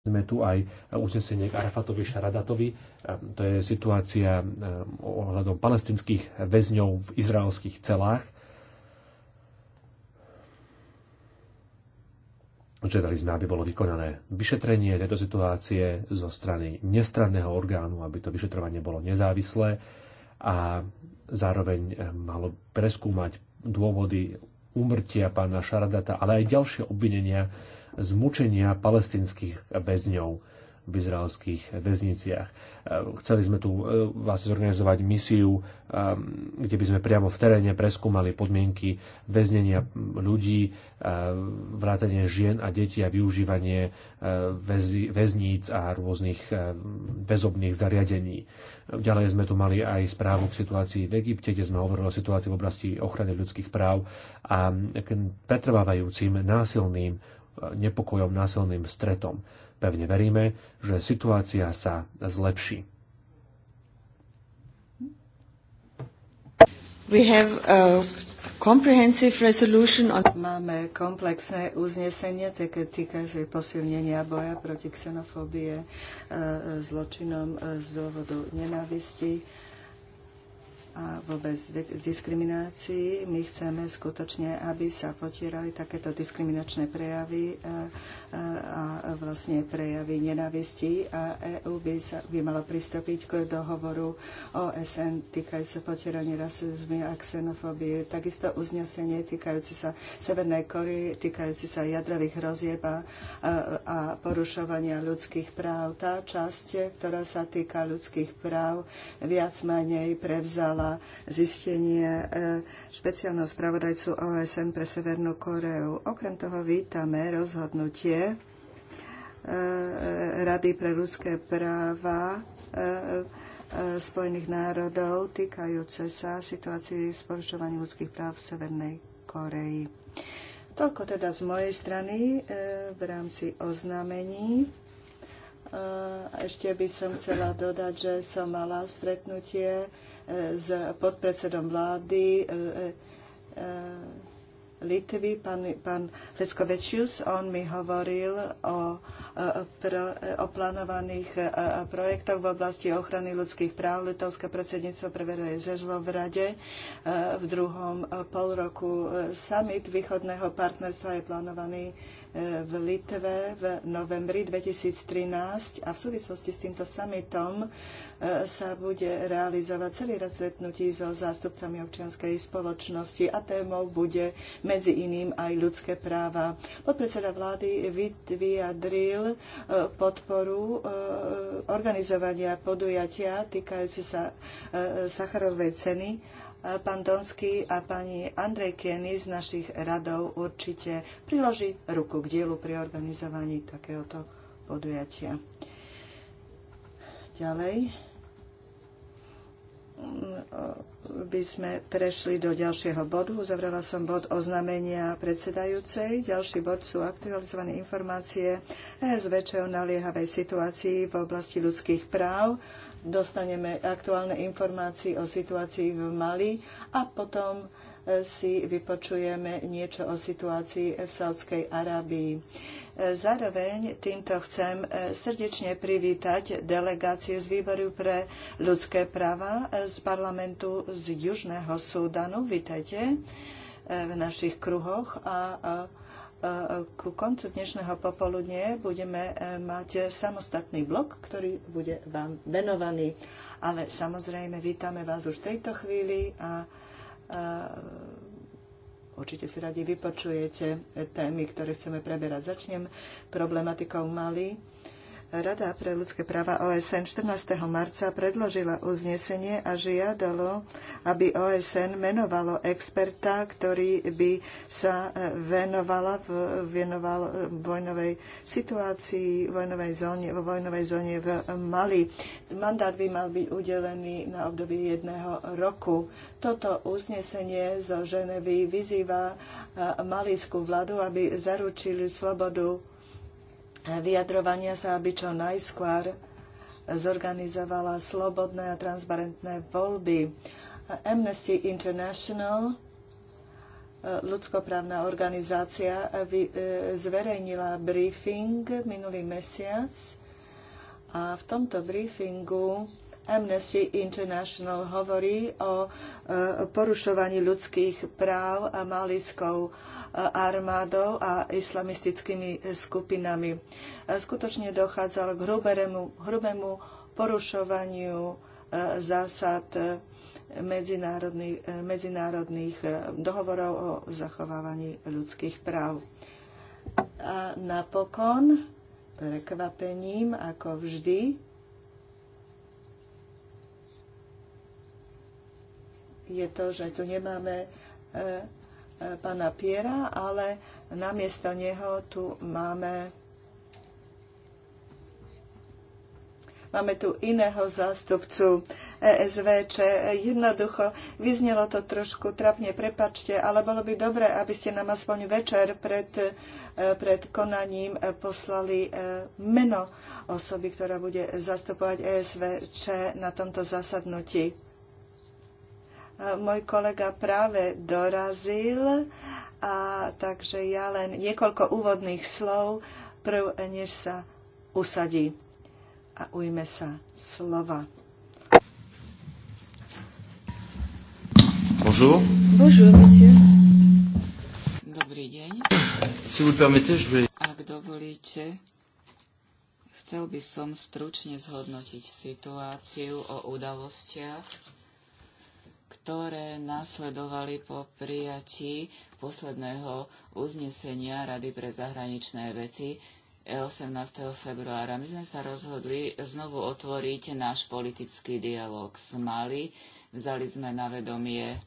sme tu aj uznesenie k Arafatovi Šaradatovi. Ehm, to je situácia ehm, ohľadom palestinských väzňov v izraelských celách. Žiadali sme, aby bolo vykonané vyšetrenie tejto situácie zo strany nestranného orgánu, aby to vyšetrovanie bolo nezávislé a zároveň ehm, malo preskúmať dôvody úmrtia pána Šaradata, ale aj ďalšie obvinenia, zmučenia palestinských väzňov v izraelských väzniciach. E, chceli sme tu e, vlastne zorganizovať misiu, e, kde by sme priamo v teréne preskúmali podmienky väznenia ľudí, vrátanie žien a detí a využívanie väzníc a rôznych väzobných zariadení. Ďalej sme tu mali aj správu k situácii v Egypte, kde sme hovorili o situácii v oblasti ochrany ľudských práv a pretrvávajúcim násilným nepokojom, násilným stretom. Pevne veríme, že situácia sa zlepší. We have a comprehensive resolution on... Máme komplexné uznesenie, také týka sa posilnenia boja proti xenofóbie, e, e, zločinom e, z dôvodu nenávisti a vôbec diskriminácii. My chceme skutočne, aby sa potierali takéto diskriminačné prejavy e, e, a, vlastne prejavy nenavistí a EÚ by, sa, by malo pristúpiť k dohovoru OSN sa potierania rasizmu a xenofóbie. Takisto uznesenie týkajúce sa Severnej Kory, týkajúce sa jadrových hrozieb a, a, a porušovania ľudských práv. Tá časť, ktorá sa týka ľudských práv, viac menej prevzala prezentovala zistenie e, špeciálneho spravodajcu OSN pre Severnú Koreu. Okrem toho vítame rozhodnutie e, Rady pre ľudské práva e, Spojených národov týkajúce sa situácii s porušovaním ľudských práv v Severnej Koreji. Toľko teda z mojej strany v rámci oznámení. Ešte by som chcela dodať, že som mala stretnutie s podpredsedom vlády e, e, e, Litvy, pán, pán Leskovečius, on mi hovoril o, o, o plánovaných projektoch v oblasti ochrany ľudských práv. Litovské predsedníctvo preveruje žežlo v rade. V druhom pol roku summit východného partnerstva je plánovaný v Litve v novembri 2013 a v súvislosti s týmto summitom e, sa bude realizovať celý rad stretnutí so zástupcami občianskej spoločnosti a témou bude medzi iným aj ľudské práva. Podpredseda vlády vyjadril e, podporu e, organizovania podujatia týkajúce sa Sacharovej ceny E, pán Donsky a pani Andrej Kieny z našich radov určite priloží ruku k dielu pri organizovaní takéhoto podujatia. Ďalej mm, e, by sme prešli do ďalšieho bodu. Uzavrela som bod oznámenia predsedajúcej. Ďalší bod sú aktualizované informácie ESVČ o naliehavej situácii v oblasti ľudských práv dostaneme aktuálne informácie o situácii v Mali a potom e, si vypočujeme niečo o situácii v Saudskej Arábii. E, zároveň týmto chcem e, srdečne privítať delegácie z Výboru pre ľudské práva z parlamentu z Južného Súdanu. Vítajte v našich kruhoch a, a ku koncu dnešného popoludne budeme eh, mať samostatný blok, ktorý bude vám venovaný. Ale samozrejme, vítame vás už v tejto chvíli a, a eh, určite si radi vypočujete témy, ktoré chceme preberať. Začnem problematikou malý. Rada pre ľudské práva OSN 14. marca predložila uznesenie a žiadalo, aby OSN menovalo experta, ktorý by sa e, venovala venoval e, vojnovej situácii, vojnovej zóne, vo vojnovej zóne v Mali. Mandát by mal byť udelený na období jedného roku. Toto uznesenie zo Ženevy vyzýva e, malijskú vládu, aby zaručili slobodu vyjadrovania sa, aby čo najskôr zorganizovala slobodné a transparentné voľby. Amnesty International, e, ľudskoprávna organizácia, e, e, zverejnila briefing minulý mesiac a v tomto briefingu Amnesty International hovorí o e, porušovaní ľudských práv a malijskou e, armádou a islamistickými skupinami. E, skutočne dochádzalo k hrubému, hrubému porušovaniu zásad medzinárodných, medzinárodných dohovorov o zachovávaní ľudských práv. A napokon, prekvapením, ako vždy, je to, že tu nemáme e, e, pána Piera, ale namiesto neho tu máme Máme tu iného zástupcu ESVČ. E, jednoducho, vyznelo to trošku trapne, prepačte, ale bolo by dobré, aby ste nám aspoň večer pred, pred konaním poslali meno osoby, ktorá bude zastupovať ESVČ na tomto zasadnutí. Môj kolega práve dorazil, a takže ja len niekoľko úvodných slov, prv než sa usadí a ujme sa slova. Bonjour. Bonjour, monsieur. Dobrý deň. Si vous permettez, je vais... Ak dovolíte, chcel by som stručne zhodnotiť situáciu o udalostiach, ktoré nasledovali po prijatí posledného uznesenia Rady pre zahraničné veci 18. E, februára. My sme sa rozhodli znovu otvoriť náš politický dialog s Mali. Vzali sme na vedomie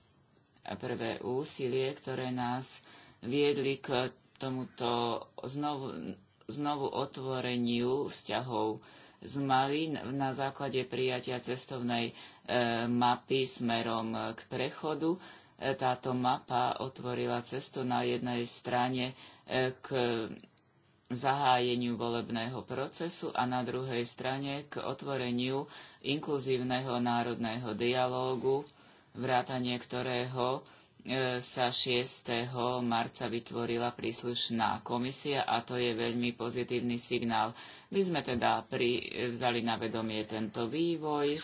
prvé úsilie, ktoré nás viedli k tomuto znovu, znovu otvoreniu vzťahov z Mali na základe prijatia cestovnej E, mapy smerom k prechodu. E, táto mapa otvorila cestu na jednej strane e, k zahájeniu volebného procesu a na druhej strane k otvoreniu inkluzívneho národného dialógu, vrátanie ktorého sa 6. marca vytvorila príslušná komisia a to je veľmi pozitívny signál. My sme teda pri, vzali na vedomie tento vývoj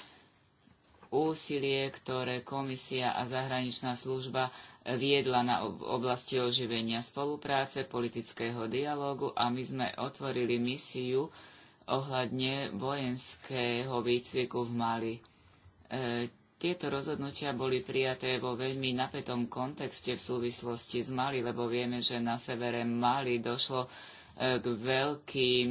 úsilie, ktoré komisia a zahraničná služba viedla na oblasti oživenia spolupráce, politického dialógu a my sme otvorili misiu ohľadne vojenského výcviku v Mali. E, tieto rozhodnutia boli prijaté vo veľmi napätom kontexte v súvislosti s Mali, lebo vieme, že na severe Mali došlo e, k veľkým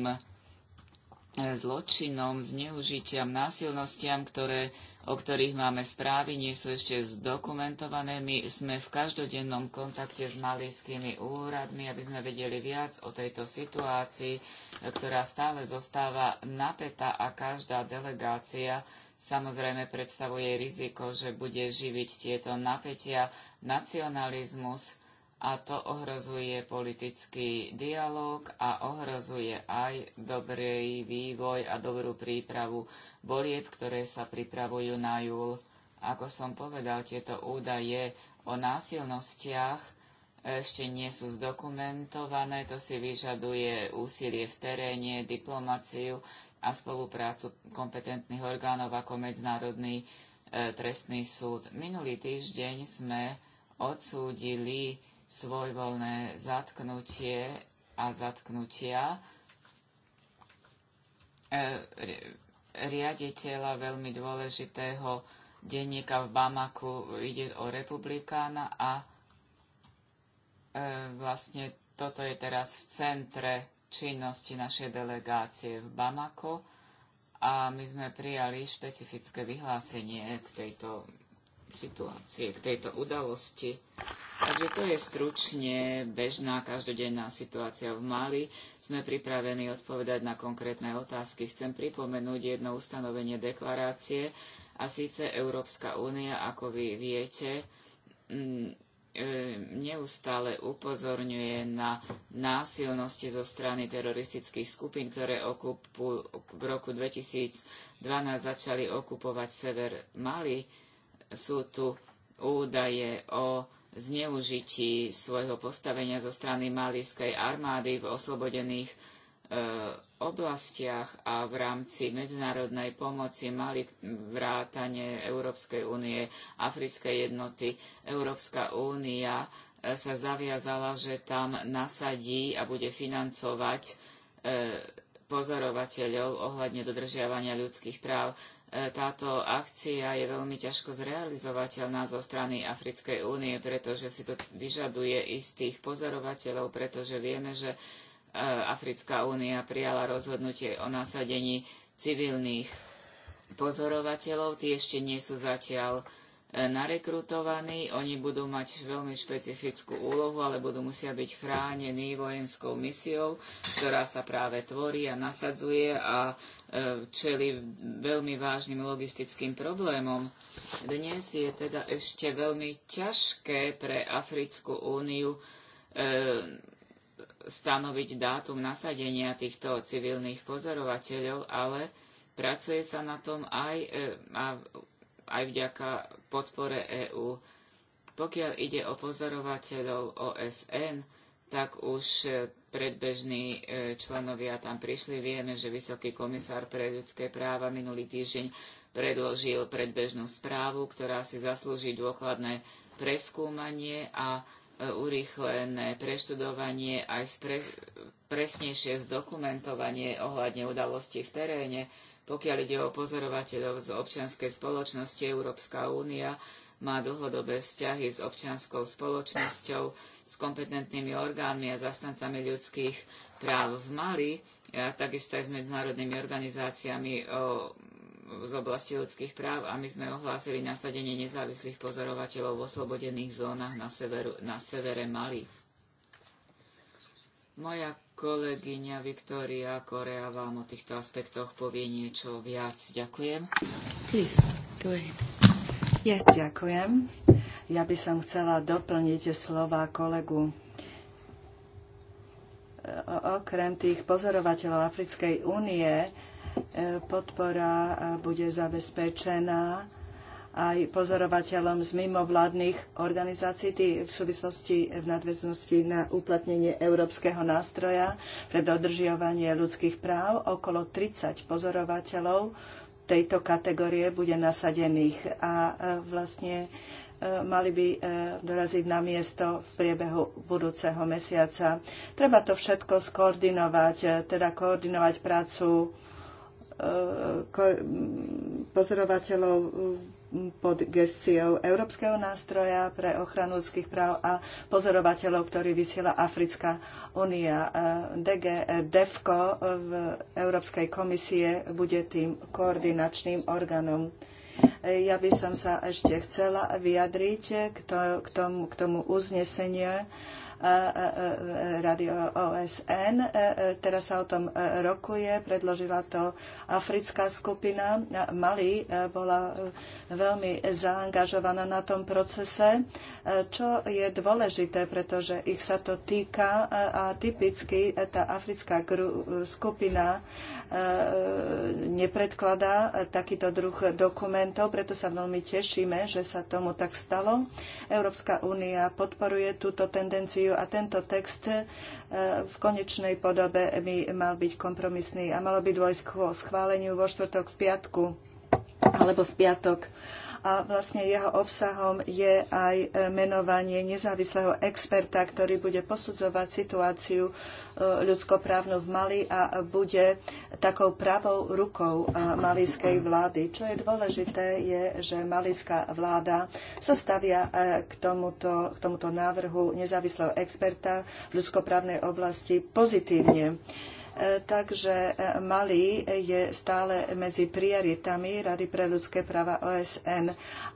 zločinom, zneužitiam, násilnostiam, ktoré, o ktorých máme správy, nie sú ešte zdokumentované. My sme v každodennom kontakte s malískými úradmi, aby sme vedeli viac o tejto situácii, ktorá stále zostáva napätá a každá delegácia samozrejme predstavuje riziko, že bude živiť tieto napätia, nacionalizmus, a to ohrozuje politický dialog a ohrozuje aj dobrý vývoj a dobrú prípravu volieb, ktoré sa pripravujú na júl. Ako som povedal, tieto údaje o násilnostiach ešte nie sú zdokumentované, to si vyžaduje úsilie v teréne, diplomáciu a spoluprácu kompetentných orgánov ako Medzinárodný e, trestný súd. Minulý týždeň sme odsúdili svojvoľné zatknutie a zatknutia e, riaditeľa veľmi dôležitého denníka v Bamaku ide o republikána a e, vlastne toto je teraz v centre činnosti našej delegácie v Bamako a my sme prijali špecifické vyhlásenie k tejto situácie, k tejto udalosti. Takže to je stručne bežná každodenná situácia v Mali. Sme pripravení odpovedať na konkrétne otázky. Chcem pripomenúť jedno ustanovenie deklarácie a síce Európska únia, ako vy viete, mm, e, neustále upozorňuje na násilnosti zo strany teroristických skupín, ktoré okupu, v roku 2012 začali okupovať sever Mali sú tu údaje o zneužití svojho postavenia zo strany malijskej armády v oslobodených e, oblastiach a v rámci medzinárodnej pomoci mali vrátanie Európskej únie, Africkej jednoty. Európska únia e, sa zaviazala, že tam nasadí a bude financovať e, pozorovateľov ohľadne dodržiavania ľudských práv táto akcia je veľmi ťažko zrealizovateľná zo strany Africkej únie, pretože si to vyžaduje istých pozorovateľov, pretože vieme, že e, Africká únia prijala rozhodnutie o nasadení civilných pozorovateľov. Tí ešte nie sú zatiaľ E, narekrutovaní, oni budú mať veľmi špecifickú úlohu, ale budú musia byť chránení vojenskou misiou, ktorá sa práve tvorí a nasadzuje a e, čeli veľmi vážnym logistickým problémom. Dnes je teda ešte veľmi ťažké pre Africkú úniu e, stanoviť dátum nasadenia týchto civilných pozorovateľov, ale pracuje sa na tom aj a aj vďaka podpore EÚ. Pokiaľ ide o pozorovateľov OSN, tak už e, predbežní e, členovia tam prišli. Vieme, že Vysoký komisár pre ľudské práva minulý týždeň predložil predbežnú správu, ktorá si zaslúži dôkladné preskúmanie a e, urýchlené preštudovanie aj pres, presnejšie zdokumentovanie ohľadne udalostí v teréne pokiaľ ide o pozorovateľov z občianskej spoločnosti, Európska únia má dlhodobé vzťahy s občianskou spoločnosťou, s kompetentnými orgánmi a zastancami ľudských práv v Mali, a takisto aj s medzinárodnými organizáciami o, z oblasti ľudských práv a my sme ohlásili nasadenie nezávislých pozorovateľov v oslobodených zónach na, severu, na severe Mali. Moja Kolegyňa Viktória Korea vám o týchto aspektoch povie niečo viac. Ďakujem. Please, go ahead. Yes. Ďakujem. Ja by som chcela doplniť slova kolegu okrem tých pozorovateľov Africkej únie e, podpora e, bude zabezpečená aj pozorovateľom z mimovládnych organizácií v súvislosti v nadväznosti na uplatnenie Európskeho nástroja pre dodržiavanie ľudských práv. Okolo 30 pozorovateľov tejto kategórie bude nasadených a e, vlastne e, mali by e, doraziť na miesto v priebehu budúceho mesiaca. Treba to všetko skoordinovať, teda koordinovať prácu pozorovateľov pod gestiou Európskeho nástroja pre ochranu ľudských práv a pozorovateľov, ktorý vysiela Africká únia. DG eh, DEFCO v Európskej komisie bude tým koordinačným orgánom. Eh, ja by som sa ešte chcela vyjadriť k tomu, k tomu uzneseniu radio OSN. E, e, teraz sa o tom e, rokuje, predložila to africká skupina. Mali bola veľmi zaangažovaná na tom procese, čo je dôležité, pretože ich sa to týka a typicky tá africká skupina nepredkladá takýto druh dokumentov, preto sa veľmi tešíme, že sa tomu tak stalo. Európska únia podporuje túto tendenciu komisiu a tento text e, v konečnej podobe by mal byť kompromisný a malo by dôjsť k schváleniu vo štvrtok v piatku alebo v piatok a vlastne jeho obsahom je aj e, menovanie nezávislého experta, ktorý bude posudzovať situáciu e, ľudskoprávnu v Mali a bude takou pravou rukou malijskej vlády. Čo je dôležité, je, že malijská vláda sa stavia e, k tomuto, k tomuto návrhu nezávislého experta v ľudskoprávnej oblasti pozitívne takže e, Mali je stále medzi prioritami Rady pre ľudské práva OSN.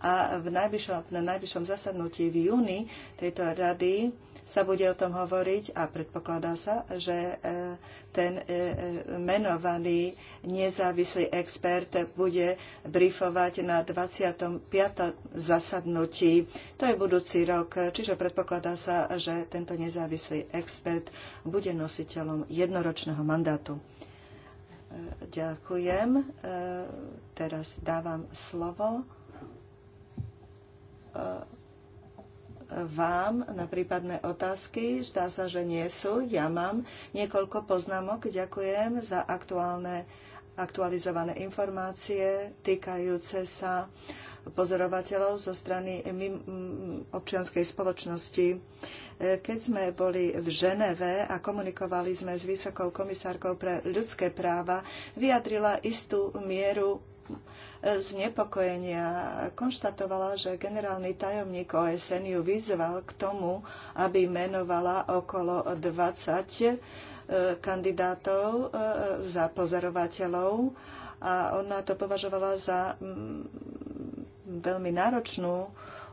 A v najbližšom, na najbližšom zasadnutí v júni tejto rady sa bude o tom hovoriť a predpokladá sa, že e, ten e, e, menovaný nezávislý expert bude briefovať na 25. zasadnutí. To je budúci rok, čiže predpokladá sa, že tento nezávislý expert bude nositeľom jednoročného mandátu. Ďakujem. Teraz dávam slovo vám na prípadné otázky. Zdá sa, že nie sú. Ja mám niekoľko poznámok. Ďakujem za aktuálne, aktualizované informácie týkajúce sa pozorovateľov zo strany občianskej spoločnosti. Keď sme boli v Ženeve a komunikovali sme s Vysokou komisárkou pre ľudské práva, vyjadrila istú mieru znepokojenia. Konštatovala, že generálny tajomník OSN ju vyzval k tomu, aby menovala okolo 20 e, kandidátov e, za pozorovateľov a ona to považovala za mm, veľmi náročnú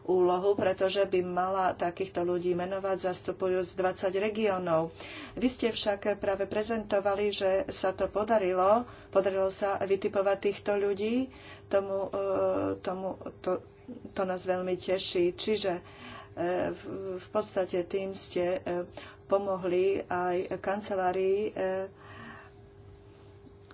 úlohu, pretože by mala takýchto ľudí menovať zastupujúc 20 regiónov. Vy ste však práve prezentovali, že sa to podarilo, podarilo sa vytipovať týchto ľudí, tomu, e, tomu, to, to nás veľmi teší. Čiže e, v podstate tým ste e, pomohli aj kancelárii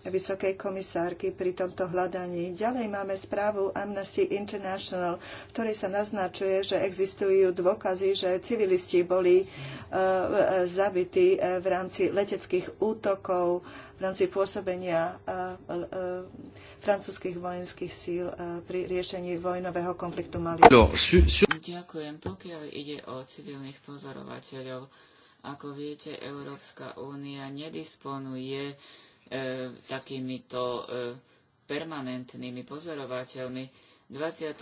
vysokej komisárky pri tomto hľadaní. Ďalej máme správu Amnesty International, ktorý sa naznačuje, že existujú dôkazy, že civilisti boli e, zabití e, v rámci leteckých útokov, v rámci pôsobenia e, francúzskych vojenských síl pri riešení vojnového konfliktu Mali. No, Ďakujem. Pokiaľ ide o civilných pozorovateľov, ako viete, Európska únia nedisponuje E, takýmito e, permanentnými pozorovateľmi. 25.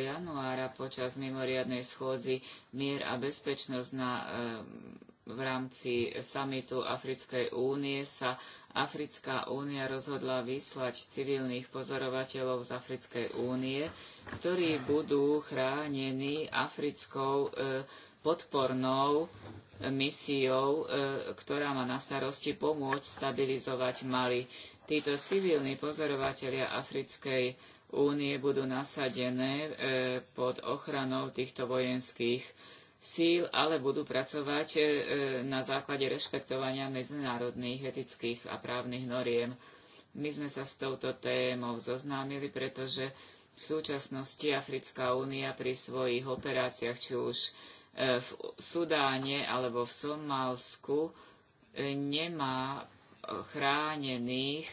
januára počas mimoriadnej schôdzi mier a bezpečnosť na, e, v rámci samitu Africkej únie sa Africká únia rozhodla vyslať civilných pozorovateľov z Africkej únie, ktorí budú chránení africkou podpornou misiou, e, ktorá má na starosti pomôcť stabilizovať Mali. Títo civilní pozorovatelia Africkej únie budú nasadené e, pod ochranou týchto vojenských síl, ale budú pracovať e, na základe rešpektovania medzinárodných etických a právnych noriem. My sme sa s touto témou zoznámili, pretože v súčasnosti Africká únia pri svojich operáciách, či už E, v Sudáne alebo v Somálsku e, nemá e, chránených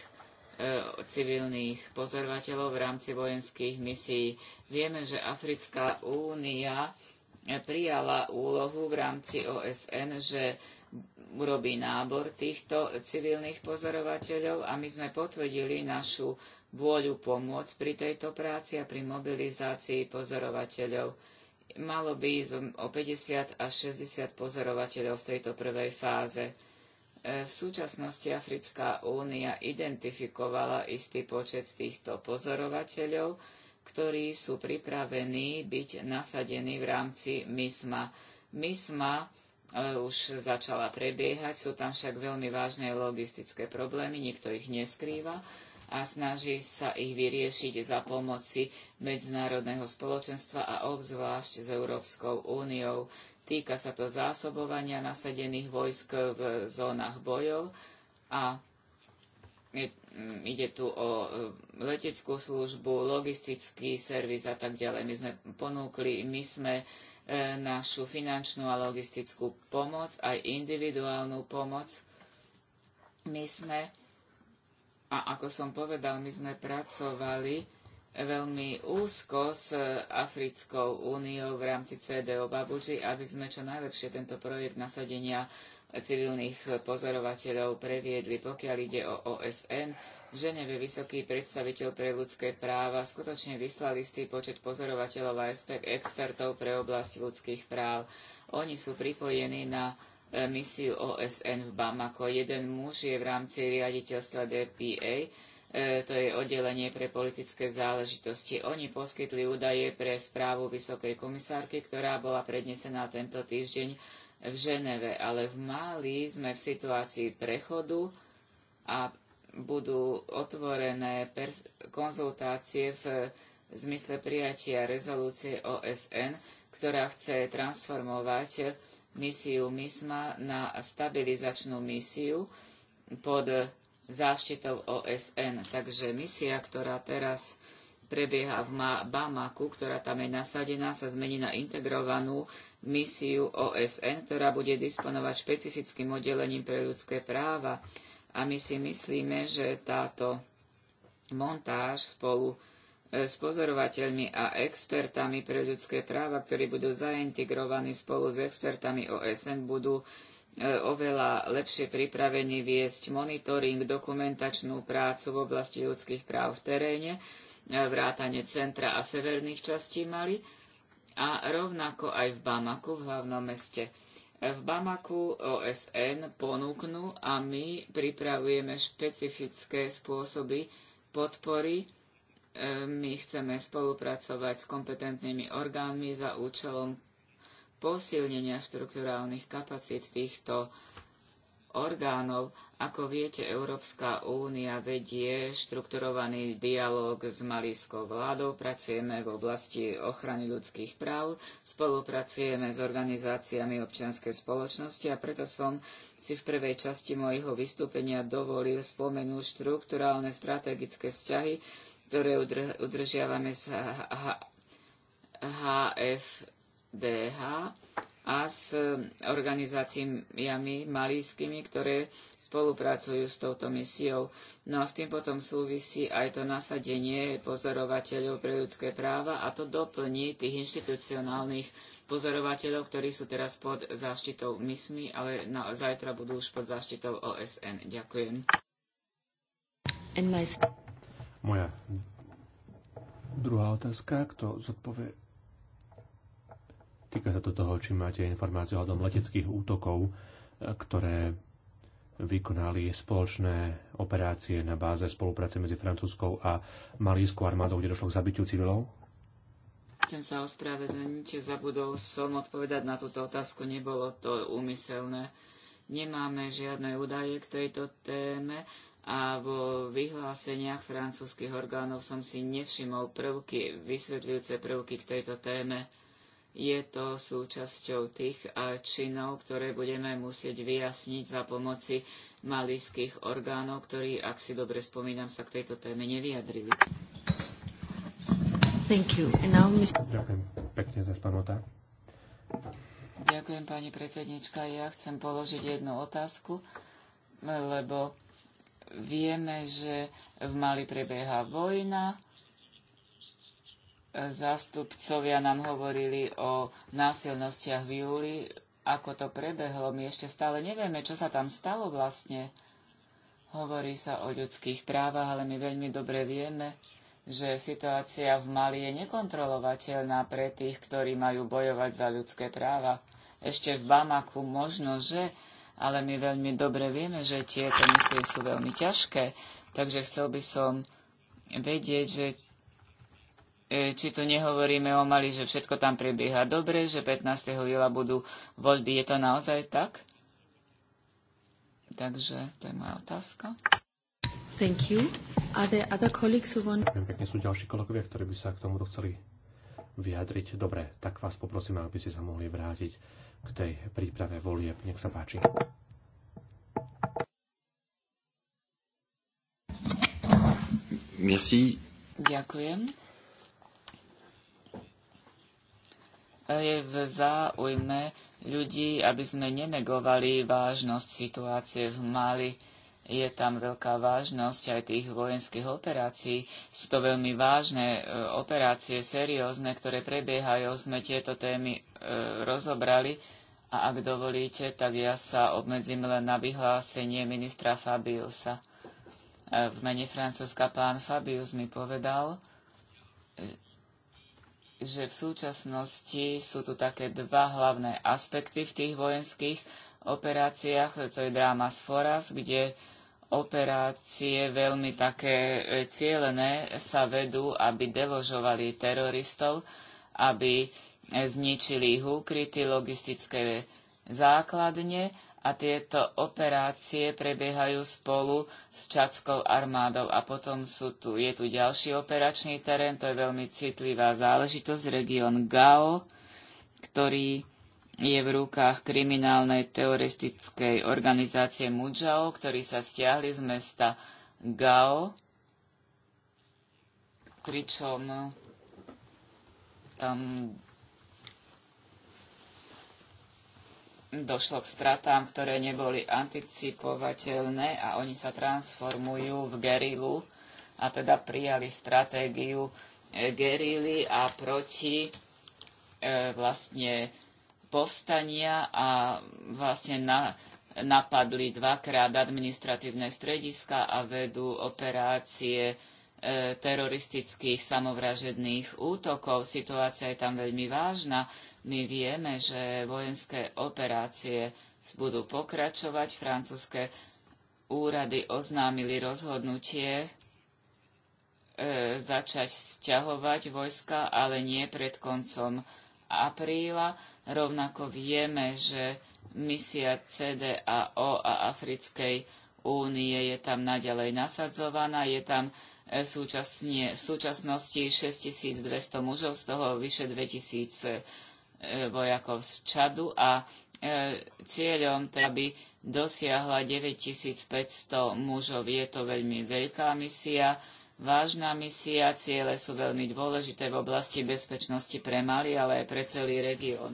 civilných pozorovateľov v rámci vojenských misií. Vieme, že Africká únia prijala úlohu v rámci OSN, že urobí nábor týchto civilných pozorovateľov a my sme potvrdili našu vôľu pomôcť pri tejto práci a pri mobilizácii pozorovateľov malo by ísť o 50 až 60 pozorovateľov v tejto prvej fáze. E, v súčasnosti Africká únia identifikovala istý počet týchto pozorovateľov, ktorí sú pripravení byť nasadení v rámci MISMA. MISMA e, už začala prebiehať, sú tam však veľmi vážne logistické problémy, nikto ich neskrýva a snaží sa ich vyriešiť za pomoci medzinárodného spoločenstva a obzvlášť s Európskou úniou. Týka sa to zásobovania nasadených vojsk v zónach bojov a mm, ide tu o e, leteckú službu, logistický servis a tak ďalej. My sme ponúkli, my sme e, našu finančnú a logistickú pomoc, aj individuálnu pomoc. My sme a ako som povedal, my sme pracovali veľmi úzko s e, Africkou úniou v rámci CDO Babuji, aby sme čo najlepšie tento projekt nasadenia civilných pozorovateľov previedli, pokiaľ ide o OSN. V Ženeve vysoký predstaviteľ pre ľudské práva skutočne vyslal istý počet pozorovateľov a expertov pre oblasť ľudských práv. Oni sú pripojení na E, misiu OSN v Bamako. Jeden muž je v rámci riaditeľstva DPA, e, to je oddelenie pre politické záležitosti. Oni poskytli údaje pre správu vysokej komisárky, ktorá bola prednesená tento týždeň v Ženeve, ale v Mali sme v situácii prechodu a budú otvorené konzultácie v zmysle prijatia rezolúcie OSN, ktorá chce transformovať misiu MISMA na stabilizačnú misiu pod záštitou OSN. Takže misia, ktorá teraz prebieha v Bamaku, ktorá tam je nasadená, sa zmení na integrovanú misiu OSN, ktorá bude disponovať špecifickým oddelením pre ľudské práva. A my si myslíme, že táto montáž spolu s pozorovateľmi a expertami pre ľudské práva, ktorí budú zaintegrovaní spolu s expertami OSN, budú e, oveľa lepšie pripravení viesť monitoring, dokumentačnú prácu v oblasti ľudských práv v teréne, e, vrátane centra a severných častí Mali a rovnako aj v Bamaku, v hlavnom meste. E, v Bamaku OSN ponúknú a my pripravujeme špecifické spôsoby podpory E, my chceme spolupracovať s kompetentnými orgánmi za účelom posilnenia štrukturálnych kapacít týchto orgánov. Ako viete, Európska únia vedie štrukturovaný dialog s malískou vládou, pracujeme v oblasti ochrany ľudských práv, spolupracujeme s organizáciami občianskej spoločnosti a preto som si v prvej časti mojho vystúpenia dovolil spomenúť štrukturálne strategické vzťahy ktoré udržiavame z HFDH a s organizáciami malískými, ktoré spolupracujú s touto misiou. No a s tým potom súvisí aj to nasadenie pozorovateľov pre ľudské práva a to doplní tých inštitucionálnych pozorovateľov, ktorí sú teraz pod záštitou MISMI, ale na, zajtra budú už pod záštitou OSN. Ďakujem. Moja druhá otázka, kto zodpovie? Týka sa to toho, či máte informácie o leteckých útokov, e, ktoré vykonali spoločné operácie na báze spolupráce medzi francúzskou a malískou armádou, kde došlo k zabitiu civilov? Chcem sa ospravedlniť, zabudol som odpovedať na túto otázku, nebolo to úmyselné. Nemáme žiadne údaje k tejto téme, a vo vyhláseniach francúzskych orgánov som si nevšimol prvky, vysvetľujúce prvky k tejto téme. Je to súčasťou tých eh, činov, ktoré budeme musieť vyjasniť za pomoci malijských orgánov, ktorí, ak si dobre spomínam, sa k tejto téme nevyjadrili. Now, Ďakujem pekne za spamota. Ďakujem, pani predsednička. Ja chcem položiť jednu otázku, lebo Vieme, že v Mali prebieha vojna. Zástupcovia nám hovorili o násilnostiach v júli, ako to prebehlo. My ešte stále nevieme, čo sa tam stalo vlastne. Hovorí sa o ľudských právach, ale my veľmi dobre vieme, že situácia v Mali je nekontrolovateľná pre tých, ktorí majú bojovať za ľudské práva. Ešte v Bamaku možno, že ale my veľmi dobre vieme, že tieto misie sú veľmi ťažké, takže chcel by som vedieť, že e, či tu nehovoríme o Mali, že všetko tam prebieha dobre, že 15. júla budú voľby. Je to naozaj tak? Takže to je moja otázka. Thank you. Are there other colleagues who want... Ďakujem pekne, sú ďalší kolegovia, ktorí by sa k tomu chceli vyjadriť. Dobre, tak vás poprosím, aby ste sa mohli vrátiť k tej príprave volieb. Nech sa páči. Merci. Ďakujem. Je v záujme ľudí, aby sme nenegovali vážnosť situácie v Mali je tam veľká vážnosť aj tých vojenských operácií. Sú to veľmi vážne e, operácie, seriózne, ktoré prebiehajú. Sme tieto témy e, rozobrali a ak dovolíte, tak ja sa obmedzím len na vyhlásenie ministra Fabiusa. E, v mene Francúzska pán Fabius mi povedal, e, že v súčasnosti sú tu také dva hlavné aspekty v tých vojenských operáciách. To je dráma z Foras, kde operácie veľmi také e, cielené sa vedú, aby deložovali teroristov, aby e, zničili ich úkryty, logistické základne a tieto operácie prebiehajú spolu s čadskou armádou. A potom sú tu, je tu ďalší operačný terén, to je veľmi citlivá záležitosť, región Gao, ktorý je v rukách kriminálnej teroristickej organizácie Mujao, ktorí sa stiahli z mesta Gao, pričom tam došlo k stratám, ktoré neboli anticipovateľné a oni sa transformujú v gerilu a teda prijali stratégiu gerily a proti e, vlastne povstania a vlastne na, napadli dvakrát administratívne strediska a vedú operácie e, teroristických samovražedných útokov. Situácia je tam veľmi vážna. My vieme, že vojenské operácie budú pokračovať. Francúzske úrady oznámili rozhodnutie e, začať sťahovať vojska, ale nie pred koncom apríla. Rovnako vieme, že misia CDAO a Africkej únie je tam naďalej nasadzovaná. Je tam e, súčasne, v súčasnosti 6200 mužov, z toho vyše 2000 e, vojakov z Čadu a e, cieľom, aby dosiahla 9500 mužov. Je to veľmi veľká misia vážna misia, ciele sú veľmi dôležité v oblasti bezpečnosti pre Mali, ale aj pre celý región.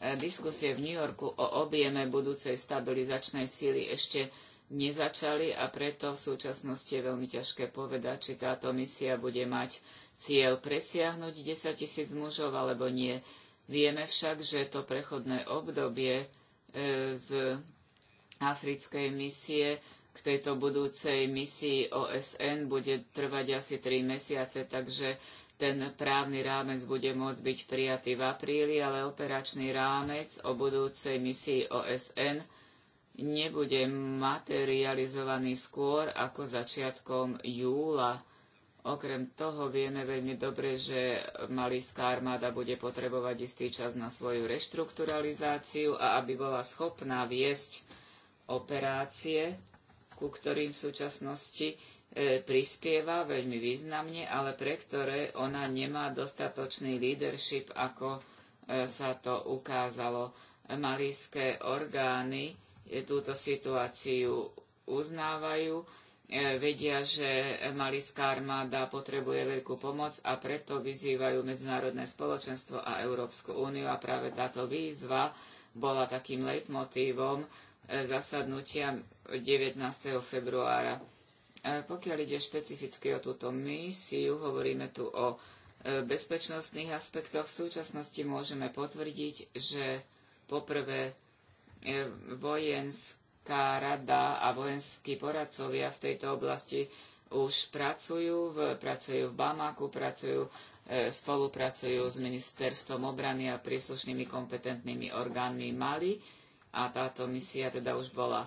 E, diskusie v New Yorku o objeme budúcej stabilizačnej síly ešte nezačali a preto v súčasnosti je veľmi ťažké povedať, či táto misia bude mať cieľ presiahnuť 10 tisíc mužov alebo nie. Vieme však, že to prechodné obdobie e, z africkej misie k tejto budúcej misii OSN bude trvať asi 3 mesiace, takže ten právny rámec bude môcť byť prijatý v apríli, ale operačný rámec o budúcej misii OSN nebude materializovaný skôr ako začiatkom júla. Okrem toho vieme veľmi dobre, že malíská armáda bude potrebovať istý čas na svoju reštrukturalizáciu a aby bola schopná viesť operácie, ku ktorým v súčasnosti e, prispieva veľmi významne, ale pre ktoré ona nemá dostatočný leadership, ako e, sa to ukázalo. Malijské orgány e, túto situáciu uznávajú, vedia, že Malijská armáda potrebuje veľkú pomoc a preto vyzývajú medzinárodné spoločenstvo a Európsku úniu a práve táto výzva bola takým leitmotívom zasadnutia 19. februára. E, pokiaľ ide špecificky o túto misiu, hovoríme tu o e, bezpečnostných aspektoch. V súčasnosti môžeme potvrdiť, že poprvé e, vojenská rada a vojenskí poradcovia v tejto oblasti už pracujú, v, pracujú v Bamaku, pracujú, spolupracujú s ministerstvom obrany a príslušnými kompetentnými orgánmi Mali a táto misia teda už bola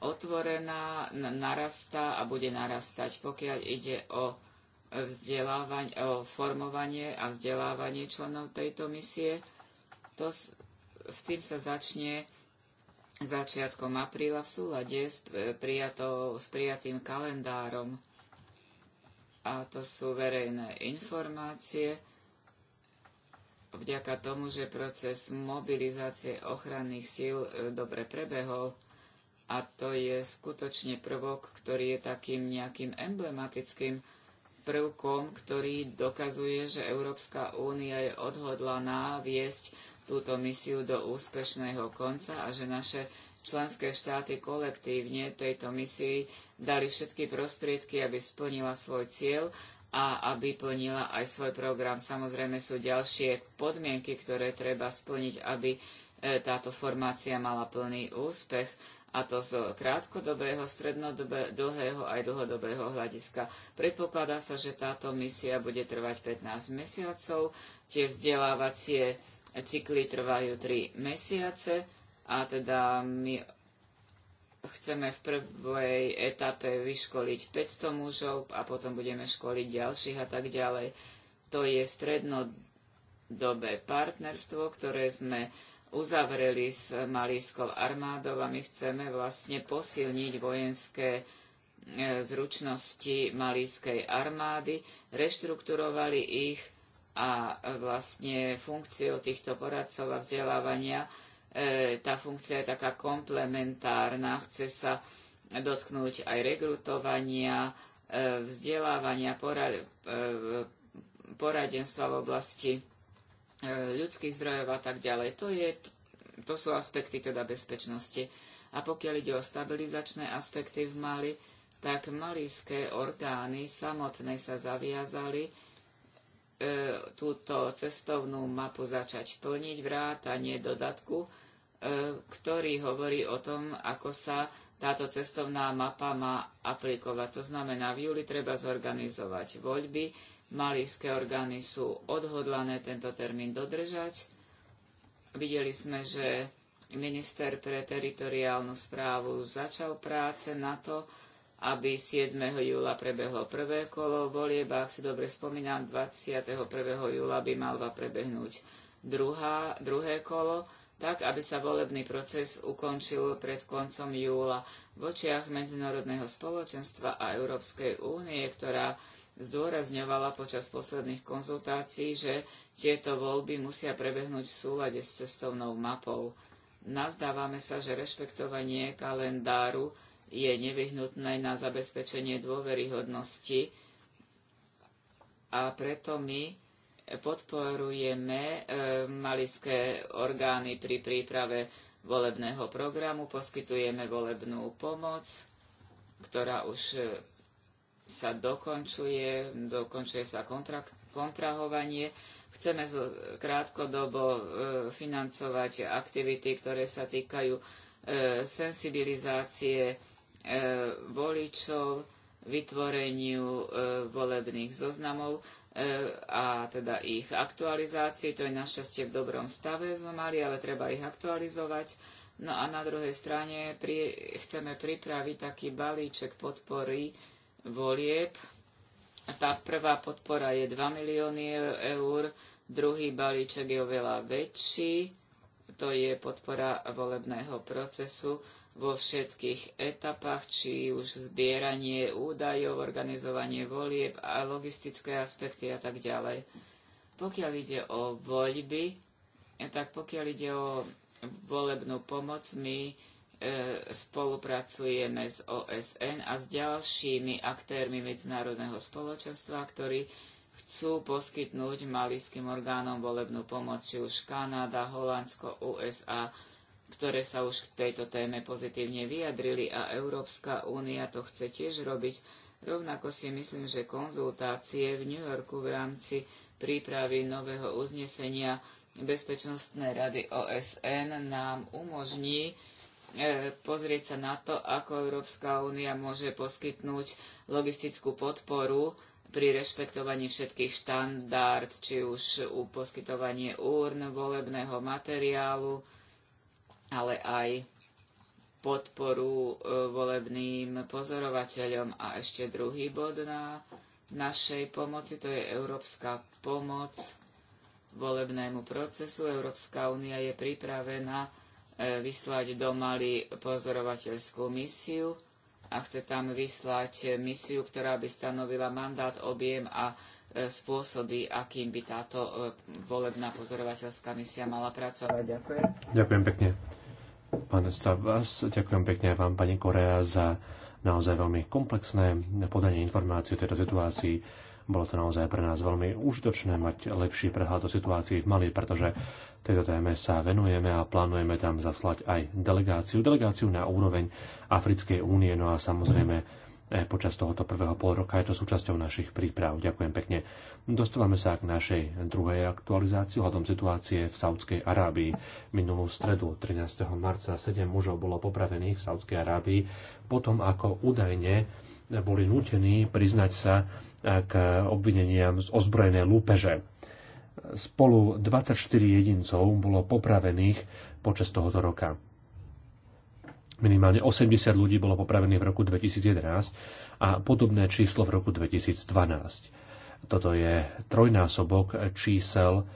otvorená, narastá a bude narastať. Pokiaľ ide o, o formovanie a vzdelávanie členov tejto misie, to s, s tým sa začne začiatkom apríla v súlade s, e, s prijatým kalendárom. A to sú verejné informácie, vďaka tomu, že proces mobilizácie ochranných síl e, dobre prebehol a to je skutočne prvok, ktorý je takým nejakým emblematickým prvkom, ktorý dokazuje, že Európska únia je odhodlaná viesť túto misiu do úspešného konca a že naše členské štáty kolektívne tejto misii dali všetky prostriedky, aby splnila svoj cieľ a aby plnila aj svoj program. Samozrejme sú ďalšie podmienky, ktoré treba splniť, aby e, táto formácia mala plný úspech a to z krátkodobého, strednodlhého aj dlhodobého hľadiska. Predpokladá sa, že táto misia bude trvať 15 mesiacov, tie vzdelávacie cykly trvajú 3 mesiace a teda my chceme v prvej etape vyškoliť 500 mužov a potom budeme školiť ďalších a tak ďalej. To je strednodobé partnerstvo, ktoré sme uzavreli s malískou armádou a my chceme vlastne posilniť vojenské e, zručnosti malískej armády, reštrukturovali ich a vlastne funkciou týchto poradcov a vzdelávania E, tá funkcia je taká komplementárna, chce sa dotknúť aj rekrutovania, e, vzdelávania, e, poradenstva v oblasti ľudských zdrojov a tak ďalej. To, je, to sú aspekty teda bezpečnosti. A pokiaľ ide o stabilizačné aspekty v Mali, tak malijské orgány samotné sa zaviazali, E, túto cestovnú mapu začať plniť vrátanie dodatku, e, ktorý hovorí o tom, ako sa táto cestovná mapa má aplikovať. To znamená, v júli treba zorganizovať voľby, malíské orgány sú odhodlané tento termín dodržať. Videli sme, že minister pre teritoriálnu správu začal práce na to, aby 7. júla prebehlo prvé kolo volieb ak si dobre spomínam, 21. júla by mal prebehnúť druhá, druhé kolo, tak aby sa volebný proces ukončil pred koncom júla. V očiach medzinárodného spoločenstva a Európskej únie, ktorá zdôrazňovala počas posledných konzultácií, že tieto voľby musia prebehnúť v súlade s cestovnou mapou. Nazdávame sa, že rešpektovanie kalendáru je nevyhnutné na zabezpečenie dôveryhodnosti a preto my podporujeme e, malické orgány pri príprave volebného programu, poskytujeme volebnú pomoc, ktorá už e, sa dokončuje, dokončuje sa kontrakt, kontrahovanie. Chceme krátkodobo e, financovať aktivity, ktoré sa týkajú sensibilizácie E, voličov, vytvoreniu e, volebných zoznamov e, a teda ich aktualizácii. To je našťastie v dobrom stave v Mali, ale treba ich aktualizovať. No a na druhej strane pri, chceme pripraviť taký balíček podpory volieb. Tá prvá podpora je 2 milióny eur, druhý balíček je oveľa väčší, to je podpora volebného procesu vo všetkých etapách, či už zbieranie údajov, organizovanie volieb a logistické aspekty a tak ďalej. Pokiaľ ide o voľby, eh, tak pokiaľ ide o volebnú pomoc, my e, spolupracujeme s OSN a s ďalšími aktérmi medzinárodného spoločenstva, ktorí chcú poskytnúť malijským orgánom volebnú pomoc, či už Kanada, Holandsko, USA, ktoré sa už k tejto téme pozitívne vyjadrili a Európska únia to chce tiež robiť. Rovnako si myslím, že konzultácie v New Yorku v rámci prípravy nového uznesenia Bezpečnostnej rady OSN nám umožní e, pozrieť sa na to, ako Európska únia môže poskytnúť logistickú podporu pri rešpektovaní všetkých štandard, či už u poskytovanie úrn, volebného materiálu, ale aj podporu e, volebným pozorovateľom. A ešte druhý bod na našej pomoci, to je európska pomoc volebnému procesu. Európska únia je pripravená e, vyslať do Mali pozorovateľskú misiu a chce tam vyslať misiu, ktorá by stanovila mandát, objem a E, spôsoby, akým by táto e, volebná pozorovateľská misia mala pracovať. Ďakujem. Ďakujem pekne. Pán Stavas, ďakujem pekne vám, pani Korea, za naozaj veľmi komplexné podanie informácií o tejto situácii. Bolo to naozaj pre nás veľmi užitočné mať lepší prehľad o situácii v Mali, pretože tejto téme sa venujeme a plánujeme tam zaslať aj delegáciu, delegáciu na úroveň Africkej únie, no a samozrejme Eh, počas tohoto prvého pol roka. Je to súčasťou našich príprav. Ďakujem pekne. Dostávame sa k našej druhej aktualizácii hľadom situácie v Saudskej Arábii. Minulú stredu 13. marca 7 mužov bolo popravených v Saudskej Arábii potom, ako údajne boli nutení priznať sa eh, k obvineniam z ozbrojenej lúpeže. Spolu 24 jedincov bolo popravených počas tohoto roka. Minimálne 80 ľudí bolo popravených v roku 2011 a podobné číslo v roku 2012. Toto je trojnásobok čísel um,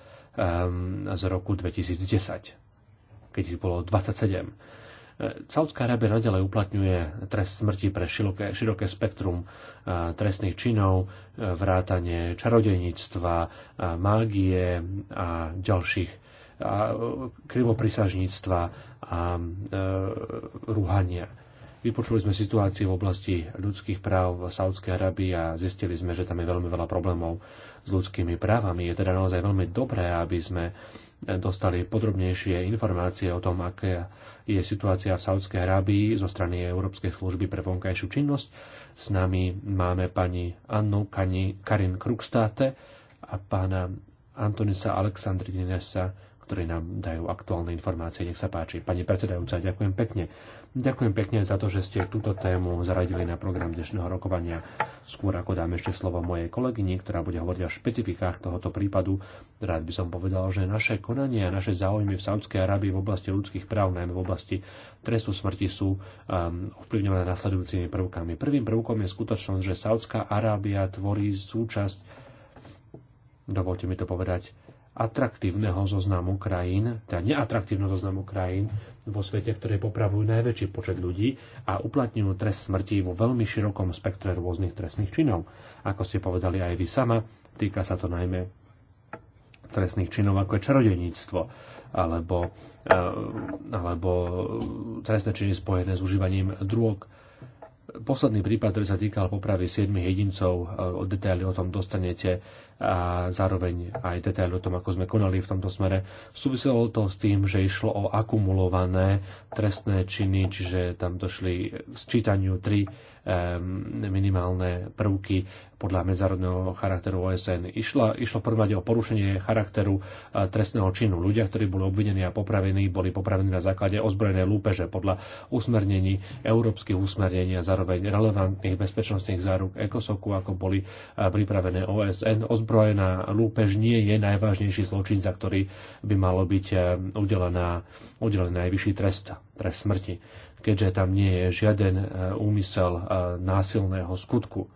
z roku 2010, keď ich bolo 27. E, Saudská Arábia nadalej uplatňuje trest smrti pre široké, široké spektrum e, trestných činov, e, vrátanie čarodejníctva, mágie a ďalších krivoprisažníctva a e, rúhania. Vypočuli sme situáciu v oblasti ľudských práv v Saudskej Arabii a zistili sme, že tam je veľmi veľa problémov s ľudskými právami. Je teda naozaj veľmi dobré, aby sme dostali podrobnejšie informácie o tom, aká je situácia v Saudskej Arábii zo strany Európskej služby pre vonkajšiu činnosť. S nami máme pani Annu Kani, Karin Krukstáte a pána Antonisa Aleksandrinesa ktorí nám dajú aktuálne informácie. Nech sa páči. Pani predsedajúca, ďakujem pekne. Ďakujem pekne za to, že ste túto tému zaradili na program dnešného rokovania. Skôr ako dám ešte slovo mojej kolegyni, ktorá bude hovoriť o špecifikách tohoto prípadu, rád by som povedal, že naše konanie a naše záujmy v Saudskej Arábii v oblasti ľudských práv, najmä v oblasti trestu smrti, sú um, ovplyvňované nasledujúcimi prvkami. Prvým prvkom je skutočnosť, že Saudská Arábia tvorí súčasť, dovolte mi to povedať, atraktívneho zoznamu krajín, teda neatraktívneho zoznamu krajín vo svete, ktoré popravujú najväčší počet ľudí a uplatňujú trest smrti vo veľmi širokom spektre rôznych trestných činov. Ako ste povedali aj vy sama, týka sa to najmä trestných činov ako je čarodejníctvo alebo, eh, alebo trestné činy spojené s užívaním drôk. Posledný prípad, ktorý sa týkal popravy 7 jedincov, eh, detaily o tom dostanete a zároveň aj detaily o tom, ako sme konali v tomto smere. Súviselo to s tým, že išlo o akumulované trestné činy, čiže tam došli k sčítaniu tri minimálne prvky podľa medzárodného charakteru OSN. Išlo, išlo prvom rade o porušenie charakteru e, trestného činu. Ľudia, ktorí boli obvinení a popravení, boli popravení na základe ozbrojenej lúpeže podľa usmernení, európskych usmernení a zároveň relevantných bezpečnostných záruk ECOSOKu, ako boli e, pripravené OSN ozbrojená lúpež nie je najvážnejší zločin, za ktorý by malo byť eh, udelená, udelený najvyšší trest, trest smrti, keďže tam nie je žiaden eh, úmysel eh, násilného skutku.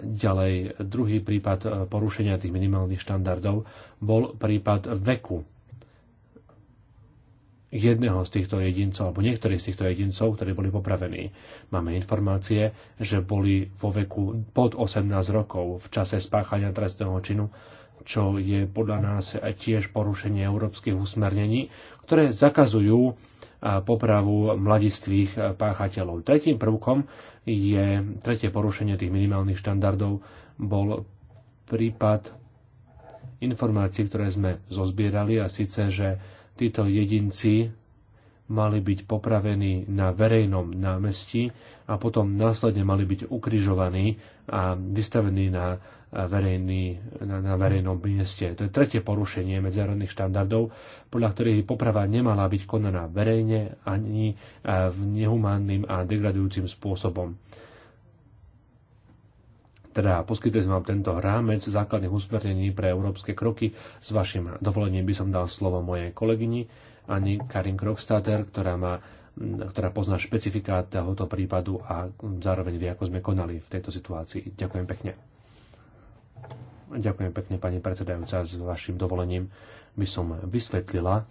Ďalej, druhý prípad porušenia tých minimálnych štandardov bol prípad veku jedného z týchto jedincov, alebo niektorých z týchto jedincov, ktorí boli popravení. Máme informácie, že boli vo veku pod 18 rokov v čase spáchania trestného činu, čo je podľa nás tiež porušenie európskych usmernení, ktoré zakazujú popravu mladistvých páchateľov. Tretím prvkom je tretie porušenie tých minimálnych štandardov bol prípad informácií, ktoré sme zozbierali a síce, že títo jedinci mali byť popravení na verejnom námestí a potom následne mali byť ukrižovaní a vystavení na, verejný, na, na verejnom mieste. To je tretie porušenie medzinárodných štandardov, podľa ktorých poprava nemala byť konaná verejne ani eh, v nehumánnym a degradujúcim spôsobom. Teda poskytli sme vám tento rámec základných usmernení pre európske kroky. S vašim dovolením by som dal slovo mojej kolegyni Ani Karin Krokstater, ktorá, má, ktorá pozná špecifiká tohoto prípadu a zároveň vie, ako sme konali v tejto situácii. Ďakujem pekne. Ďakujem pekne, pani predsedajúca. S vašim dovolením by som vysvetlila,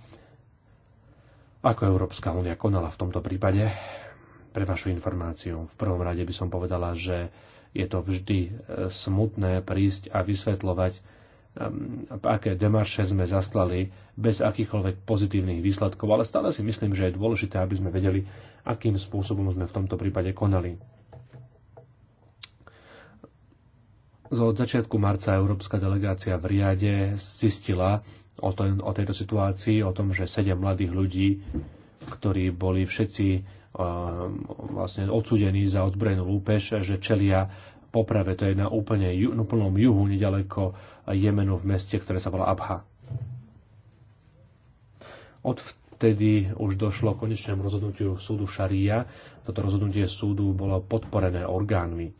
ako Európska únia konala v tomto prípade. Pre vašu informáciu, v prvom rade by som povedala, že je to vždy e, smutné prísť a vysvetľovať, aké demarše sme zaslali bez akýchkoľvek pozitívnych výsledkov, ale stále si myslím, že je dôležité, aby sme vedeli, akým spôsobom sme v tomto prípade konali. Od začiatku marca európska delegácia v Riade zistila o, to, o tejto situácii, o tom, že sedem mladých ľudí, ktorí boli všetci Um, vlastne odsudení za odbrojenú lúpež, že čelia poprave, to je na úplne na plnom juhu, nedaleko Jemenu v meste, ktoré sa volá Abha. Odvtedy už došlo k konečnému rozhodnutiu súdu Šaria. Toto rozhodnutie súdu bolo podporené orgánmi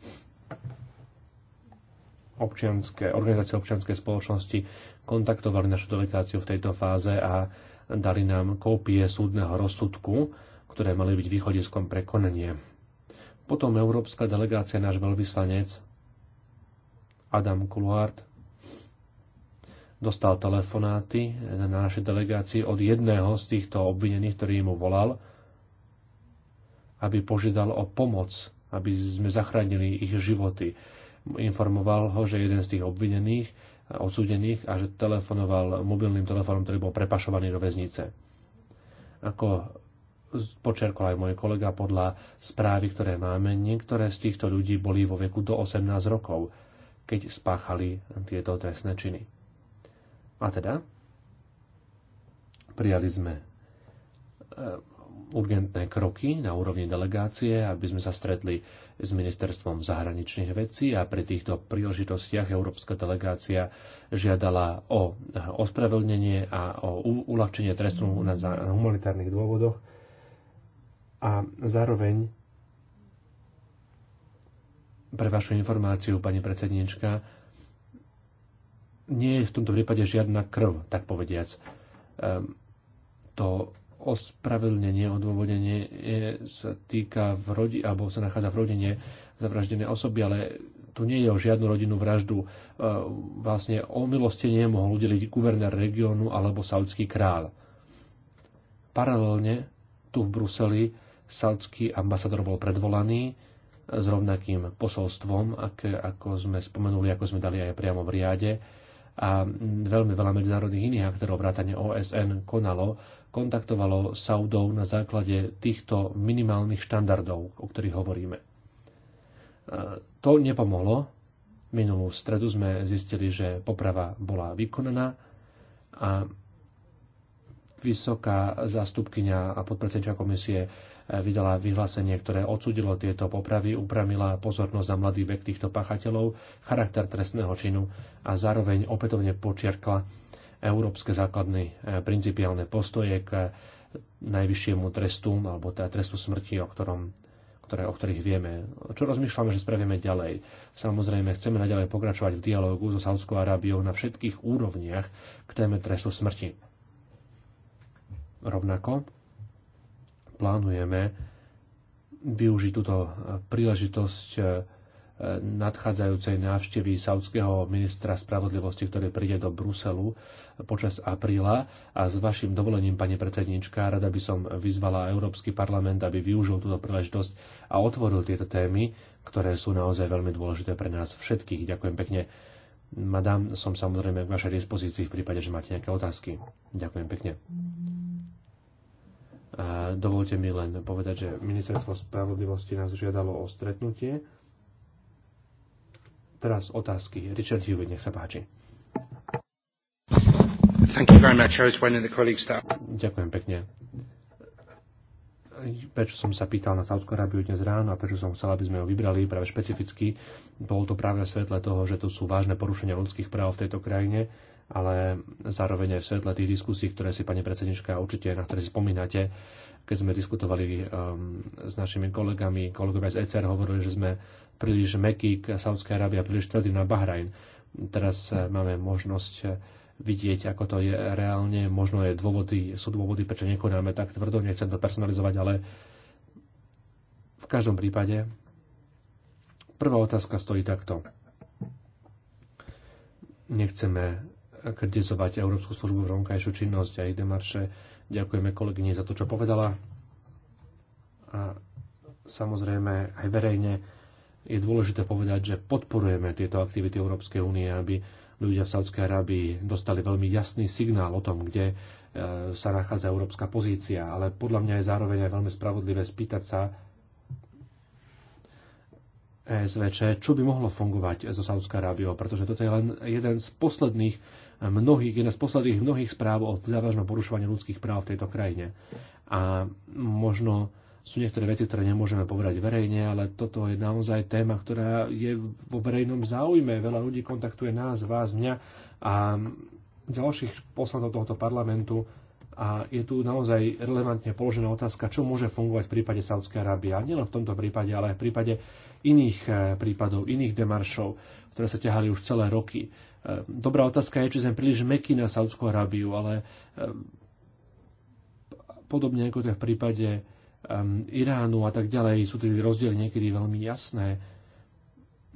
občianské, organizácie občianskej spoločnosti kontaktovali našu delegáciu v tejto fáze a dali nám kópie súdneho rozsudku ktoré mali byť východiskom pre konanie. Potom európska delegácia náš veľvyslanec Adam Kuluart dostal telefonáty na našej delegácii od jedného z týchto obvinených, ktorý mu volal, aby požiadal o pomoc, aby sme zachránili ich životy. Informoval ho, že jeden z tých obvinených, odsúdených a že telefonoval mobilným telefónom, ktorý bol prepašovaný do väznice. Ako počerkol aj môj kolega podľa správy, ktoré máme, niektoré z týchto ľudí boli vo veku do 18 rokov, keď spáchali tieto trestné činy. A teda prijali sme e, urgentné kroky na úrovni delegácie, aby sme sa stretli s ministerstvom zahraničných vecí a pri týchto príležitostiach európska delegácia žiadala o ospravedlnenie a o uľahčenie trestu na humanitárnych dôvodoch a zároveň pre vašu informáciu, pani predsedníčka, nie je v tomto prípade žiadna krv, tak povediac. Ehm, to ospravedlnenie, odôvodnenie je, sa týka v rodi, alebo sa nachádza v rodine zavraždené osoby, ale tu nie je o žiadnu rodinnú vraždu. Ehm, vlastne o milostenie mohol udeliť guvernér regiónu alebo saudský král. Paralelne tu v Bruseli saudský ambasador bol predvolaný s rovnakým posolstvom, ako sme spomenuli, ako sme dali aj priamo v riade. A veľmi veľa medzinárodných iných aktorov vrátane OSN konalo, kontaktovalo Saudov na základe týchto minimálnych štandardov, o ktorých hovoríme. To nepomohlo. Minulú stredu sme zistili, že poprava bola vykonaná a vysoká zástupkynia a podpredsedčia komisie E, vydala vyhlásenie, ktoré odsudilo tieto popravy, upravila pozornosť na mladý vek týchto pachateľov, charakter trestného činu a zároveň opätovne počiarkla európske základné e, principiálne postoje k e, najvyššiemu trestu, alebo teda trestu smrti, o ktorom ktoré, o ktorých vieme. Čo rozmýšľame, že spravíme ďalej? Samozrejme, chceme naďalej pokračovať v dialogu so Saudskou Arábiou na všetkých úrovniach k téme trestu smrti. Rovnako plánujeme využiť túto príležitosť e, nadchádzajúcej návštevy saudského ministra spravodlivosti, ktorý príde do Bruselu počas apríla. A s vašim dovolením, pani predsednička, rada by som vyzvala Európsky parlament, aby využil túto príležitosť a otvoril tieto témy, ktoré sú naozaj veľmi dôležité pre nás všetkých. Ďakujem pekne. Madám, som samozrejme k vašej dispozícii v prípade, že máte nejaké otázky. Ďakujem pekne. Dovolte mi len povedať, že Ministerstvo spravodlivosti nás žiadalo o stretnutie. Teraz otázky. Richard Hewitt, nech sa páči. Ďakujem pekne. Prečo som sa pýtal na Saudskú Arábiu dnes ráno a prečo som chcel, aby sme ho vybrali práve špecificky, bolo to práve v svetle toho, že tu sú vážne porušenia ľudských práv v tejto krajine ale zároveň aj v svetle tých diskusí, ktoré si pani predsednička určite, na ktoré si spomínate, keď sme diskutovali um, s našimi kolegami, kolegovia z ECR hovorili, že sme príliš meký k Saudskej Arábii a príliš tvrdý na Bahrajn. Teraz eh, máme možnosť eh, vidieť, ako to je reálne. Možno je dôvody, sú dôvody, prečo nekonáme tak tvrdo, nechcem to personalizovať, ale v každom prípade prvá otázka stojí takto. Nechceme kritizovať Európsku službu v rovnkajšiu činnosť aj demarše. Ďakujeme kolegyni za to, čo povedala. A samozrejme aj verejne je dôležité povedať, že podporujeme tieto aktivity Európskej únie, aby ľudia v Saudskej Arábii dostali veľmi jasný signál o tom, kde e, sa nachádza európska pozícia, ale podľa mňa je zároveň aj veľmi spravodlivé spýtať sa ESVČ, čo by mohlo fungovať zo Saudskou Arábiou, pretože toto je len jeden z posledných mnohých, jedna z posledných mnohých správ o závažnom porušovaní ľudských práv v tejto krajine. A možno sú niektoré veci, ktoré nemôžeme povedať verejne, ale toto je naozaj téma, ktorá je vo verejnom záujme. Veľa ľudí kontaktuje nás, vás, mňa a ďalších poslancov tohoto parlamentu a je tu naozaj relevantne položená otázka, čo môže fungovať v prípade Saudskej Arábie. A nielen v tomto prípade, ale aj v prípade iných eh, prípadov, iných demaršov, ktoré sa ťahali už celé roky. Eh, dobrá otázka je, či sme príliš mekí na Saudskú Arábiu, ale eh, podobne ako to je v prípade Iránu a tak ďalej, sú tie rozdiely niekedy veľmi jasné.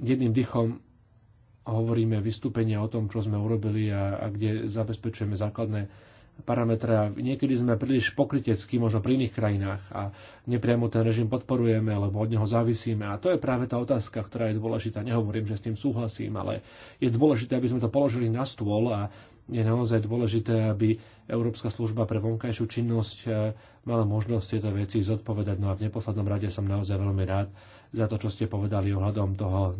Jedným dychom hovoríme vystúpenia o tom, čo sme urobili a, a kde zabezpečujeme základné parametre a niekedy sme príliš pokriteckí možno pri iných krajinách a nepriamo ten režim podporujeme alebo od neho závisíme. A to je práve tá otázka, ktorá je dôležitá. Nehovorím, že s tým súhlasím, ale je dôležité, aby sme to položili na stôl a je naozaj dôležité, aby Európska služba pre vonkajšiu činnosť eh, mala možnosť tieto veci zodpovedať. No a v neposlednom rade som naozaj veľmi rád za to, čo ste povedali ohľadom toho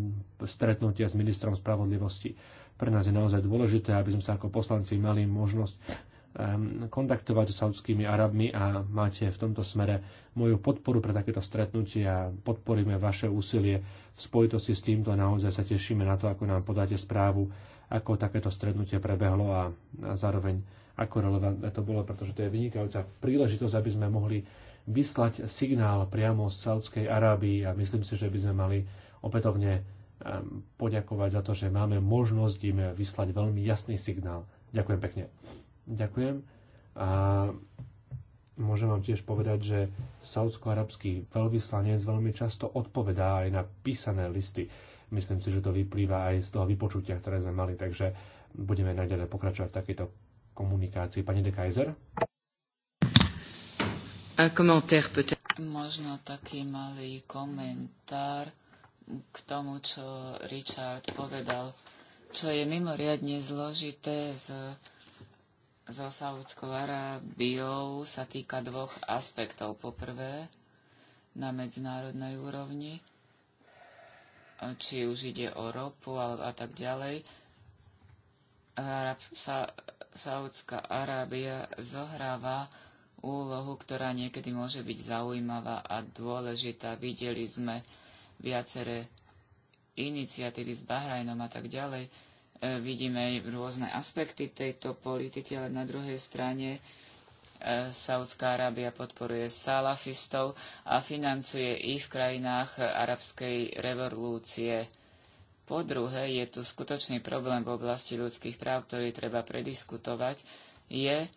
stretnutia s ministrom spravodlivosti pre nás je naozaj dôležité, aby sme sa ako poslanci mali možnosť Ehm, kontaktovať s saudskými Arabmi a máte v tomto smere moju podporu pre takéto stretnutie a podporíme vaše úsilie v spojitosti s týmto. Naozaj sa tešíme na to, ako nám podáte správu, ako takéto stretnutie prebehlo a, a zároveň ako relevantné to bolo, pretože to je vynikajúca príležitosť, aby sme mohli vyslať signál priamo z Saudskej Arábii a myslím si, že by sme mali opätovne ehm, poďakovať za to, že máme možnosť im vyslať veľmi jasný signál. Ďakujem pekne. Ďakujem. A môžem vám tiež povedať, že saudsko-arabský veľvyslanec veľmi často odpovedá aj na písané listy. Myslím si, že to vyplýva aj z toho vypočutia, ktoré sme mali, takže budeme naďalej pokračovať v takejto komunikácii. Pani de Kaiser? Možno taký malý komentár k tomu, čo Richard povedal, čo je mimoriadne zložité z so Saudskou Arábiou sa týka dvoch aspektov. Poprvé, na medzinárodnej úrovni, či už ide o ropu a, a tak ďalej, Arab, sa, Saudská Arábia zohráva úlohu, ktorá niekedy môže byť zaujímavá a dôležitá. Videli sme viaceré iniciatívy s Bahrajnom a tak ďalej. E, vidíme aj rôzne aspekty tejto politiky, ale na druhej strane e, Saudská Arábia podporuje salafistov a financuje ich v krajinách arabskej revolúcie. Po druhé, je tu skutočný problém v oblasti ľudských práv, ktorý treba prediskutovať, je,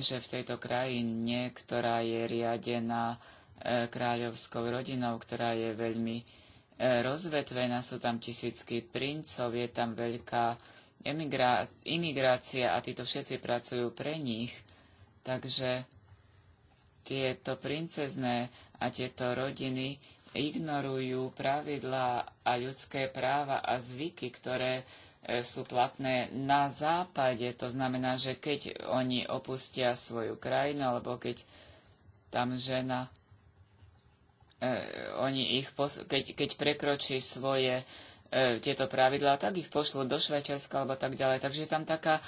že v tejto krajine, ktorá je riadená e, kráľovskou rodinou, ktorá je veľmi rozvetvená, sú tam tisícky princov, je tam veľká imigrácia a títo všetci pracujú pre nich. Takže tieto princezné a tieto rodiny ignorujú pravidlá a ľudské práva a zvyky, ktoré e, sú platné na západe. To znamená, že keď oni opustia svoju krajinu, alebo keď tam žena Eh, oni ich, keď, keď prekročí svoje e, tieto pravidlá, tak ich pošlo do Švajčiarska alebo tak ďalej. Takže je tam taká e,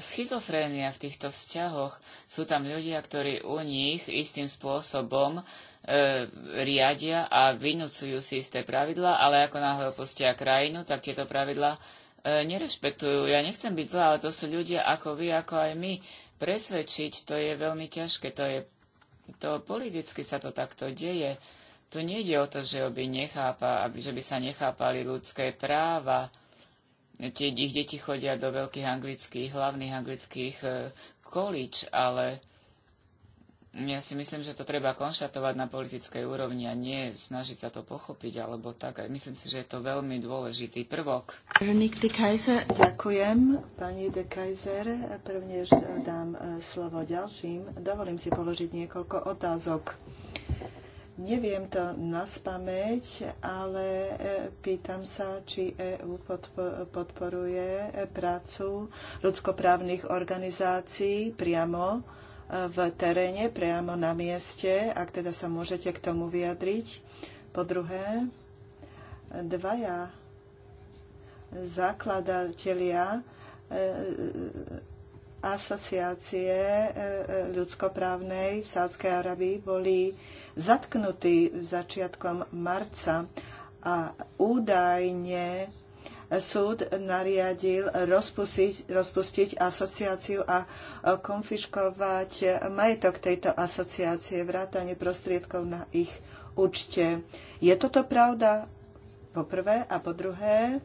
schizofrénia v týchto vzťahoch. Sú tam ľudia, ktorí u nich istým spôsobom e, riadia a vynúcujú si isté pravidlá, ale ako náhle opustia krajinu, tak tieto pravidlá e, nerešpektujú. Ja nechcem byť zlá, ale to sú ľudia ako vy, ako aj my. Presvedčiť to je veľmi ťažké, to je to politicky sa to takto deje. E, tu nejde o to, že by, nechápa, aby, že by sa nechápali ľudské práva. Tie ich deti chodia do veľkých anglických, hlavných anglických kolíč, e, ale ja si myslím, že to treba konštatovať na politickej úrovni a nie snažiť sa to pochopiť alebo tak. Myslím si, že je to veľmi dôležitý prvok. Ďakujem, pani de Kaiser. Prvnež dám e, slovo ďalším. Dovolím si položiť niekoľko otázok. Neviem to na spameť, ale e, pýtam sa, či EU podporuje prácu ľudskoprávnych organizácií priamo e, v teréne, priamo na mieste, ak teda sa môžete k tomu vyjadriť. Po druhé, dvaja zakladatelia e, asociácie e, e, ľudskoprávnej v Sádskej Arabii boli zatknutí začiatkom marca a údajne súd nariadil rozpustiť, rozpustiť asociáciu a e, konfiškovať majetok tejto asociácie, vrátanie prostriedkov na ich účte. Je toto pravda? Po prvé a po druhé,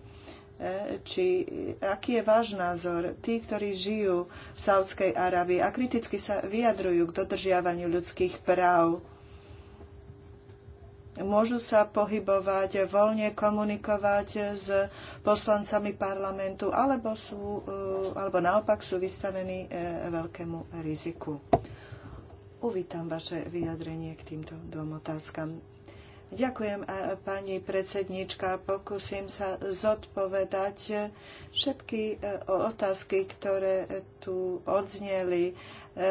E, či, aký je váš názor, tí, ktorí žijú v Saudskej Arabii a kriticky sa vyjadrujú k dodržiavaniu ľudských práv, môžu sa pohybovať, voľne komunikovať s poslancami parlamentu, alebo, sú, e, alebo naopak sú vystavení e, veľkému riziku. Uvítam vaše vyjadrenie k týmto dvom otázkam. Ďakujem, pani predsedníčka. Pokúsim sa zodpovedať všetky e, otázky, ktoré tu odzneli. E,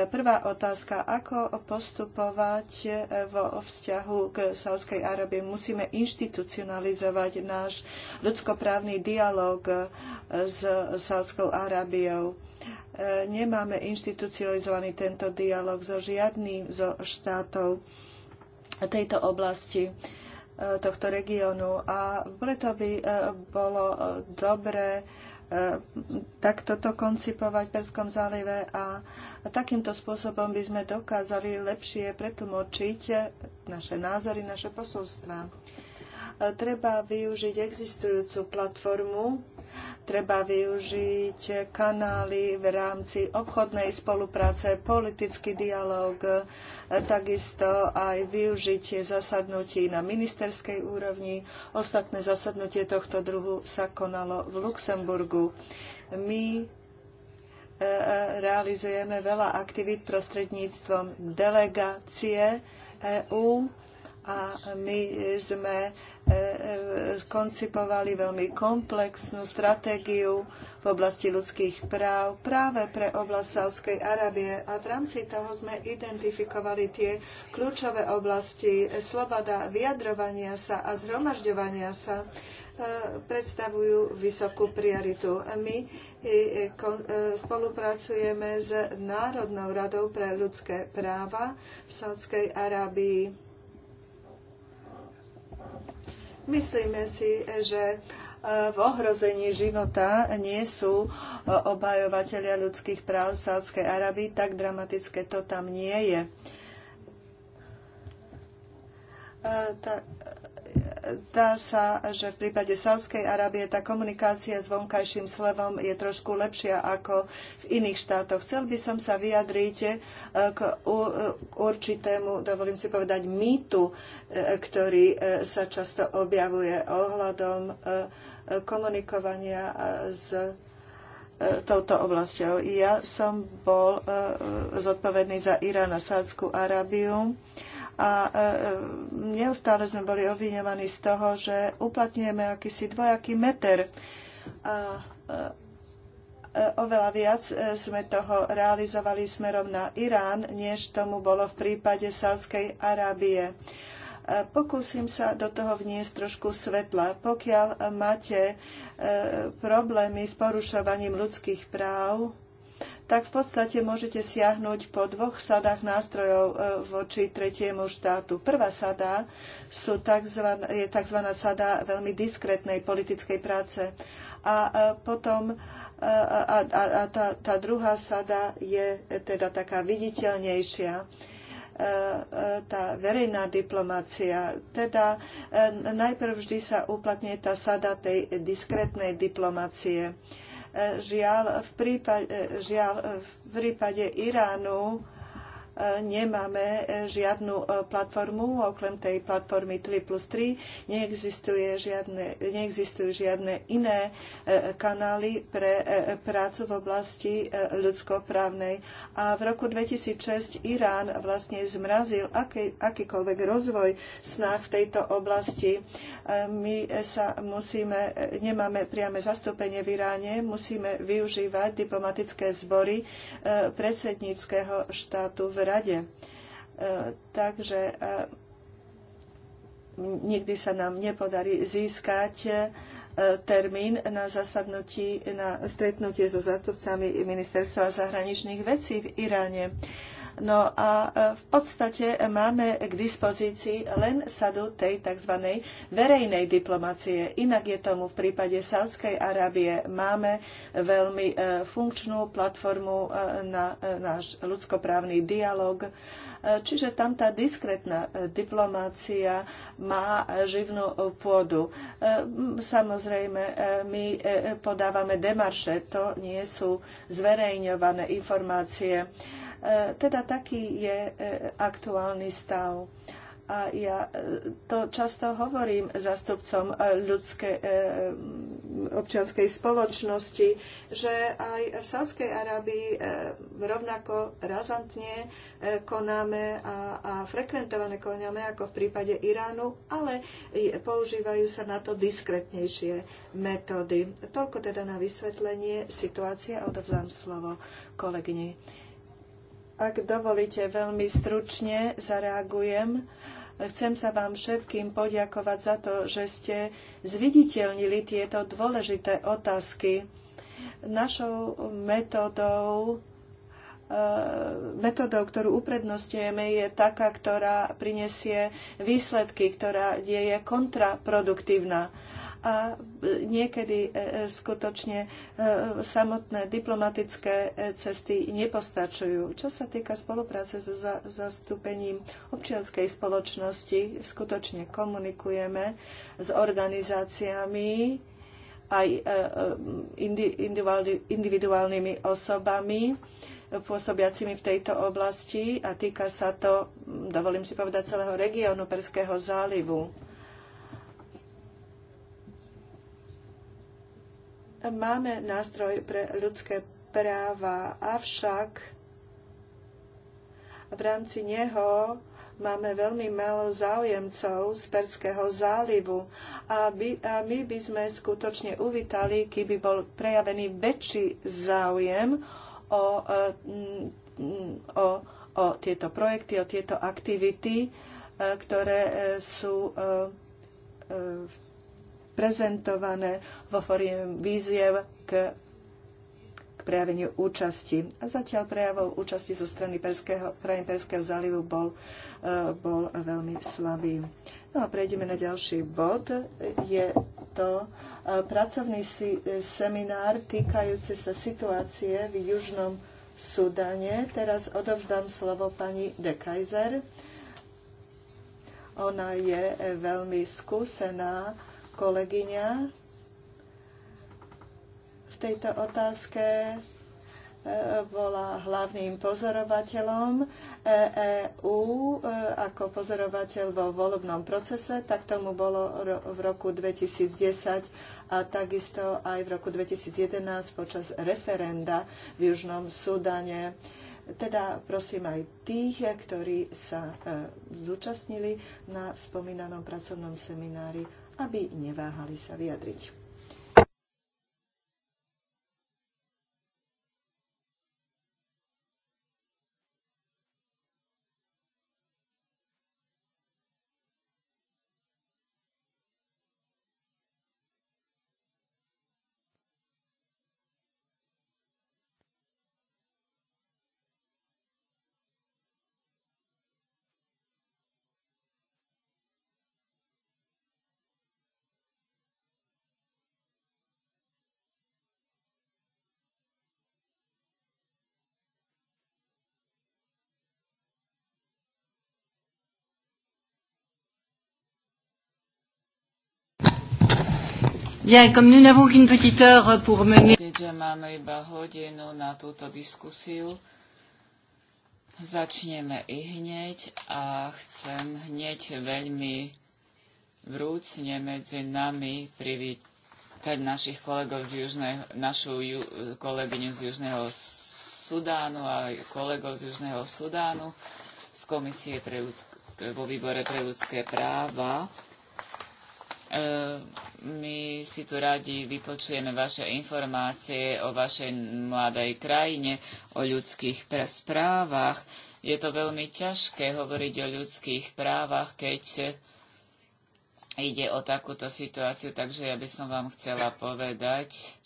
prvá otázka, ako postupovať e, vo vzťahu k Sávskej Arabii? Musíme inštitucionalizovať náš ľudskoprávny dialog s Sávskou Arábiou nemáme inštitucionalizovaný tento dialog so žiadnym zo štátov tejto oblasti e, tohto regiónu a preto by e, bolo e, dobré takto to koncipovať v Perskom zálive a takýmto spôsobom by sme dokázali lepšie pretlmočiť naše názory, naše posolstva. Treba využiť existujúcu platformu Treba využiť kanály v rámci obchodnej spolupráce, politický dialog, takisto aj využitie zasadnutí na ministerskej úrovni. Ostatné zasadnutie tohto druhu sa konalo v Luxemburgu. My e, e, realizujeme veľa aktivít prostredníctvom delegácie EÚ a my sme e, e, koncipovali veľmi komplexnú stratégiu v oblasti ľudských práv práve pre oblasť Saudskej Arábie a v rámci toho sme identifikovali tie kľúčové oblasti sloboda vyjadrovania sa a zhromažďovania sa e, predstavujú vysokú prioritu. My spolupracujeme s Národnou radou pre ľudské práva v Saudskej Arábii Myslíme si, že e, v ohrození života nie sú e, obhajovateľia ľudských práv Sádskej Arabii, tak dramatické to tam nie je. E, Dá sa, že v prípade Saudskej Arábie tá komunikácia s vonkajším slevom je trošku lepšia ako v iných štátoch. Chcel by som sa vyjadriť e, e, k určitému, dovolím si povedať, mýtu, e, ktorý sa často objavuje ohľadom komunikovania s touto oblasťou. Ja som bol zodpovedný za Irán a Sádskú Arábiu a e, e, neustále sme boli obviňovaní z toho, že uplatňujeme akýsi dvojaký meter. A e, oveľa viac sme toho realizovali smerom na Irán, než tomu bolo v prípade Sávskej Arábie. Pokúsim sa do toho vniesť trošku svetla. Pokiaľ máte problémy s porušovaním ľudských práv, tak v podstate môžete siahnuť po dvoch sadách nástrojov e, voči tretiemu štátu. Prvá sada sú tzv., je tzv. sada veľmi diskrétnej politickej práce a e, potom e, a, a, a tá, tá druhá sada je teda taká viditeľnejšia tá verejná diplomácia. Teda najprv vždy sa uplatňuje tá sada tej diskrétnej diplomácie. Žiaľ, v prípade, žiaľ, v prípade Iránu nemáme e, žiadnu e, platformu, okrem tej platformy 3 plus 3, neexistuje žiadne, neexistujú žiadne iné e, kanály pre prácu v oblasti ľudskoprávnej. A v roku 2006 Irán vlastne zmrazil aký, akýkoľvek rozvoj snah v tejto oblasti. My sa musíme, nemáme priame zastúpenie v Iráne, musíme využívať diplomatické zbory predsedníckého štátu v rade. E, takže e, nikdy sa nám nepodarí získať e, termín na zasadnutí, na stretnutie so zástupcami ministerstva zahraničných vecí v Iráne. No a e, v podstate máme k dispozícii len sadu tej tzv. verejnej diplomacie. Inak je tomu v prípade Sávskej Arábie. Máme veľmi e, funkčnú platformu e, na náš ľudskoprávny dialog. Čiže tam tá diskrétna diplomácia má živnú pôdu. Samozrejme, my podávame demarše, to nie sú zverejňované informácie. E, teda taký je e, aktuálny stav a ja e, to často hovorím zastupcom ľudské, občianskej spoločnosti, že aj v Sávskej Arábii rovnako razantne konáme a, a frekventované konáme ako v prípade Iránu, ale používajú sa na to diskretnejšie metódy. Toľko teda na vysvetlenie situácie a odovzdám slovo kolegyni. Ak dovolíte, veľmi stručne zareagujem. Chcem sa vám všetkým poďakovať za to, že ste zviditeľnili tieto dôležité otázky. Našou metódou e, metodou, ktorú uprednostňujeme, je taká, ktorá prinesie výsledky, ktorá je kontraproduktívna a niekedy e, e, skutočne e, samotné diplomatické cesty nepostačujú. Čo sa týka spolupráce so zastúpením občianskej spoločnosti, skutočne komunikujeme s organizáciami, aj individuálnymi osobami pôsobiacimi v tejto oblasti a týka sa to, dovolím si povedať, celého regiónu Perského zálivu máme nástroj pre ľudské práva, avšak v rámci neho máme veľmi málo záujemcov z Perského zálivu a, by, a my by sme skutočne uvítali, keby bol prejavený väčší záujem o, e, mm, o, o tieto projekty, o tieto aktivity, e, ktoré e, sú v prezentované vo forme výziev k prejaveniu účasti. A zatiaľ prejavou účasti zo strany Perského, krajín Perského zálivu bol, e, bol veľmi slabý. No a prejdeme na ďalší bod. Je to e, pracovný e, seminár týkajúci sa situácie v Južnom Sudane. Teraz odovzdám slovo pani de Kaiser. Ona je veľmi skúsená kolegyňa v tejto otázke e, bola hlavným pozorovateľom EÚ e e, ako pozorovateľ vo volebnom procese, tak tomu bolo v roku 2010 a takisto aj v roku 2011 počas referenda v Južnom Sudane. Teda prosím aj tých, ktorí sa zúčastnili na spomínanom pracovnom seminári aby neváhali sa vyjadriť. Bien, comme nous n'avons qu'une petite heure pour mener... Keďže máme iba hodinu na túto diskusiu, začneme i hneď a chcem hneď veľmi vrúcne medzi nami privítať našich kolegov z Južného, našu ju, kolegyňu z Južného Sudánu a kolegov z Južného Sudánu z Komisie pre ľudské, vo výbore pre ľudské práva E, my si tu radi vypočujeme vaše informácie o vašej mladej krajine, o ľudských správach. Je to veľmi ťažké hovoriť o ľudských právach, keď ide o takúto situáciu, takže ja by som vám chcela povedať,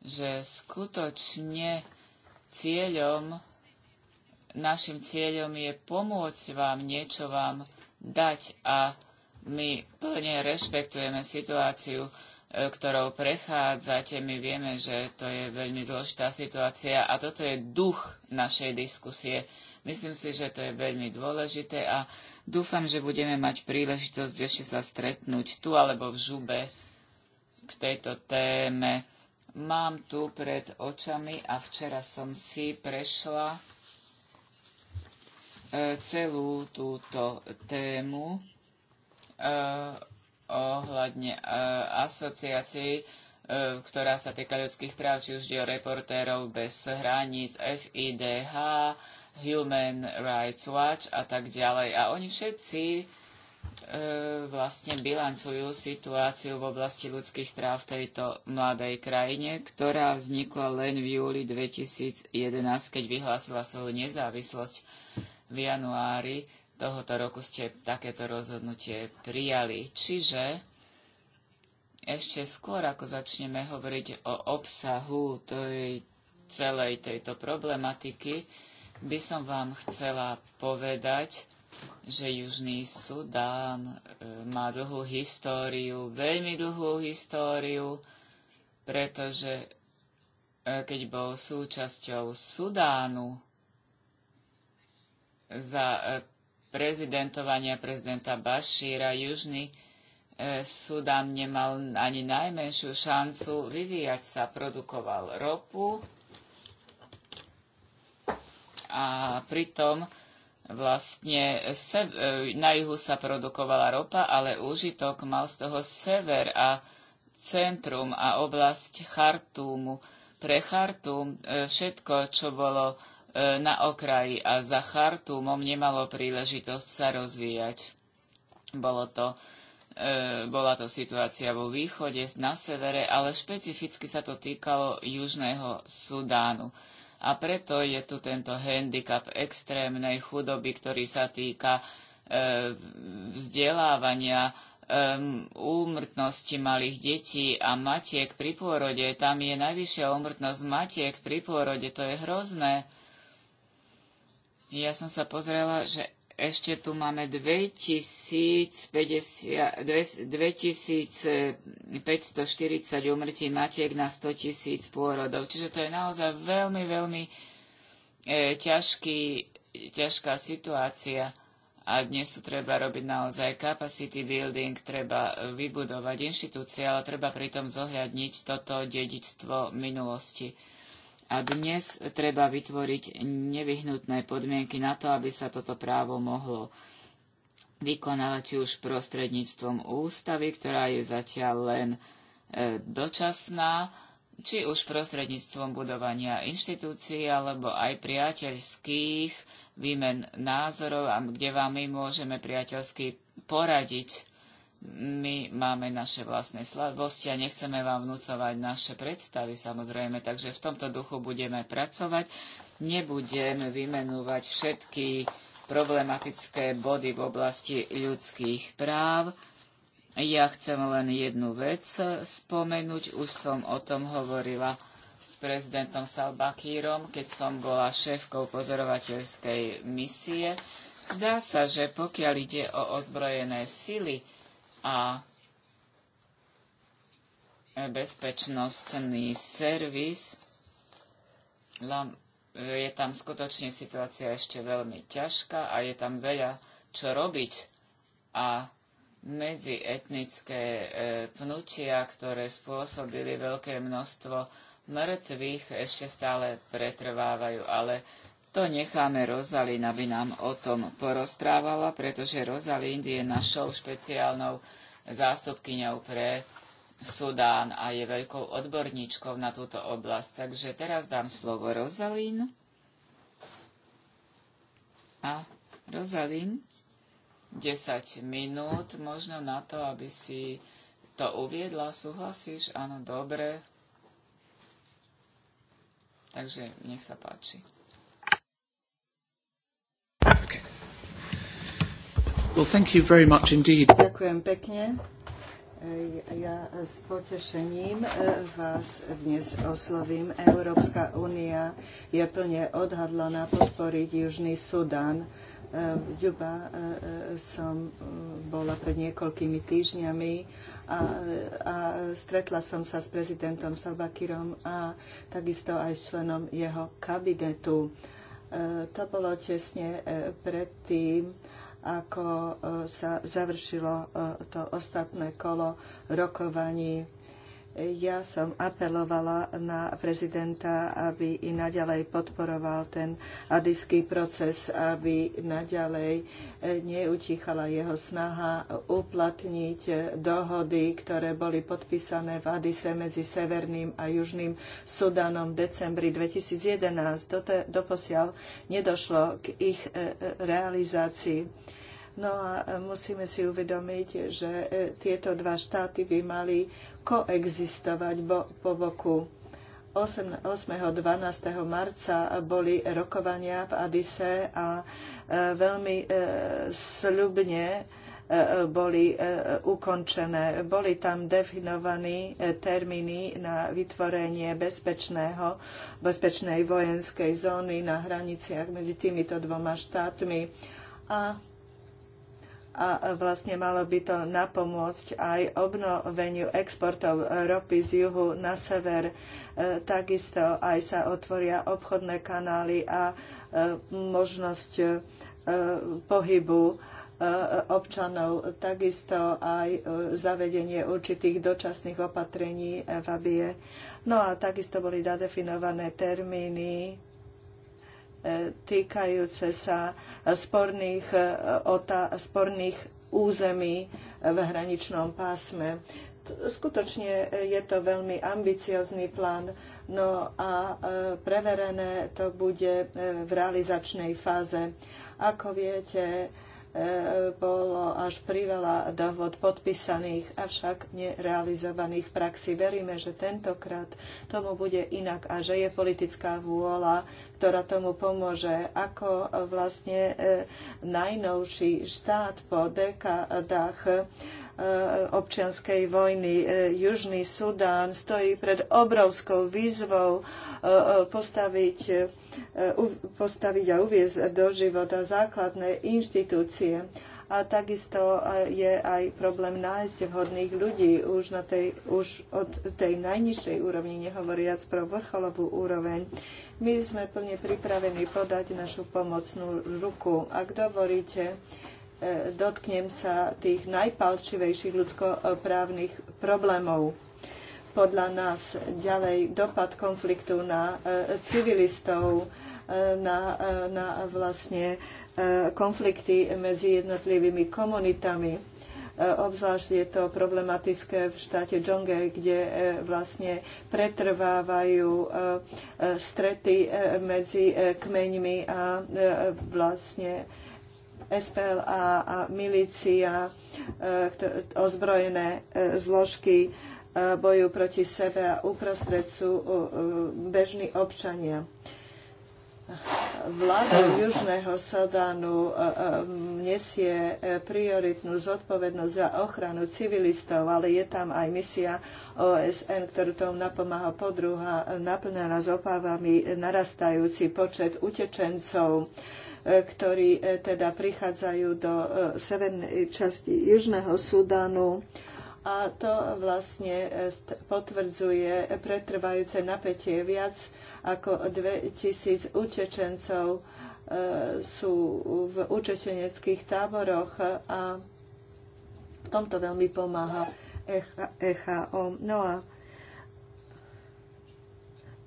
že skutočne cieľom, našim cieľom je pomôcť vám, niečo vám dať a my plne rešpektujeme situáciu, e, ktorou prechádzate. My vieme, že to je veľmi zložitá situácia a toto je duch našej diskusie. Myslím si, že to je veľmi dôležité a dúfam, že budeme mať príležitosť ešte sa stretnúť tu alebo v Žube k tejto téme. Mám tu pred očami a včera som si prešla e, celú túto tému Eh, ohľadne eh, asociácií, eh, ktorá sa týka ľudských práv, či už ide o reportérov bez hraníc, FIDH, Human Rights Watch a tak ďalej. A oni všetci vlastne bilancujú situáciu v oblasti ľudských práv v tejto mladej krajine, ktorá vznikla len v júli 2011, keď vyhlásila svoju nezávislosť v januári tohoto roku ste takéto rozhodnutie prijali. Čiže ešte skôr, ako začneme hovoriť o obsahu tej, celej tejto problematiky, by som vám chcela povedať, že Južný Sudán e, má dlhú históriu, veľmi dlhú históriu, pretože e, keď bol súčasťou Sudánu za e, prezidentovania prezidenta Bašíra Južný e, Sudán Sudan nemal ani najmenšiu šancu vyvíjať sa. Produkoval ropu a pritom vlastne e, na juhu sa produkovala ropa, ale úžitok mal z toho sever a centrum a oblasť Chartúmu. Pre Chartúm e, všetko, čo bolo E, na okraji a za Chartumom nemalo príležitosť sa rozvíjať. Bolo to, e, bola to situácia vo východe, na severe, ale špecificky sa to týkalo Južného Sudánu. A preto je tu tento handicap extrémnej chudoby, ktorý sa týka e, vzdelávania, e, úmrtnosti malých detí a matiek pri pôrode. Tam je najvyššia úmrtnosť matiek pri pôrode, to je hrozné. Ja som sa pozrela, že ešte tu máme 2540 umrtí matiek na 100 tisíc pôrodov. Čiže to je naozaj veľmi, veľmi e, ťažký, ťažká situácia. A dnes tu treba robiť naozaj capacity building, treba vybudovať inštitúcie, ale treba pritom zohľadniť toto dedičstvo minulosti. A dnes treba vytvoriť nevyhnutné podmienky na to, aby sa toto právo mohlo vykonávať či už prostredníctvom ústavy, ktorá je zatiaľ len e, dočasná, či už prostredníctvom budovania inštitúcií alebo aj priateľských výmen názorov, kde vám my môžeme priateľsky poradiť my máme naše vlastné slabosti a nechceme vám vnúcovať naše predstavy samozrejme, takže v tomto duchu budeme pracovať. Nebudem vymenúvať všetky problematické body v oblasti ľudských práv. Ja chcem len jednu vec spomenúť, už som o tom hovorila s prezidentom Salbakírom, keď som bola šéfkou pozorovateľskej misie. Zdá sa, že pokiaľ ide o ozbrojené sily, a bezpečnostný servis. Je tam skutočne situácia ešte veľmi ťažká a je tam veľa čo robiť. A medzietnické e, pnutia, ktoré spôsobili veľké množstvo mŕtvych, ešte stále pretrvávajú. Ale to necháme Rozalín, aby nám o tom porozprávala, pretože Rozalind je našou špeciálnou zástupkyňou pre Sudán a je veľkou odborníčkou na túto oblasť. Takže teraz dám slovo Rozalín. A Rozalín, 10 minút možno na to, aby si to uviedla. Súhlasíš? Áno, dobre. Takže nech sa páči. Well, thank you very much indeed. Ďakujem pekne. E, ja s potešením e, vás dnes oslovím. Európska únia je plne odhadlaná podporiť Južný Sudán. V e, Ďuba som bola pred niekoľkými týždňami a, a stretla som sa s prezidentom Salvakirom a takisto aj s členom jeho kabinetu. To bolo tesne predtým, ako e, sa završilo e, to ostatné kolo rokovaní ja som apelovala na prezidenta, aby i naďalej podporoval ten adiský proces, aby naďalej e, neutichala jeho snaha uplatniť e, dohody, ktoré boli podpísané v Adise medzi Severným a Južným Sudanom v decembri 2011. doposiaľ nedošlo k ich e, realizácii No a e, musíme si uvedomiť, že e, tieto dva štáty by mali koexistovať po boku. 8. 12. marca boli rokovania v Adise a e, veľmi sľubne boli ukončené. Boli tam definovaní termíny na vytvorenie bezpečného, bezpečnej vojenskej zóny na hraniciach medzi týmito dvoma štátmi. A a vlastne malo by to napomôcť aj obnoveniu exportov ropy z juhu na sever. E, takisto aj sa otvoria obchodné kanály a e, možnosť e, pohybu občanov, takisto aj zavedenie určitých dočasných opatrení v ABIE. No a takisto boli zadefinované termíny E, týkajúce sa sporných, e, otá, sporných území v hraničnom pásme. Skutočne je to veľmi ambiciozný plán, no a e, preverené to bude v realizačnej fáze. Ako viete, E, bolo až priveľa dohod podpísaných, avšak nerealizovaných v praxi. Veríme, že tentokrát tomu bude inak a že je politická vôľa, ktorá tomu pomôže, ako vlastne e, najnovší štát po dekadách e, občianskej vojny. Južný Sudán stojí pred obrovskou výzvou E, e, postaviť, e, postaviť a uviezť do života základné inštitúcie. A takisto je aj problém nájsť vhodných ľudí už, na tej, už od tej najnižšej úrovni, nehovoriac pro vrcholovú úroveň. My sme plne pripravení podať našu pomocnú ruku. Ak dovolíte, dotknem sa tých najpalčivejších ľudskoprávnych problémov podľa nás ďalej dopad konfliktu na e, civilistov, e, na, e, na vlastne konflikty medzi jednotlivými komunitami. Obzvlášť je to problematické v štáte Džonge, kde vlastne pretrvávajú strety medzi kmeňmi a vlastne SPL a milícia, ozbrojené zložky boju proti sebe a uprostred sú e, bežní občania. Vláda Južného Sudánu e, e, nesie prioritnú zodpovednosť za ochranu civilistov, ale je tam aj misia OSN, ktorú tomu napomáha podruha, naplnená s opávami narastajúci počet utečencov ktorí teda prichádzajú do severnej časti Južného Sudánu a to vlastne e, potvrdzuje pretrvajúce napätie. Viac ako 2000 utečencov e, sú v utečeneckých táboroch a v tomto veľmi pomáha EHO. No a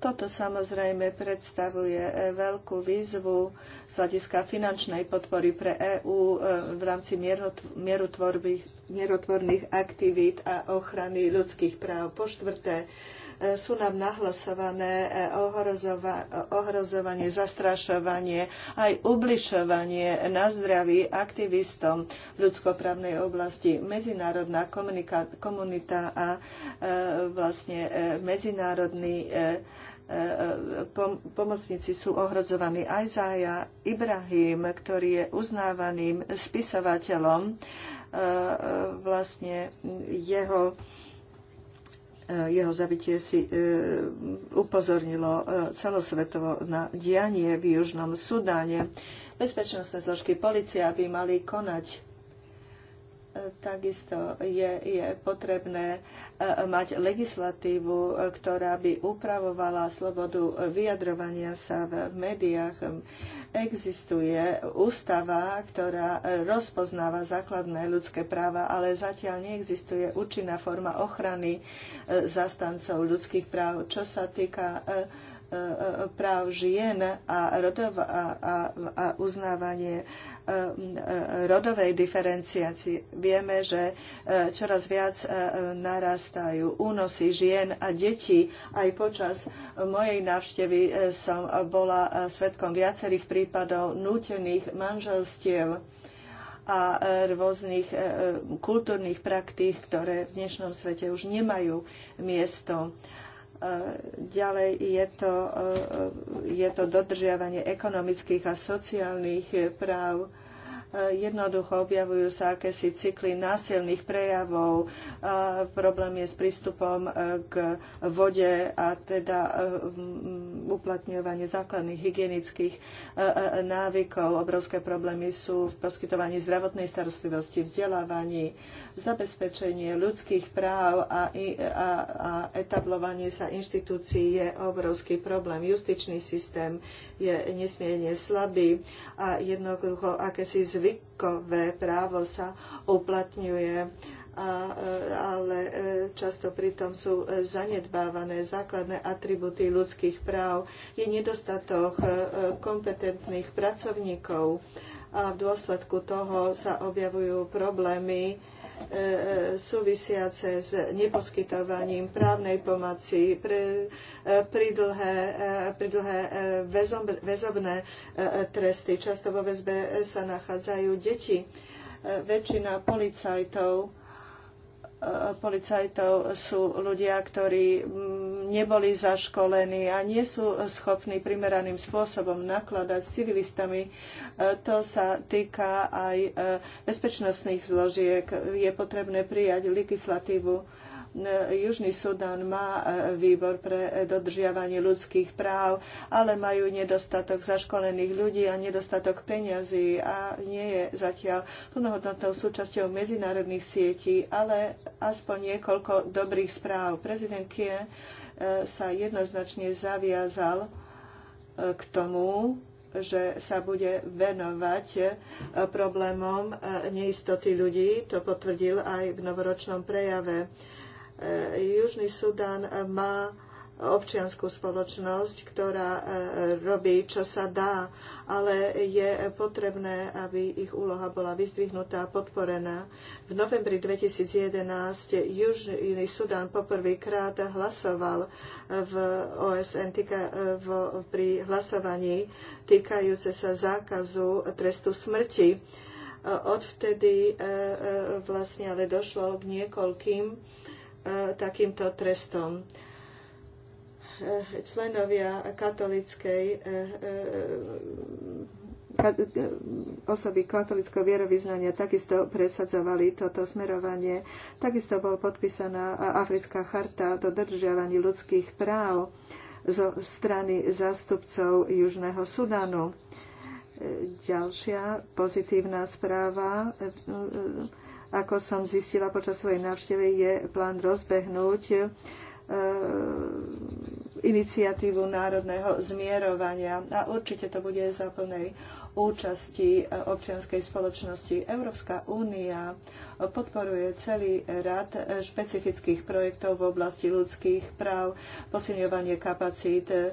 toto samozrejme predstavuje e, veľkú výzvu z hľadiska finančnej podpory pre EÚ e, v rámci mierotvorných aktivít a ochrany ľudských práv. Po štvrté, e, sú nám nahlasované ohrozova, ohrozovanie, zastrašovanie, aj ubližovanie na zdraví aktivistom v ľudskoprávnej oblasti. Medzinárodná komunika, komunita a e, vlastne e, medzinárodný e, pomocníci sú ohrozovaní. Ajzája Ibrahim, ktorý je uznávaným spisovateľom, e, e, vlastne jeho e, jeho zabitie si upozornilo celosvetovo na dianie v Južnom Sudáne. Bezpečnostné zložky policia by mali konať takisto je, je potrebné e, mať legislatívu, e, ktorá by upravovala slobodu vyjadrovania sa v médiách. Existuje ústava, ktorá rozpoznáva základné ľudské práva, ale zatiaľ neexistuje účinná forma ochrany e, zastancov ľudských práv. Čo sa týka E, e, práv žien a, rodov, a, a, a uznávanie e, rodovej diferenciácie. Vieme, že čoraz viac narastajú únosy žien a detí. Aj počas mojej návštevy som bola svetkom viacerých prípadov nútených manželstiev a rôznych kultúrnych praktík, ktoré v dnešnom svete už nemajú miesto. Ďalej je to, e, e, je to dodržiavanie ekonomických a sociálnych e, práv Jednoducho objavujú sa akési cykly násilných prejavov. problém je s prístupom e, k vode a teda e, uplatňovanie základných hygienických e, návykov. Obrovské problémy sú v poskytovaní zdravotnej starostlivosti, vzdelávaní, zabezpečenie ľudských práv a, a, a etablovanie sa inštitúcií je obrovský problém. Justičný systém je nesmierne slabý a jednoducho akési zvy zvykové právo sa uplatňuje a, e, ale e, často pritom sú e, zanedbávané základné atributy ľudských práv. Je nedostatok kompetentných pracovníkov a v dôsledku toho sa objavujú problémy E, e, súvisiace s neposkytovaním právnej pomoci, pre, e, pridlhé, pridlhé väzobné tresty. Často vo väzbe sa nachádzajú deti. Väčšina policajtov policajtov sú ľudia, ktorí neboli zaškolení a nie sú schopní primeraným spôsobom nakladať s civilistami. E, to sa týka aj e, bezpečnostných zložiek. Je potrebné prijať legislatívu. E, Južný Sudán má výbor pre dodržiavanie ľudských práv, ale majú nedostatok zaškolených ľudí a nedostatok peňazí a nie je zatiaľ plnohodnotnou súčasťou medzinárodných sietí, ale aspoň niekoľko dobrých správ. Prezident Kie sa jednoznačne zaviazal e, k tomu, že sa bude venovať e, problémom e, neistoty ľudí. To potvrdil aj v novoročnom prejave. Južný Sudán má občianskú spoločnosť, ktorá e, robí, čo sa dá, ale je potrebné, aby ich úloha bola vyzdvihnutá a podporená. V novembri 2011 Južný Sudán poprvýkrát hlasoval v OSN týka, e, v, pri hlasovaní týkajúce sa zákazu trestu smrti. E, odvtedy vlastne ale došlo k niekoľkým takýmto trestom. Eh, členovia katolickej eh, eh, osoby katolického vierovýznania takisto presadzovali toto smerovanie. Takisto bol podpísaná Africká charta o dodržiavaní ľudských práv zo strany zástupcov Južného Sudanu. Ďalšia pozitívna správa ako som zistila počas svojej návštevy, je plán rozbehnúť E, iniciatívu národného zmierovania a určite to bude za plnej účasti e, občianskej spoločnosti. Európska únia podporuje celý rad špecifických projektov v oblasti ľudských práv, posilňovanie kapacít, e,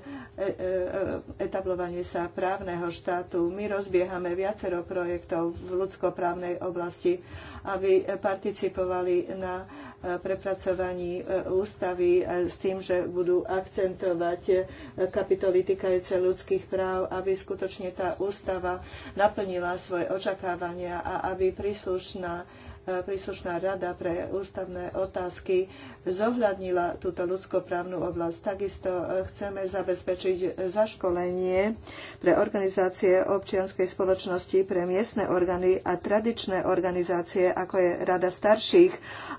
etablovanie sa právneho štátu. My rozbiehame viacero projektov v ľudskoprávnej oblasti, aby participovali na Eh, prepracovaní eh, ústavy eh, s tým, že budú akcentovať kapitoly týkajúce ľudských práv, aby skutočne tá ústava naplnila svoje očakávania a aby príslušná príslušná rada pre ústavné otázky zohľadnila túto ľudskoprávnu oblasť. Takisto e, chceme zabezpečiť zaškolenie pre organizácie občianskej spoločnosti, pre miestne orgány a tradičné organizácie, ako je Rada starších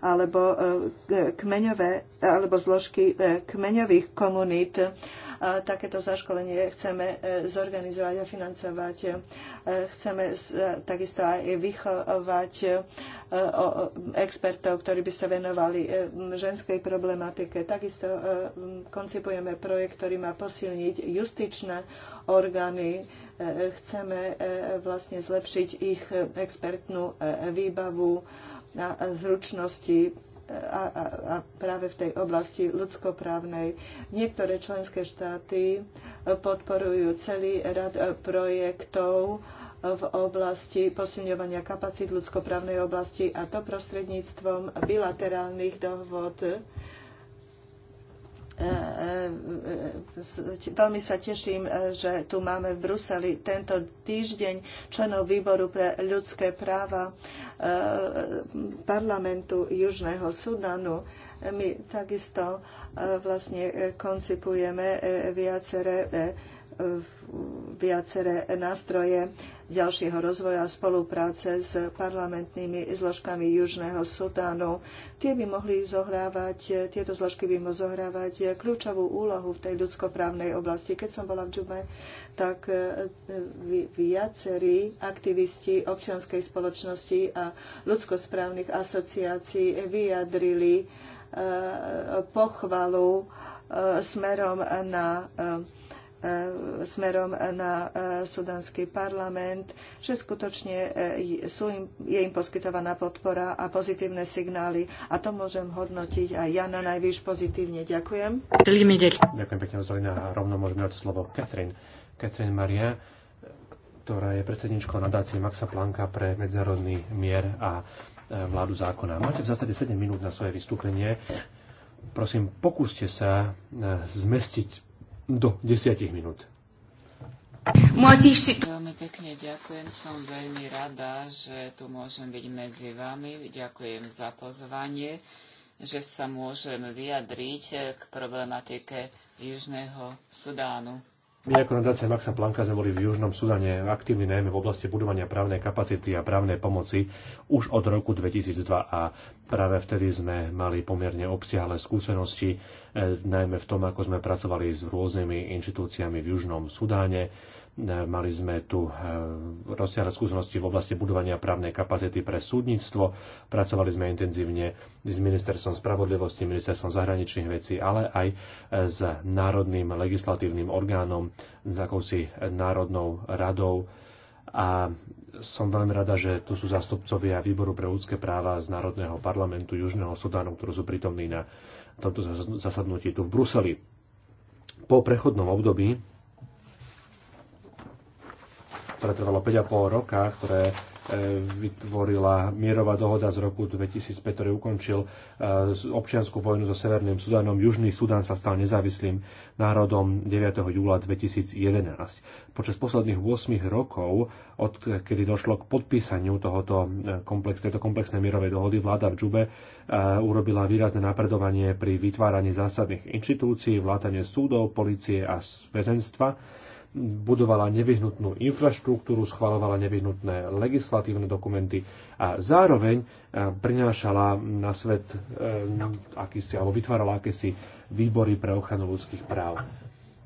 alebo, e, kmeňové, alebo zložky e, kmeňových komunít Takéto zaškolenie chceme e, zorganizovať a financovať. E, chceme e, takisto aj vychovať expertov, ktorí by sa venovali ženskej problematike. Takisto koncipujeme projekt, ktorý má posilniť justičné orgány. Chceme vlastne zlepšiť ich expertnú výbavu na zručnosti a, a, a práve v tej oblasti ľudskoprávnej. Niektoré členské štáty podporujú celý rad e, projektov e, v oblasti posilňovania kapacít ľudskoprávnej oblasti a to prostredníctvom bilaterálnych dohod Veľmi sa teším, že tu máme v Bruseli tento týždeň členov výboru pre ľudské práva parlamentu Južného Sudanu. My takisto vlastne koncipujeme viaceré viaceré nástroje ďalšieho rozvoja spolupráce s parlamentnými zložkami Južného Sudánu. Tie by mohli zohrávať, tieto zložky by mohli zohrávať kľúčovú úlohu v tej ľudskoprávnej oblasti. Keď som bola v Džume, tak e, viacerí aktivisti občianskej spoločnosti a ľudskosprávnych asociácií vyjadrili e, pochvalu e, smerom na E, smerom na e, sudanský parlament, že skutočne e, sú im, je im poskytovaná podpora a pozitívne signály. A to môžem hodnotiť aj ja na najvyš pozitívne. Ďakujem. Ďakujem pekne, Zolina. Rovno môžeme dať slovo Katrin. Katrin Maria, ktorá je predsedničkou nadácie Maxa Planka pre medzinárodný mier a vládu zákona. Máte v zásade 7 minút na svoje vystúpenie. Prosím, pokúste sa zmestiť do 10 minút. Veľmi pekne ďakujem, som veľmi rada, že tu môžem byť medzi vami. Ďakujem za pozvanie, že sa môžem vyjadriť k problematike Južného Sudánu. My ako nadácia Maxa Planka sme boli v Južnom Sudane aktívni najmä v oblasti budovania právnej kapacity a právnej pomoci už od roku 2002 a práve vtedy sme mali pomerne obsiahle skúsenosti, eh, najmä v tom, ako sme pracovali s rôznymi inštitúciami v Južnom Sudáne, E, mali sme tu e, rozsiahle skúsenosti v oblasti budovania právnej kapacity pre súdnictvo. Pracovali sme intenzívne s ministerstvom spravodlivosti, ministerstvom zahraničných vecí, ale aj e, s národným legislatívnym orgánom, s akousi národnou radou. A som veľmi rada, že tu sú zastupcovia Výboru pre ľudské práva z Národného parlamentu Južného Sudánu, ktorí sú prítomní na tomto zasadnutí tu v Bruseli. Po prechodnom období ktoré trvalo 5,5 roka, ktoré e, vytvorila mierová dohoda z roku 2005, ktorý ukončil e, občianskú vojnu so Severným Sudanom. Južný Sudan sa stal nezávislým národom 9. júla 2011. Počas posledných 8 rokov, od kedy došlo k podpísaniu tohoto e, komplex, tejto komplexnej mierovej dohody, vláda v Džube urobila výrazné napredovanie pri vytváraní zásadných inštitúcií, vlátanie súdov, policie a väzenstva budovala nevyhnutnú infraštruktúru, schvalovala nevyhnutné legislatívne dokumenty a zároveň e, prinášala na svet e, akýsi, alebo vytvárala akési výbory pre ochranu ľudských práv.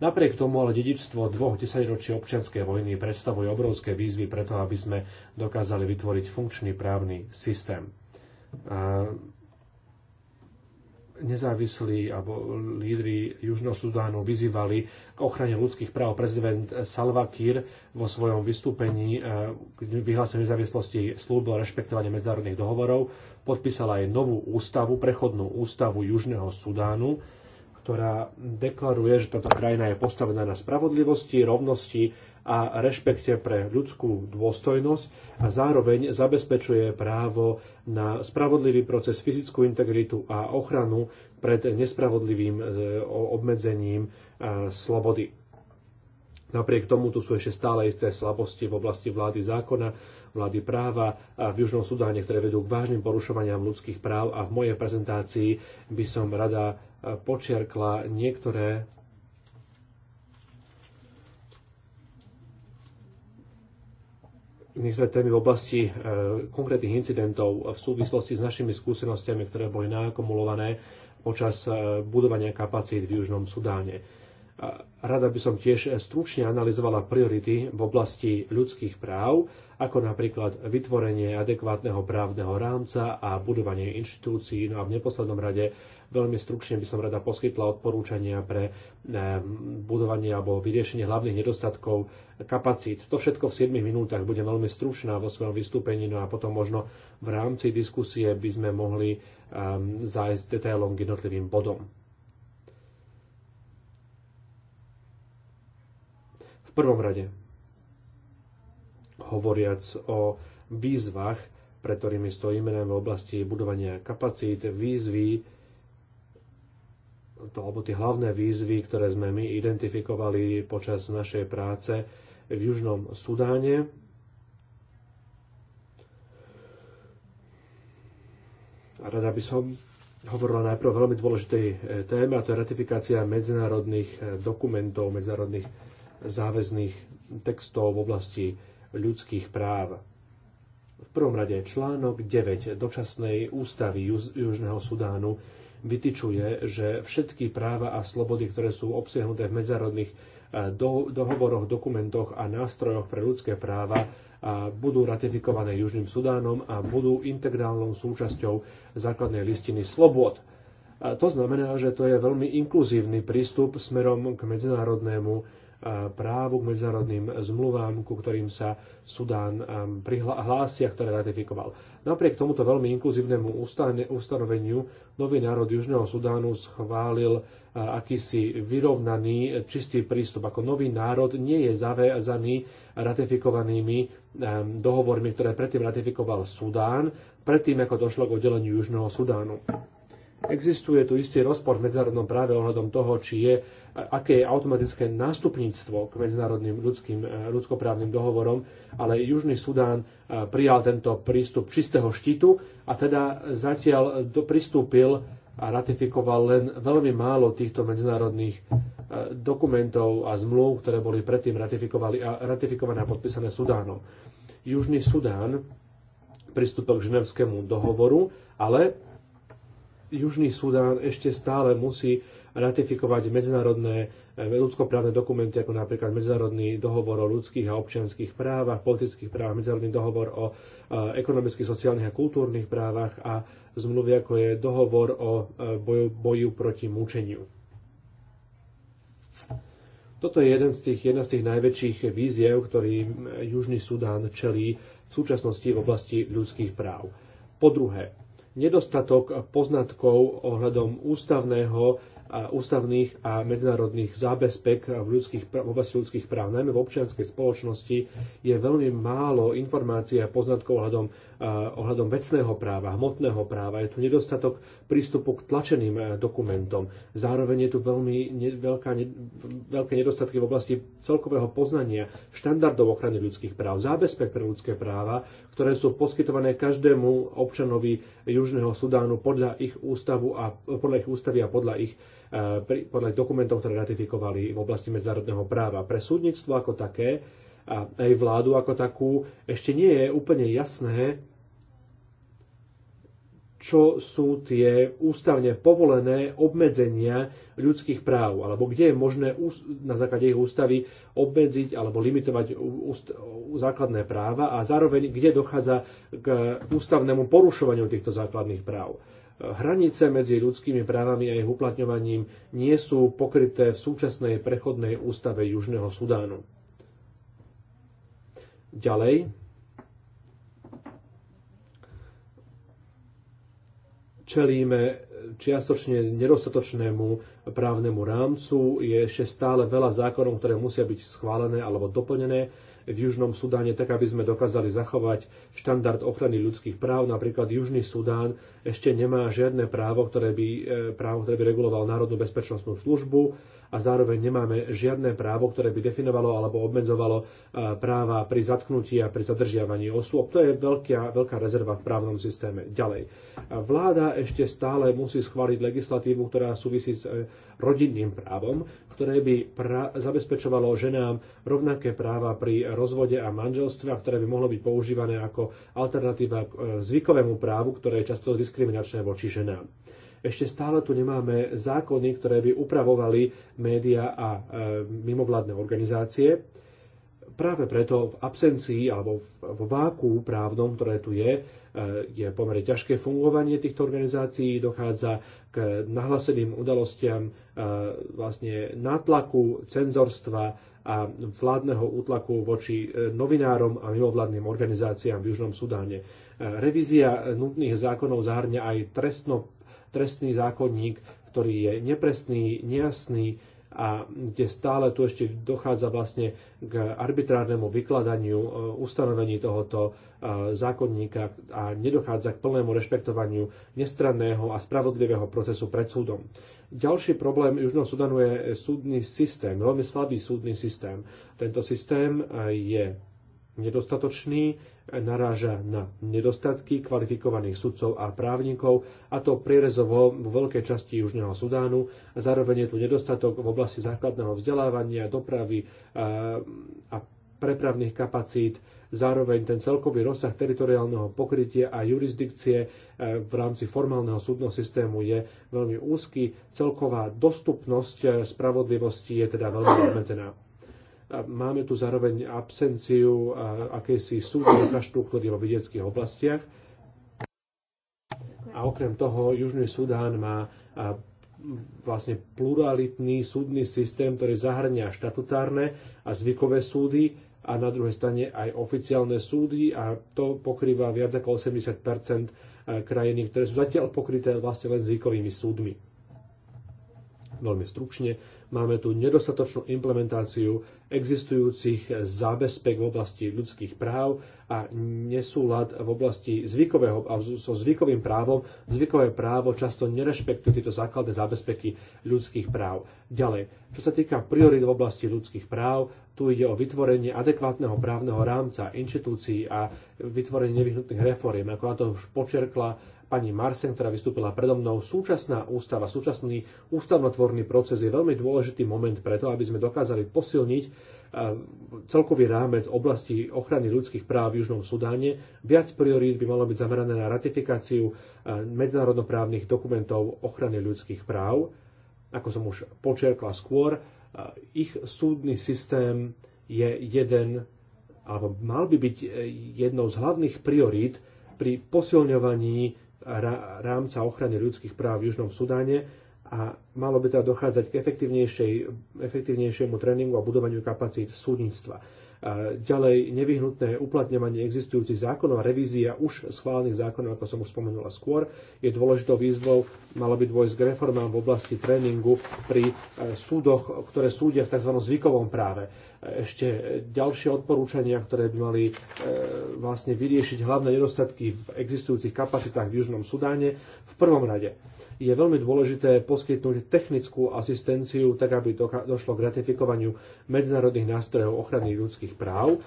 Napriek tomu ale dedičstvo dvoch desaťročí občianskej vojny predstavuje obrovské výzvy preto, aby sme dokázali vytvoriť funkčný právny systém nezávislí alebo lídri Južného Sudánu vyzývali k ochrane ľudských práv. Prezident Salva Kiir vo svojom vystúpení eh, k vyhláseniu nezávislosti slúbil rešpektovanie medzárodných dohovorov, podpísala aj novú ústavu, prechodnú ústavu Južného Sudánu, ktorá deklaruje, že táto krajina je postavená na spravodlivosti, rovnosti a rešpekte pre ľudskú dôstojnosť a zároveň zabezpečuje právo na spravodlivý proces, fyzickú integritu a ochranu pred nespravodlivým e, obmedzením e, slobody. Napriek tomu tu sú ešte stále isté slabosti v oblasti vlády zákona, vlády práva a v Južnom Sudáne, ktoré vedú k vážnym porušovaniam ľudských práv a v mojej prezentácii by som rada e, počiarkla niektoré niektoré témy v oblasti e, konkrétnych incidentov v súvislosti s našimi skúsenostiami, ktoré boli naakumulované počas e, budovania kapacít v Južnom Sudáne. Rada by som tiež stručne analyzovala priority v oblasti ľudských práv, ako napríklad vytvorenie adekvátneho právneho rámca a budovanie inštitúcií, no a v neposlednom rade Veľmi stručne by som rada poskytla odporúčania pre eh, budovanie alebo vyriešenie hlavných nedostatkov kapacít. To všetko v 7 minútach bude veľmi stručná vo svojom vystúpení, no a potom možno v rámci diskusie by sme mohli ehm, zájsť detailom k jednotlivým bodom. V prvom rade, hovoriac o výzvach, pre ktorými stojíme v oblasti budovania kapacít, výzvy, to, alebo tie hlavné výzvy, ktoré sme my identifikovali počas našej práce v Južnom Sudáne. A rada by som hovorila najprv o veľmi dôležitej e, téme, a to je ratifikácia medzinárodných e, dokumentov, medzinárodných záväzných textov v oblasti ľudských práv. V prvom rade článok 9 dočasnej ústavy Južného Sudánu vytyčuje, že všetky práva a slobody, ktoré sú obsiahnuté v medzárodných eh, do, dohovoroch, dokumentoch a nástrojoch pre ľudské práva a budú ratifikované Južným Sudánom a budú integrálnou súčasťou základnej listiny slobod. A to znamená, že to je veľmi inkluzívny prístup smerom k medzinárodnému právu, k medzinárodným zmluvám, ku ktorým sa Sudán a ktoré ratifikoval. Napriek tomuto veľmi inkluzívnemu ustanoveniu nový národ Južného Sudánu schválil akýsi vyrovnaný, e, čistý prístup. Ako nový národ nie je zaviazaný ratifikovanými e, dohovormi, ktoré predtým ratifikoval Sudán, predtým ako došlo k oddeleniu Južného Sudánu. Existuje tu istý rozpor v medzinárodnom práve ohľadom toho, či je, aké je automatické nástupníctvo k medzinárodným ľudským, e, ľudskoprávnym dohovorom, ale Južný Sudán e, prijal tento prístup čistého štítu a teda zatiaľ pristúpil a ratifikoval len veľmi málo týchto medzinárodných e, dokumentov a zmluv, ktoré boli predtým ratifikované a podpísané Sudánom. Južný Sudán pristúpil k ženevskému dohovoru, ale Južný Sudán ešte stále musí ratifikovať medzinárodné eh, ľudskoprávne dokumenty, ako napríklad Medzinárodný dohovor o ľudských a občianských právach, politických právach, Medzinárodný dohovor o eh, ekonomických, sociálnych a kultúrnych právach a zmluvy, ako je dohovor o eh, boju, boju proti mučeniu. Toto je jeden z tých, jedna z tých najväčších víziev, ktorým Južný Sudán čelí v súčasnosti v oblasti ľudských práv. Po druhé, nedostatok poznatkov ohľadom ústavného a ústavných a medzinárodných zábezpek v, ľudských, v oblasti ľudských práv, najmä v občianskej spoločnosti, je veľmi málo informácií a poznatkov ohľadom, ohľadom vecného práva, hmotného práva. Je tu nedostatok prístupu k tlačeným e, dokumentom. Zároveň je tu veľmi ne, veľká, ne, veľké nedostatky v oblasti celkového poznania štandardov ochrany ľudských práv, zábezpek pre ľudské práva, ktoré sú poskytované každému občanovi Južného Sudánu podľa ich, ústavu a, podľa ich ústavy a podľa ich e, podľa ich dokumentov, ktoré ratifikovali v oblasti medzinárodného práva. Pre súdnictvo ako také a aj vládu ako takú ešte nie je úplne jasné, čo sú tie ústavne povolené obmedzenia ľudských práv, alebo kde je možné na základe ich ústavy obmedziť alebo limitovať základné práva a zároveň kde dochádza k ústavnému porušovaniu týchto základných práv. Hranice medzi ľudskými právami a ich uplatňovaním nie sú pokryté v súčasnej prechodnej ústave Južného Sudánu. Ďalej, čelíme čiastočne nedostatočnému právnemu rámcu, je ešte stále veľa zákonov, ktoré musia byť schválené alebo doplnené v Južnom Sudáne, tak aby sme dokázali zachovať štandard ochrany ľudských práv. Napríklad Južný Sudán ešte nemá žiadne právo, ktoré by, e, právo, ktoré by reguloval Národnú bezpečnostnú službu a zároveň nemáme žiadne právo, ktoré by definovalo alebo obmedzovalo e, práva pri zatknutí a pri zadržiavaní osôb. To je veľká, veľká rezerva v právnom systéme. Ďalej. Vláda ešte stále musí schváliť legislatívu, ktorá súvisí s e, rodinným právom, ktoré by pra- zabezpečovalo ženám rovnaké práva pri rozvode a manželstva, ktoré by mohlo byť používané ako alternatíva k e, zvykovému právu, ktoré je často diskriminačné voči ženám. Ešte stále tu nemáme zákony, ktoré by upravovali média a e, mimovládne organizácie. Práve preto v absencii alebo v váku právnom, ktoré tu je, e, je pomerne ťažké fungovanie týchto organizácií, dochádza k nahlaseným udalostiam vlastne nátlaku, cenzorstva, a vládneho útlaku voči e, novinárom a mimovládnym organizáciám v Južnom Sudáne. E, revízia nutných zákonov zahrňa aj trestno, trestný zákonník, ktorý je nepresný, nejasný a kde stále tu ešte dochádza vlastne k arbitrárnemu vykladaniu e, ustanovení tohoto zákonníka a nedochádza k plnému rešpektovaniu nestranného a spravodlivého procesu pred súdom. Ďalší problém Južného Sudanu je súdny systém, veľmi slabý súdny systém. Tento systém e, je nedostatočný, e, naráža na nedostatky kvalifikovaných sudcov a právnikov, a to prierezovo vo veľkej časti Južného Sudánu. Zároveň je tu nedostatok v oblasti základného vzdelávania, dopravy e, a, a prepravných kapacít, zároveň ten celkový rozsah teritoriálneho pokrytia a jurisdikcie eh, v rámci formálneho súdneho systému je veľmi úzky, celková dostupnosť eh, spravodlivosti je teda veľmi obmedzená. Máme tu zároveň absenciu eh, akejsi súdnej infraštruktúry vo vidieckých oblastiach a okrem toho Južný Sudán má vlastne pluralitný súdny systém, ktorý zahrňa štatutárne a zvykové súdy, a na druhej strane aj oficiálne súdy a to pokrýva viac ako 80 eh, krajiny, ktoré sú zatiaľ pokryté vlastne len zvykovými súdmi veľmi stručne, máme tu nedostatočnú implementáciu existujúcich zábezpek v oblasti ľudských práv a nesúlad v oblasti zvykového a so zvykovým právom. Zvykové právo často nerešpektuje tieto základné zábezpeky ľudských práv. Ďalej, čo sa týka priorit v oblasti ľudských práv, tu ide o vytvorenie adekvátneho právneho rámca, inštitúcií a vytvorenie nevyhnutných reforiem, ako na to už počerkla pani Marsen, ktorá vystúpila predo mnou. Súčasná ústava, súčasný ústavnotvorný proces je veľmi dôležitý moment preto, aby sme dokázali posilniť e, celkový rámec oblasti ochrany ľudských práv v Južnom Sudáne. Viac priorít by malo byť zamerané na ratifikáciu e, medzinárodnoprávnych dokumentov ochrany ľudských práv. Ako som už počerkla skôr, e, ich súdny systém je jeden, alebo mal by byť jednou z hlavných priorít pri posilňovaní rámca ochrany ľudských práv v Južnom Sudáne a malo by teda dochádzať k efektívnejšiemu tréningu a budovaniu kapacít súdnictva. Ďalej nevyhnutné uplatňovanie existujúcich zákonov a revízia už schválených zákonov, ako som už spomenula skôr, je dôležitou výzvou, malo by dôjsť k reformám v oblasti tréningu pri e, súdoch, ktoré súdia v tzv. zvykovom práve ešte ďalšie odporúčania, ktoré by mali e, vlastne vyriešiť hlavné nedostatky v existujúcich kapacitách v Južnom Sudáne. V prvom rade je veľmi dôležité poskytnúť technickú asistenciu, tak aby došlo k ratifikovaniu medzinárodných nástrojov ochrany ľudských práv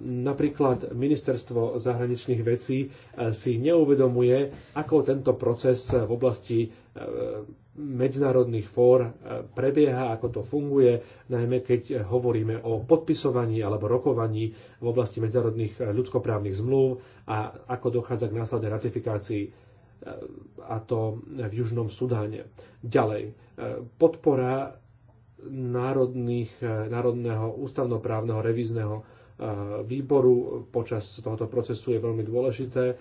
Napríklad ministerstvo zahraničných vecí e, si neuvedomuje, ako tento proces e, v oblasti e, medzinárodných fór prebieha, ako to funguje, najmä keď hovoríme o podpisovaní alebo rokovaní v oblasti medzinárodných ľudskoprávnych zmluv a ako dochádza k následnej ratifikácii a to v Južnom Sudáne. Ďalej, podpora národných, národného ústavnoprávneho revízneho výboru počas tohoto procesu je veľmi dôležité.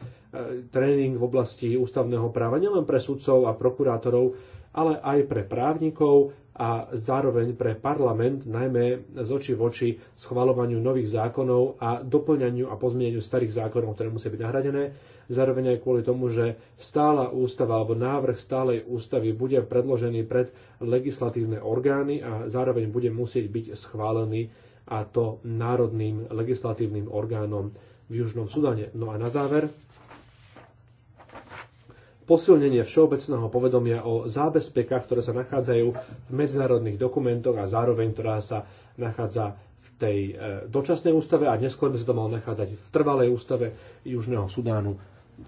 Tréning v oblasti ústavného práva nielen pre sudcov a prokurátorov, ale aj pre právnikov a zároveň pre parlament, najmä z oči v oči schvalovaniu nových zákonov a doplňaniu a pozmieniu starých zákonov, ktoré musia byť nahradené. Zároveň aj kvôli tomu, že stála ústava alebo návrh stálej ústavy bude predložený pred legislatívne orgány a zároveň bude musieť byť schválený a to národným legislatívnym orgánom v Južnom Sudane. No a na záver, posilnenie všeobecného povedomia o zábezpekách, ktoré sa nachádzajú v medzinárodných dokumentoch a zároveň, ktorá sa nachádza v tej e, dočasnej ústave a neskôr by sa to malo nachádzať v trvalej ústave Južného Sudánu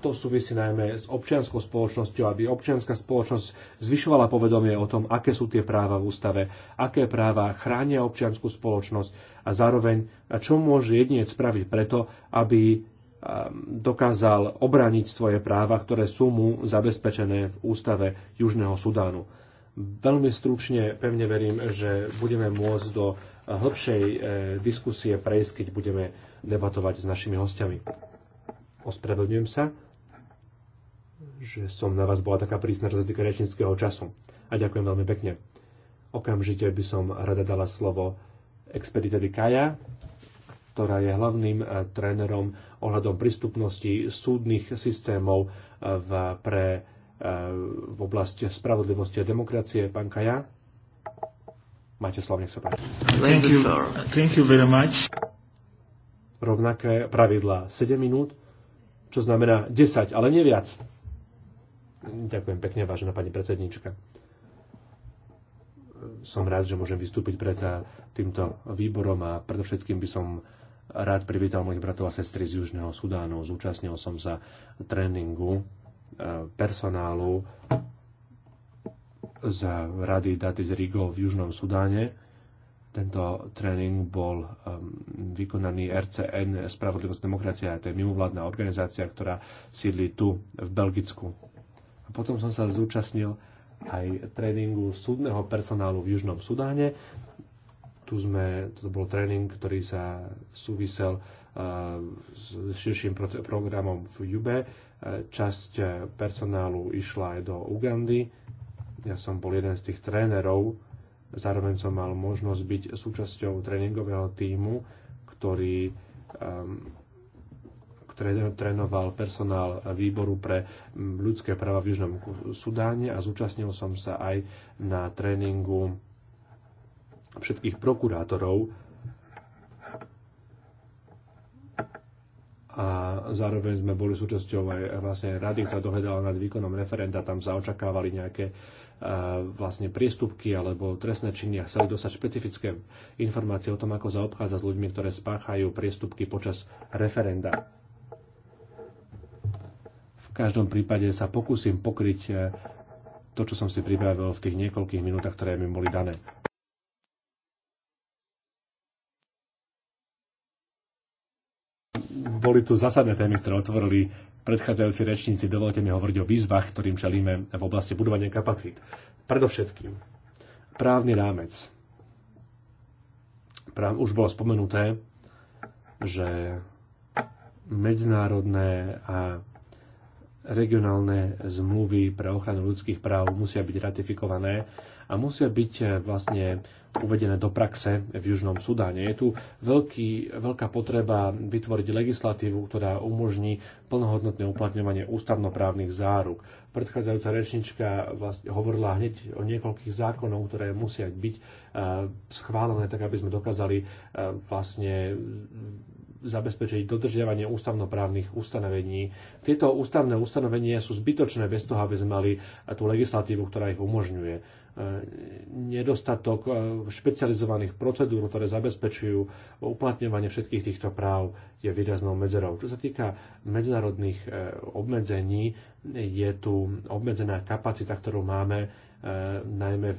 to súvisí najmä s občianskou spoločnosťou, aby občianská spoločnosť zvyšovala povedomie o tom, aké sú tie práva v ústave, aké práva chránia občianskú spoločnosť a zároveň, čo môže jedinec spraviť preto, aby um, dokázal obraniť svoje práva, ktoré sú mu zabezpečené v ústave Južného Sudánu. Veľmi stručne pevne verím, že budeme môcť do uh, hĺbšej uh, diskusie prejsť, keď budeme debatovať s našimi hostiami ospravedlňujem sa, že som na vás bola taká prísna, čo sa týka rečníckého času. A ďakujem veľmi pekne. Okamžite by som rada dala slovo expeditori Kaja, ktorá je hlavným eh, trénerom ohľadom prístupnosti súdnych systémov eh, v, pre, eh, v oblasti spravodlivosti a demokracie. Pán Kaja, máte slovo, nech sa páči. Thank you. Thank you very much. Rovnaké pravidlá 7 minút čo znamená 10, ale neviac. Ďakujem pekne, vážená pani predsedníčka. Som rád, že môžem vystúpiť pred eh, týmto výborom a predovšetkým by som rád privítal mojich bratov a sestry z Južného Sudánu. Zúčastnil som sa tréningu eh, personálu z Rady Datis z Rigov v Južnom Sudáne tento tréning bol um, vykonaný RCN Spravodlivosť demokracia, to je mimovládna organizácia, ktorá sídli tu v Belgicku. A potom som sa zúčastnil aj tréningu súdneho personálu v Južnom Sudáne. Tu sme, toto bol tréning, ktorý sa súvisel uh, s širším programom v Jube. Uh, časť e, personálu išla aj do Ugandy. Ja som bol jeden z tých trénerov, Zároveň som mal možnosť byť súčasťou tréningového týmu, ktorý um, trénoval personál výboru pre ľudské práva v Južnom Sudáne a zúčastnil som sa aj na tréningu všetkých prokurátorov a zároveň sme boli súčasťou aj vlastne rady, ktorá dohľadala nad výkonom referenda. Tam sa očakávali nejaké e, vlastne priestupky alebo trestné činy a chceli dostať špecifické informácie o tom, ako zaobchádza s ľuďmi, ktoré spáchajú priestupky počas referenda. V každom prípade sa pokúsim pokryť e, to, čo som si pripravil v tých niekoľkých minútach, ktoré mi boli dané. boli tu zásadné témy, ktoré otvorili predchádzajúci rečníci. Dovolte mi hovoriť o výzvach, ktorým čelíme v oblasti budovania kapacít. Predovšetkým právny rámec. Práv, už bolo spomenuté, že medzinárodné a regionálne zmluvy pre ochranu ľudských práv musia byť ratifikované a musia byť eh, vlastne uvedené do praxe v Južnom Sudáne. Je tu veľký, veľká potreba vytvoriť legislatívu, ktorá umožní plnohodnotné uplatňovanie ústavnoprávnych záruk. Predchádzajúca rečnička vlastne hovorila hneď o niekoľkých zákonov, ktoré musia byť eh, schválené, tak aby sme dokázali eh, vlastne zabezpečiť dodržiavanie ústavnoprávnych ustanovení. Tieto ústavné ustanovenia sú zbytočné bez toho, aby sme mali tú legislatívu, ktorá ich umožňuje. E, nedostatok e, špecializovaných procedúr, ktoré zabezpečujú uplatňovanie všetkých týchto práv, je výraznou medzerou. Čo sa týka medzinárodných e, obmedzení, je tu obmedzená kapacita, ktorú máme E, najmä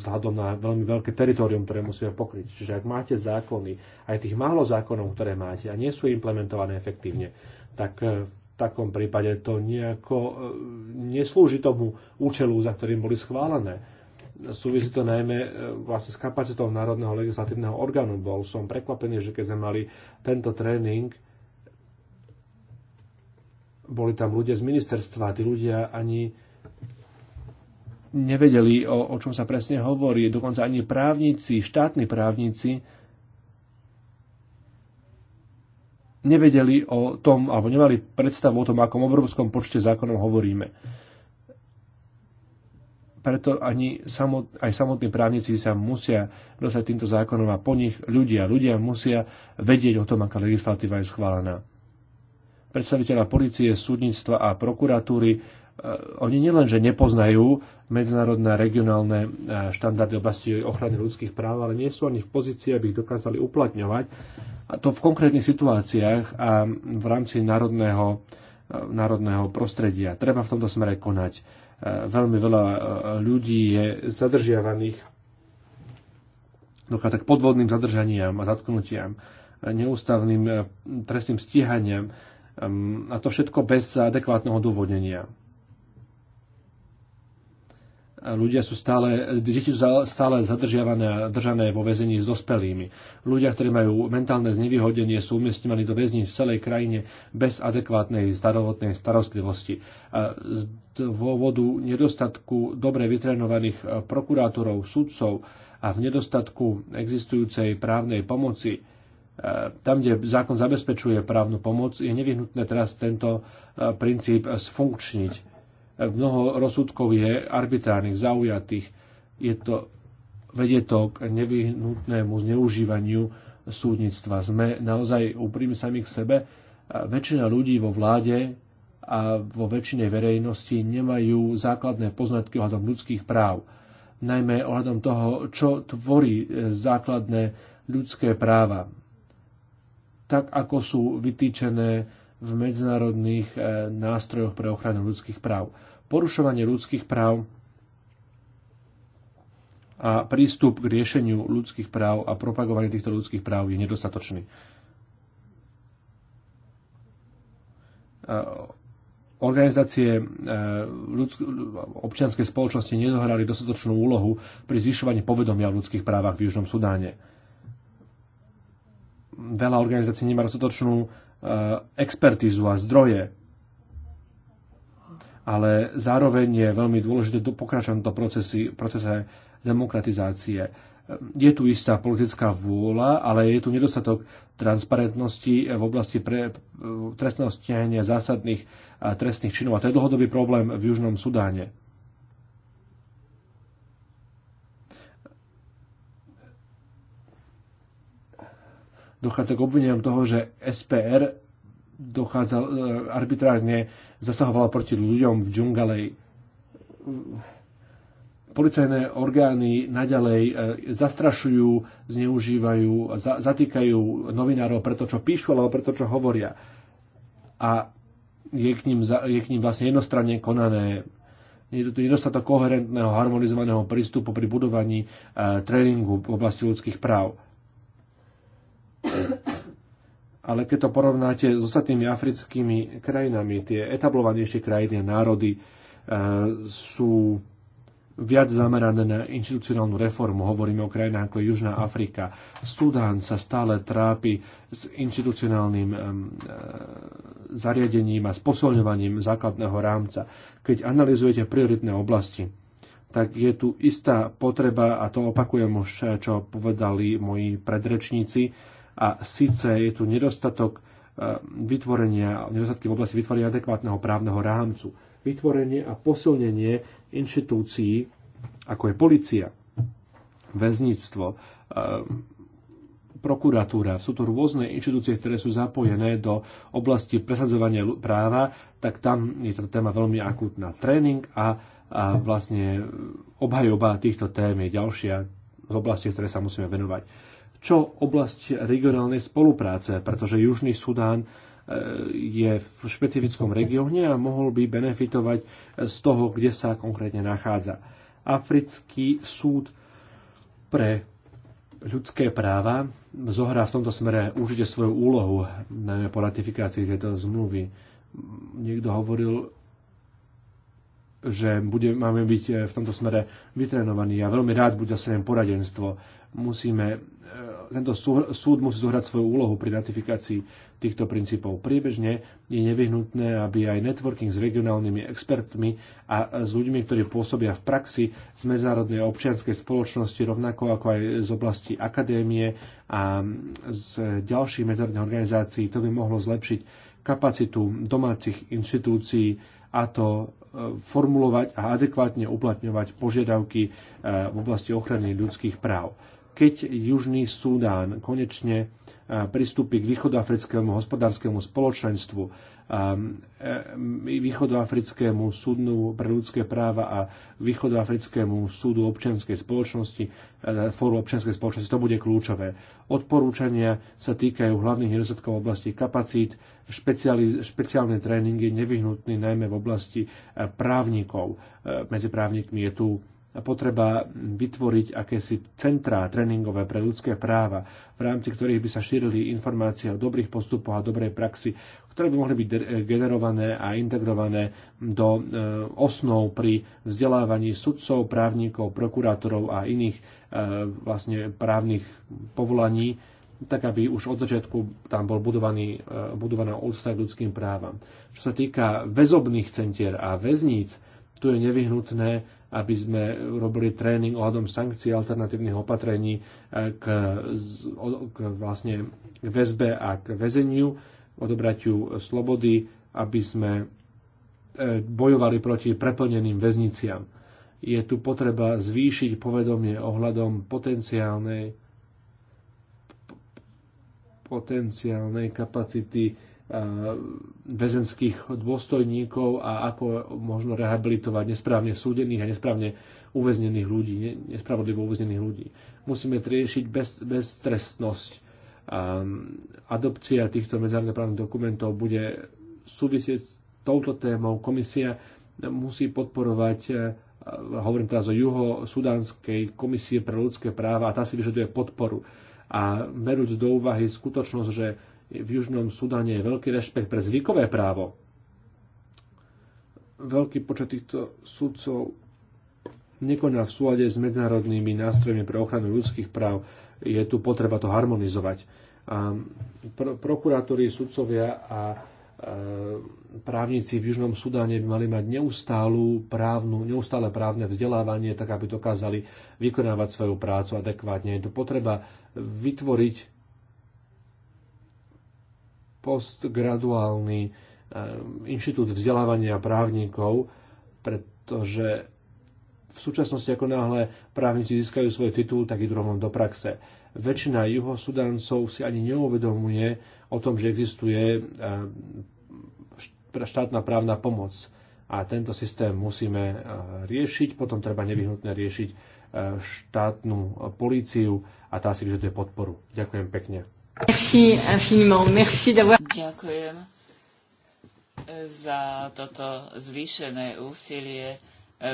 vzhľadom na veľmi veľké teritorium, ktoré musíme pokryť. Čiže ak máte zákony, aj tých málo zákonov, ktoré máte a nie sú implementované efektívne, tak e, v takom prípade to nejako e, neslúži tomu účelu, za ktorým boli schválené. Súvisí to najmä vlastne s kapacitou Národného legislatívneho orgánu. Bol som prekvapený, že keď sme mali tento tréning, boli tam ľudia z ministerstva, tí ľudia ani nevedeli, o, o čom sa presne hovorí. Dokonca ani právnici, štátni právnici nevedeli o tom, alebo nemali predstavu o tom, akom obrovskom počte zákonov hovoríme. Preto ani samot, aj samotní právnici sa musia dostať týmto zákonom a po nich ľudia. Ľudia musia vedieť o tom, aká legislatíva je schválená. Predstaviteľa policie, súdnictva a prokuratúry e, oni nielenže nepoznajú medzinárodné a regionálne e, štandardy oblasti ochrany ľudských práv, ale nie sú ani v pozícii, aby ich dokázali uplatňovať. A to v konkrétnych situáciách a v rámci národného, e, národného prostredia. Treba v tomto smere konať. E, veľmi veľa ľudí je zadržiavaných dochádza k podvodným zadržaniam a zatknutiam, neústavným trestným stíhaniam a to všetko bez adekvátneho dôvodnenia. Ľudia sú stále, deti sú stále zadržiavané a držané vo väzení s dospelými. Ľudia, ktorí majú mentálne znevýhodenie, sú umiestňovaní do väzní v celej krajine bez adekvátnej zdravotnej starostlivosti. Z dôvodu nedostatku dobre vytrenovaných eh, prokurátorov, sudcov a v nedostatku existujúcej právnej pomoci eh, tam, kde zákon zabezpečuje právnu pomoc, je nevyhnutné teraz tento eh, princíp sfunkčniť Mnoho rozsudkov je arbitrárnych, zaujatých. Je to, vedie to k nevyhnutnému zneužívaniu súdnictva. Sme naozaj úprimní sami k sebe. Väčšina ľudí vo vláde a vo väčšine verejnosti nemajú základné poznatky ohľadom ľudských práv, najmä ohľadom toho, čo tvorí e, základné ľudské práva, tak ako sú vytýčené v medzinárodných e, nástrojoch pre ochranu ľudských práv porušovanie ľudských práv a prístup k riešeniu ľudských práv a propagovanie týchto ľudských práv je nedostatočný. organizácie e, ľudsk- občianskej spoločnosti nedohrali dostatočnú úlohu pri zvyšovaní povedomia o ľudských právach v Južnom Sudáne. Veľa organizácií nemá dostatočnú e, expertizu a zdroje ale zároveň je veľmi dôležité pokračovať do procesy, procese demokratizácie. Je tu istá politická vôľa, ale je tu nedostatok transparentnosti v oblasti pre, trestného stíhania zásadných trestných činov. A to je dlhodobý problém v Južnom Sudáne. Dochádza k obvineniam toho, že SPR dochádza, e, arbitrárne zasahovala proti ľuďom v džungalej. Policajné orgány naďalej e, zastrašujú, zneužívajú, zatýkajú novinárov preto, čo píšu alebo preto, čo hovoria. A je k ním, je k ním vlastne jednostranne konané je to nedostatok koherentného, harmonizovaného prístupu pri budovaní e, tréningu v oblasti ľudských práv ale keď to porovnáte s ostatnými africkými krajinami, tie etablovanejšie krajiny a národy e, sú viac zamerané na inštitucionálnu reformu. Hovoríme o krajinách ako Južná Afrika. Sudán sa stále trápi s inštitucionálnym e, zariadením a sposilňovaním základného rámca. Keď analizujete prioritné oblasti, tak je tu istá potreba, a to opakujem už, čo povedali moji predrečníci, a síce je tu nedostatok e, vytvorenia, nedostatky v oblasti vytvorenia adekvátneho právneho rámcu, vytvorenie a posilnenie inštitúcií, ako je policia, väzníctvo, e, prokuratúra. Sú to rôzne inštitúcie, ktoré sú zapojené do oblasti presadzovania práva, tak tam je tá téma veľmi akútna. Tréning a, a vlastne obhajoba týchto tém je ďalšia z oblasti, ktoré sa musíme venovať čo oblasť regionálnej spolupráce, pretože Južný Sudán e, je v špecifickom regióne a mohol by benefitovať z toho, kde sa konkrétne nachádza. Africký súd pre ľudské práva zohrá v tomto smere určite svoju úlohu, najmä po ratifikácii tejto zmluvy. Niekto hovoril, že bude, máme byť e, v tomto smere vytrenovaní. Ja veľmi rád budem sa poradenstvo. Musíme e, tento súd musí zohrať svoju úlohu pri ratifikácii týchto princípov. Priebežne je nevyhnutné, aby aj networking s regionálnymi expertmi a s ľuďmi, ktorí pôsobia v praxi z medzinárodnej občianskej spoločnosti, rovnako ako aj z oblasti akadémie a z ďalších medzinárodných organizácií, to by mohlo zlepšiť kapacitu domácich inštitúcií a to e, formulovať a adekvátne uplatňovať požiadavky e, v oblasti ochrany ľudských práv keď Južný Súdán konečne e, pristúpi k východoafrickému hospodárskému spoločenstvu, e, e, východoafrickému súdnu pre ľudské práva a východoafrickému súdu občianskej spoločnosti, fóru občianskej spoločnosti, to bude kľúčové. Odporúčania sa týkajú hlavných nedostatkov oblasti kapacít, špeciálne tréningy nevyhnutné najmä v oblasti právnikov. Medzi právnikmi je tu potreba vytvoriť akési centrá tréningové pre ľudské práva, v rámci ktorých by sa šírili informácie o dobrých postupoch a dobrej praxi, ktoré by mohli byť generované a integrované do e, osnov pri vzdelávaní sudcov, právnikov, prokurátorov a iných e, vlastne právnych povolaní, tak aby už od začiatku tam bol budovaný, e, budovaná úcta k ľudským právam. Čo sa týka väzobných centier a väzníc, tu je nevyhnutné aby sme robili tréning ohľadom sankcií alternatívnych opatrení e, k, k vlastne k väzbe a k väzeniu, odobratiu slobody, aby sme e, bojovali proti preplneným väzniciam. Je tu potreba zvýšiť povedomie ohľadom potenciálnej potenciálnej kapacity Eh, väzenských dôstojníkov a ako možno rehabilitovať nesprávne súdených a nesprávne uväznených ľudí, nespravodlivo uväznených ľudí. Musíme riešiť bez, beztrestnosť. Ehm, adopcia týchto medzinárodnoprávnych dokumentov bude súvisieť s touto témou. Komisia musí podporovať eh, hovorím teraz o juho-sudánskej komisie pre ľudské práva a tá si vyžaduje podporu. A berúc do úvahy skutočnosť, že v Južnom Sudane je veľký rešpekt pre zvykové právo. Veľký počet týchto sudcov nekoná v súlade s medzinárodnými nástrojmi pre ochranu ľudských práv. Je tu potreba to harmonizovať. A pr- prokurátori, sudcovia a e, právnici v Južnom Sudáne by mali mať neustálu právnu, neustále právne vzdelávanie, tak aby dokázali vykonávať svoju prácu adekvátne. Je tu potreba vytvoriť postgraduálny eh, inštitút vzdelávania právnikov, pretože v súčasnosti ako náhle právnici získajú svoj titul, tak idú rovno do praxe. Väčšina juhosudáncov si ani neuvedomuje o tom, že existuje eh, štátna právna pomoc. A tento systém musíme eh, riešiť, potom treba nevyhnutne riešiť štátnu políciu a tá si vyžaduje podporu. Ďakujem pekne. Merci infiniment. Merci d'avoir... Ďakujem za toto zvýšené úsilie, e,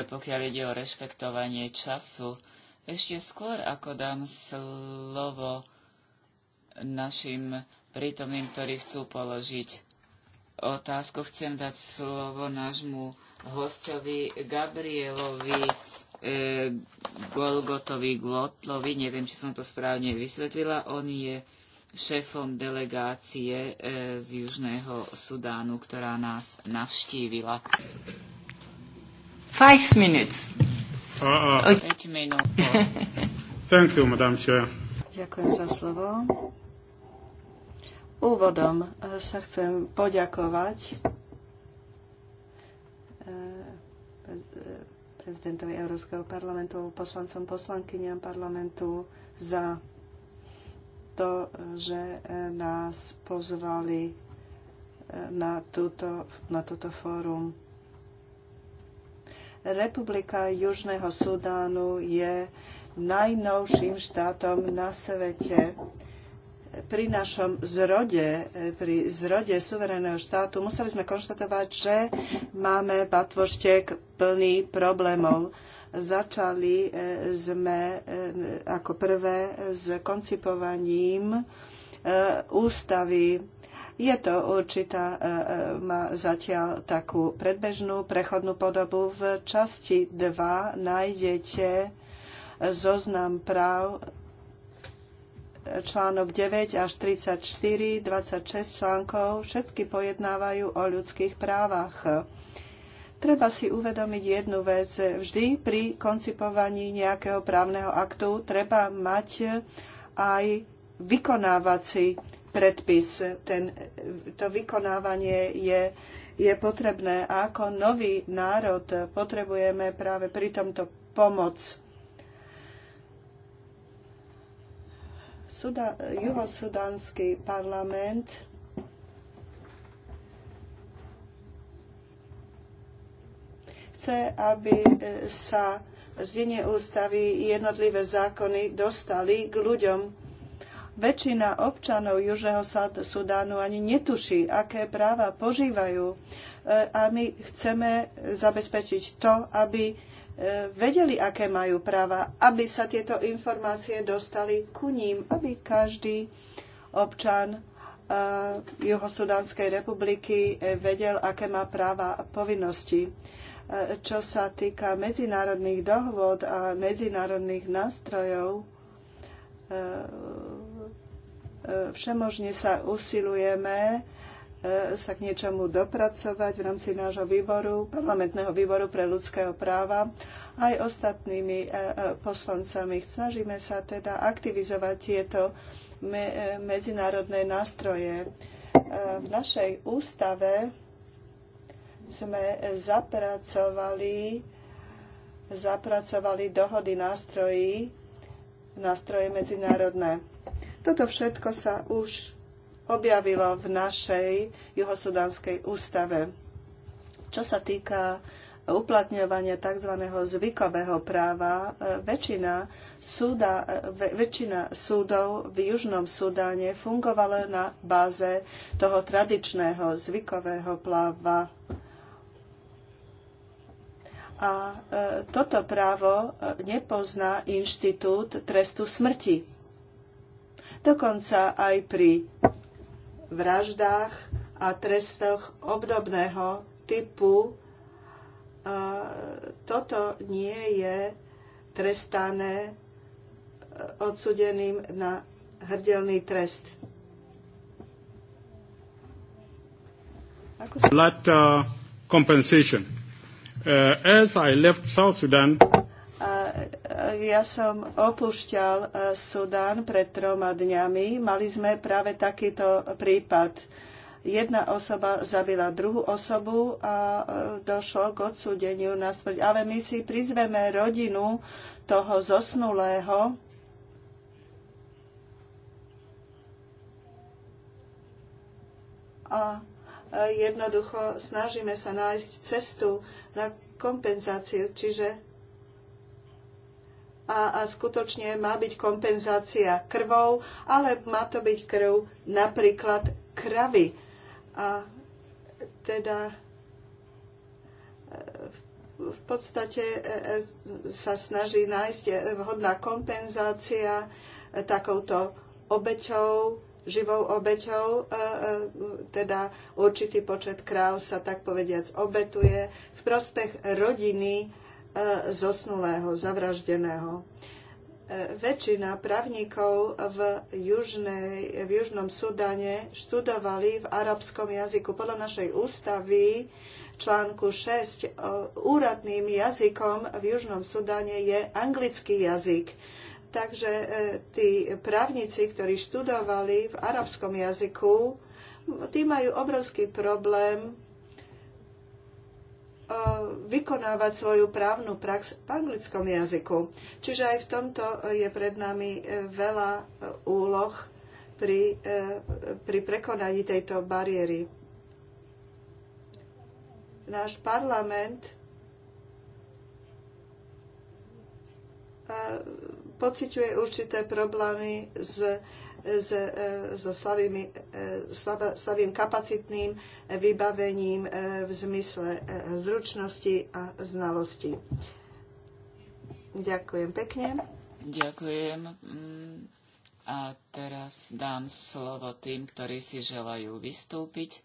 pokiaľ ide o rešpektovanie času. Ešte skôr, ako dám slovo našim prítomným, ktorí chcú položiť otázku, chcem dať slovo nášmu hostovi Gabrielovi e, Golgotovi Glotlovi. Neviem, či som to správne vysvetlila. On je šéfom delegácie e, z Južného Sudánu, ktorá nás navštívila. 5 5 minút. Thank you, madam chair. Ďakujem za slovo. Úvodom e, sa chcem poďakovať e, prezidentovi Európskeho parlamentu, poslancom, poslankyňam parlamentu za to, že e, nás pozvali e, na, túto, na toto fórum. Republika Južného Sudánu je najnovším štátom na svete pri našom zrode, eh, pri zrode suvereného štátu museli sme konštatovať, že máme batvoštek plný problémov. Začali eh, sme eh, ako prvé s koncipovaním ústavy. Je to určitá, má zatiaľ takú predbežnú prechodnú podobu. V časti 2 nájdete zoznam práv článok 9 až 34, 26 článkov, všetky pojednávajú o ľudských právach. Treba si uvedomiť jednu vec. Vždy pri koncipovaní nejakého právneho aktu treba mať aj vykonávací predpis. Ten, to vykonávanie je, je potrebné. A ako nový národ potrebujeme práve pri tomto pomoc Suda, juhosudánsky parlament chce, aby e, sa znenie ústavy jednotlivé zákony dostali k ľuďom. Väčšina občanov Južného Sudánu ani netuší, aké práva požívajú. E, a my chceme zabezpečiť to, aby E, vedeli, aké majú práva, aby sa tieto informácie dostali ku ním, aby každý občan e, Juhosudánskej republiky e, vedel, aké má práva a povinnosti. Čo sa týka medzinárodných dohôd a medzinárodných nástrojov, všemožne sa usilujeme sa k niečomu dopracovať v rámci nášho výboru, parlamentného výboru pre ľudského práva, aj ostatnými e, e, poslancami. Snažíme sa teda aktivizovať tieto e, medzinárodné nástroje. V našej ústave sme zapracovali, zapracovali dohody nástrojí, nástroje medzinárodné. Toto všetko sa už objavilo v našej juhosudánskej ústave. Čo sa týka uplatňovania tzv. zvykového práva. E, väčšina, súda, e, väčšina súdov v Južnom Sudáne fungovala na báze toho tradičného zvykového práva. A e, toto právo nepozná inštitút trestu smrti. Dokonca aj pri vraždách a trestoch obdobného typu. Toto nie je trestané e, odsudeným na hrdelný trest. Ako sa... That, uh, compensation. Uh, as I left South Sudan, a ja som opúšťal Sudán pred troma dňami. Mali sme práve takýto prípad. Jedna osoba zabila druhú osobu a došlo k odsúdeniu na smrť. Ale my si prizveme rodinu toho zosnulého, a jednoducho snažíme sa nájsť cestu na kompenzáciu. Čiže a, a skutočne má byť kompenzácia krvou, ale má to byť krv napríklad kravy. A teda e, v podstate e, e, sa snaží nájsť vhodná kompenzácia takouto obeťou, živou obeťou, teda určitý počet kráv sa tak povediac obetuje v prospech rodiny, E, zosnulého, zavraždeného. E, väčšina právnikov v, Južnej, v Južnom Sudane študovali v arabskom jazyku. Podľa našej ústavy článku 6 e, úradným jazykom v Južnom Sudane je anglický jazyk. Takže tí právnici, ktorí študovali v arabskom jazyku, tí majú obrovský problém vykonávať svoju právnu prax v anglickom jazyku. Čiže aj v tomto je pred nami e, veľa e, úloh pri, e, pri prekonaní tejto bariéry. Náš parlament pociťuje určité problémy s E, so slavými, e, slavým kapacitným vybavením e, v zmysle zručnosti a znalosti. Ďakujem pekne. Ďakujem. Mm, a teraz dám slovo tým, ktorí si želajú vystúpiť,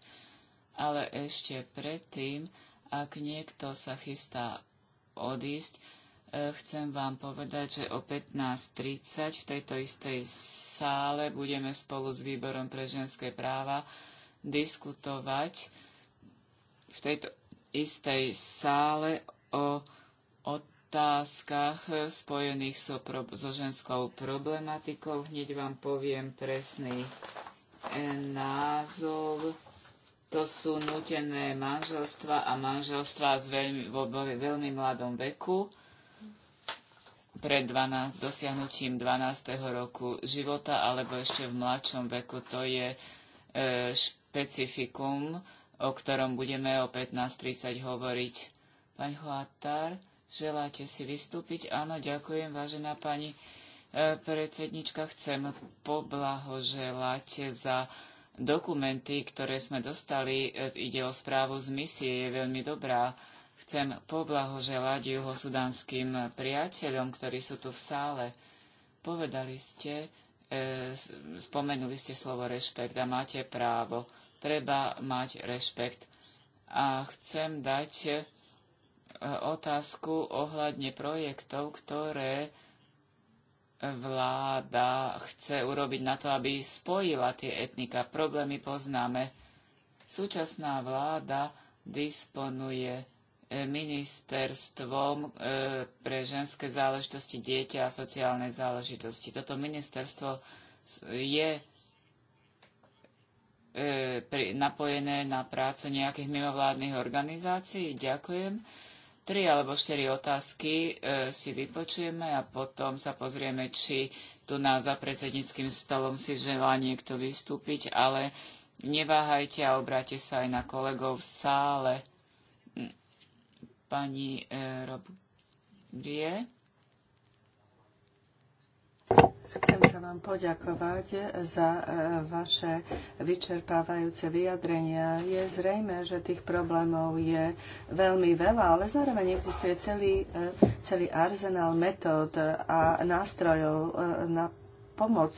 ale ešte predtým, ak niekto sa chystá odísť, Eh, chcem vám povedať, že o 15.30 v tejto istej sále budeme spolu s Výborom pre ženské práva diskutovať v tejto istej sále o otázkach spojených so, so ženskou problematikou. Hneď vám poviem presný eh, názov. To sú nutené manželstva a manželstva veľmi, vo veľmi mladom veku pred 12, dosiahnutím 12. roku života alebo ešte v mladšom veku. To je e, špecifikum, o ktorom budeme o 15.30 hovoriť. Pani Hoatár, želáte si vystúpiť? Áno, ďakujem, vážená pani e, predsednička. Chcem poblahoželať za dokumenty, ktoré sme dostali. E, ide o správu z misie, je veľmi dobrá. Chcem poblahoželať juhosudánským priateľom, ktorí sú tu v sále. Povedali ste, e, spomenuli ste slovo rešpekt a máte právo. Treba mať rešpekt. A chcem dať e, otázku ohľadne projektov, ktoré vláda chce urobiť na to, aby spojila tie etnika. Problémy poznáme. Súčasná vláda disponuje ministerstvom e, pre ženské záležitosti dieťa a sociálne záležitosti. Toto ministerstvo je e, napojené na prácu nejakých mimovládnych organizácií. Ďakujem. Tri alebo štyri otázky e, si vypočujeme a potom sa pozrieme, či tu na za predsedníckým stolom si želá niekto vystúpiť, ale neváhajte a obráte sa aj na kolegov v sále pani e, Robrie. Chcem sa vám poďakovať za e, vaše vyčerpávajúce vyjadrenia. Je zrejme, že tých problémov je veľmi veľa, ale zároveň existuje celý, e, celý arzenál metód a nástrojov e, na pomoc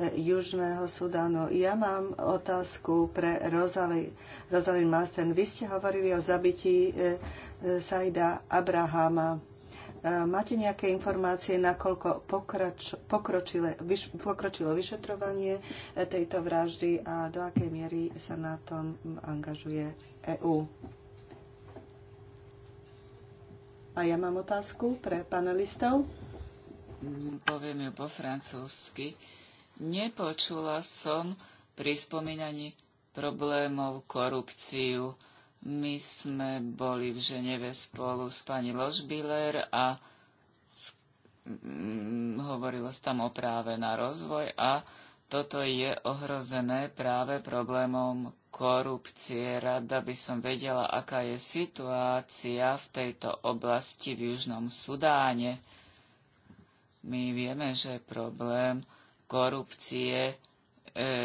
Eh, Južného Sudánu. Ja mám otázku pre Rosalind Masten. Vy ste hovorili o zabití eh, eh, Saida Abrahama. Máte nejaké informácie, nakoľko pokrač, vyš, pokročilo vyšetrovanie tejto vraždy a do akej miery sa na tom angažuje EÚ? A ja mám otázku pre panelistov. Mm, poviem ju po francúzsky. Uh, Nepočula som pri spomínaní problémov korupciu. My sme boli v Ženeve spolu s pani Ložbiller a hovorilo sa tam o práve na rozvoj a toto je ohrozené práve problémom korupcie. Rada by som vedela, aká je situácia v tejto oblasti v Južnom Sudáne. My vieme, že problém korupcie e,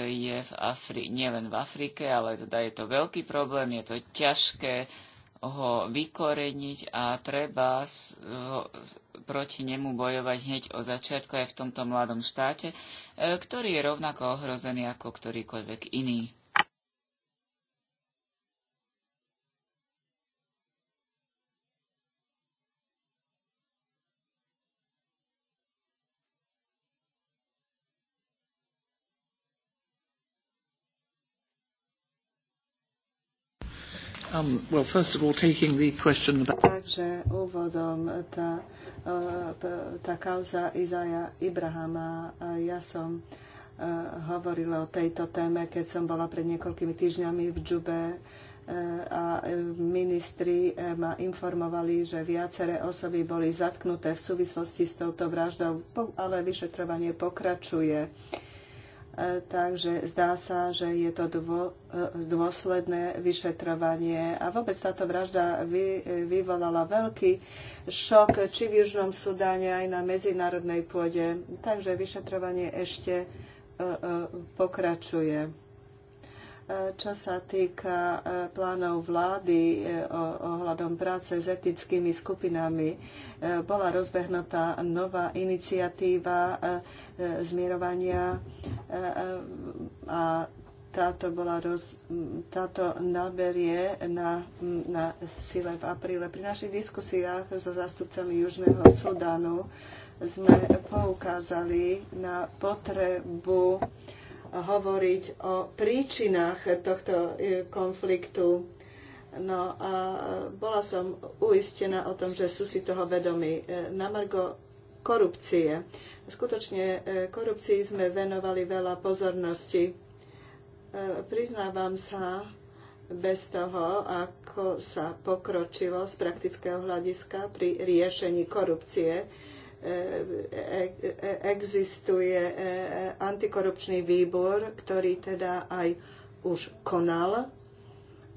je v Afri- nielen v Afrike, ale teda je to veľký problém, je to ťažké ho vykoreniť a treba ho proti nemu bojovať hneď o začiatku aj v tomto mladom štáte, e, ktorý je rovnako ohrozený ako ktorýkoľvek iný. Um, well, first of all, taking the question about... Takže úvodom tá, e, tá kauza Izaja Ibrahama, e, ja som e, hovorila o tejto téme, keď som bola pred niekoľkými týždňami v Džube a ministri ma informovali, že viaceré osoby boli zatknuté v súvislosti s touto vraždou, ale vyšetrovanie pokračuje takže zdá sa, že je to dvo, e, dôsledné vyšetrovanie. A vôbec táto vražda vy, vyvolala veľký šok či v Južnom Sudáne, aj na medzinárodnej pôde. Takže vyšetrovanie ešte e, e, pokračuje čo sa týka e, plánov vlády e, ohľadom práce s etnickými skupinami, e, bola rozbehnutá nová iniciatíva zmierovania a táto, bola roz, táto naberie na, na sile v apríle. Pri našich diskusiách so zástupcami Južného Sudánu sme poukázali na potrebu hovoriť o príčinách tohto e, konfliktu. No a e, bola som uistená o tom, že sú si toho vedomi. E, na Margo korupcie. Skutočne korupcii sme venovali veľa pozornosti. Priznávam sa, bez toho, ako sa pokročilo z praktického hľadiska pri riešení korupcie, E, e, e, existuje antikorupčný výbor, ktorý teda aj už konal,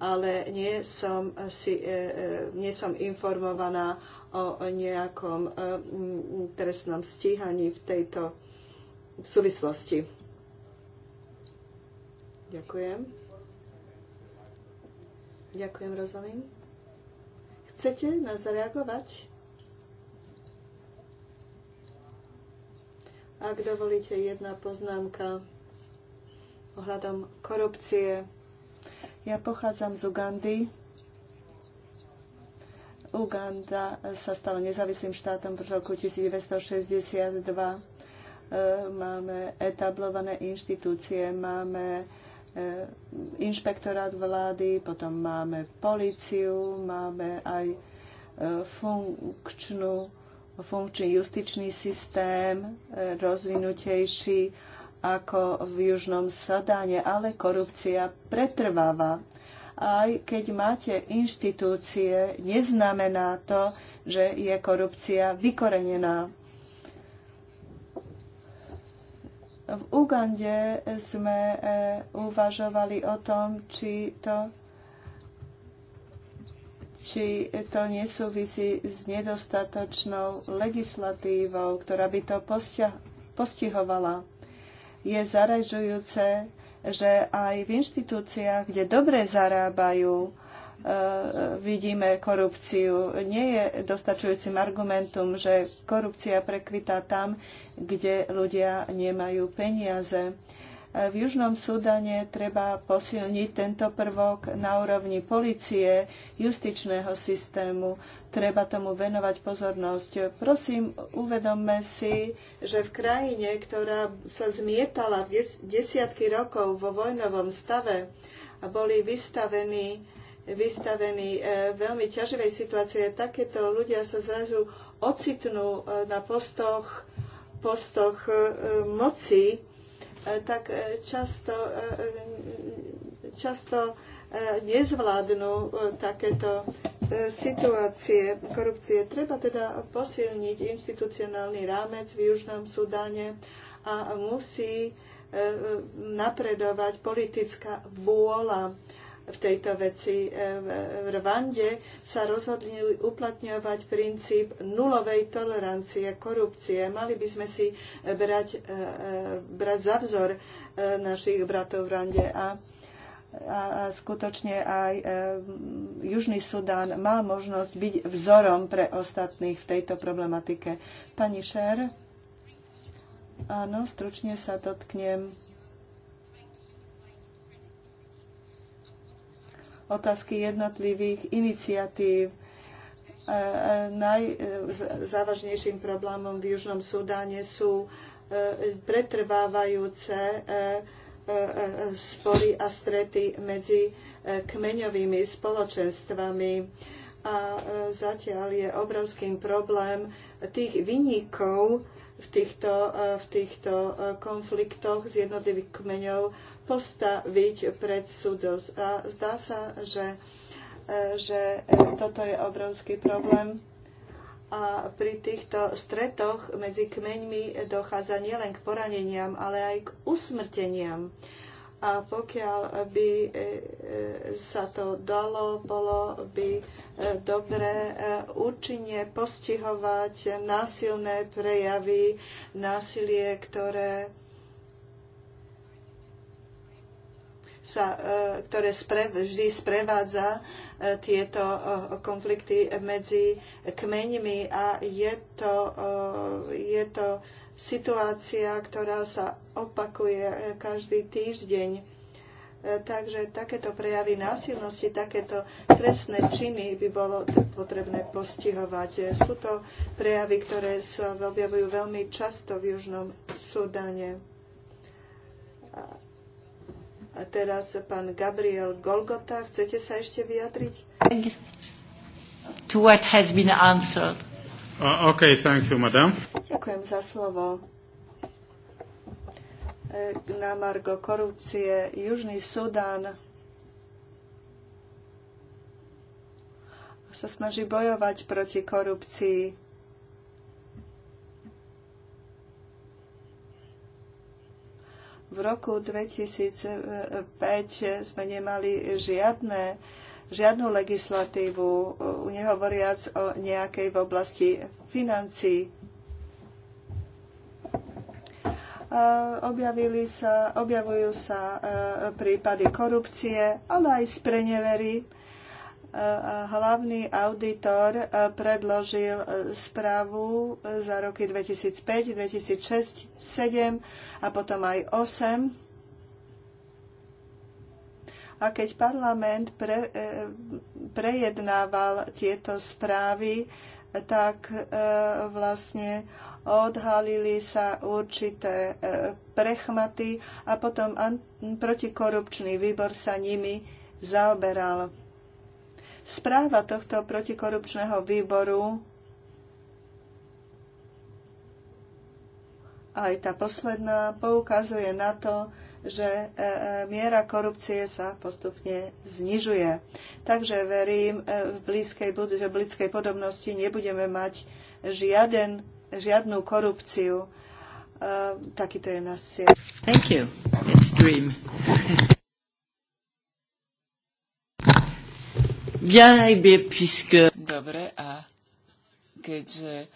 ale nie som, si, nie som informovaná o nejakom trestnom stíhaní v tejto súvislosti. Ďakujem. Ďakujem, Rozalín. Chcete nás zareagovať? Ak dovolíte, jedna poznámka ohľadom korupcie. Ja pochádzam z Ugandy. Uganda sa stala nezávislým štátom v roku 1962. E, máme etablované inštitúcie, máme e, inšpektorát vlády, potom máme policiu, máme aj e, funkčnú funkčný justičný systém, e, rozvinutejší ako v Južnom Sadáne, ale korupcia pretrváva. Aj keď máte inštitúcie, neznamená to, že je korupcia vykorenená. V Ugande sme e, uvažovali o tom, či to či to nesúvisí s nedostatočnou legislatívou, ktorá by to postihovala. Je zaražujúce, že aj v inštitúciách, kde dobre zarábajú, e, vidíme korupciu. Nie je dostačujúcim argumentom, že korupcia prekvita tam, kde ľudia nemajú peniaze. V Južnom Súdane treba posilniť tento prvok na úrovni policie, justičného systému. Treba tomu venovať pozornosť. Prosím, uvedomme si, že v krajine, ktorá sa zmietala desiatky rokov vo vojnovom stave a boli vystavení vystavení e, veľmi ťaživej situácie. Takéto ľudia sa zrazu ocitnú e, na postoch, postoch e, moci E, tak e, často, e, často nezvládnu takéto situácie korupcie. Treba teda posilniť institucionálny rámec v Južnom Sudáne a musí napredovať politická vôľa v tejto veci. E, v Rwande sa rozhodli uplatňovať princíp nulovej tolerancie korupcie. Mali by sme si brať, e, e, brať za vzor našich bratov v Rwande a a skutočne aj Južný Sudán má možnosť byť vzorom pre ostatných v tejto problematike. Pani Šer? Áno, stručne sa dotknem otázky jednotlivých iniciatív. E, e, najzávažnejším problémom v Južnom Sudáne sú e, pretrvávajúce spory a strety medzi kmeňovými spoločenstvami a zatiaľ je obrovským problém tých vynikov v týchto, v týchto konfliktoch z jednotlivých kmeňov postaviť pred súdov. A zdá sa, že, e, že toto je obrovský problém. A pri týchto stretoch medzi kmeňmi dochádza nielen k poraneniam, ale aj k usmrteniam. A pokiaľ by e, e, sa to dalo, bolo by dobré účinne postihovať násilné prejavy, násilie, ktoré sa, e, ktoré spre, vždy sprevádza e, tieto e, konflikty medzi kmeňmi a je to, je to situácia, ktorá sa opakuje každý týždeň. Takže takéto prejavy násilnosti, takéto trestné činy by bolo potrebné postihovať. Sú to prejavy, ktoré sa objavujú veľmi často v Južnom Sudane. A teraz pán Gabriel Golgota, chcete sa ešte vyjadriť? To what has been answered. Uh, thank you, madam. Ďakujem za slovo. E, na margo korupcie Južný Sudán sa snaží bojovať proti korupcii V roku 2005 sme nemali žiadne, žiadnu legislatívu, nehovoriac o nejakej v oblasti financií. Objavili sa, objavujú sa e, prípady korupcie, ale aj sprenevery hlavný auditor eh, predložil eh, správu eh, za roky 2005, 2006, 2007 a potom aj 2008. A keď parlament pre, prejednával tieto správy, tak vlastne odhalili sa určité prechmaty a potom protikorupčný výbor sa nimi zaoberal. Správa tohto protikorupčného výboru aj tá posledná poukazuje na to, že e, e, miera korupcie sa postupne znižuje. Takže verím, e, v blízkej, že v blízkej podobnosti nebudeme mať žiaden, žiadnu korupciu. Takýto je náš cieľ. Thank you. It's dream. Dobre, a keďže eh,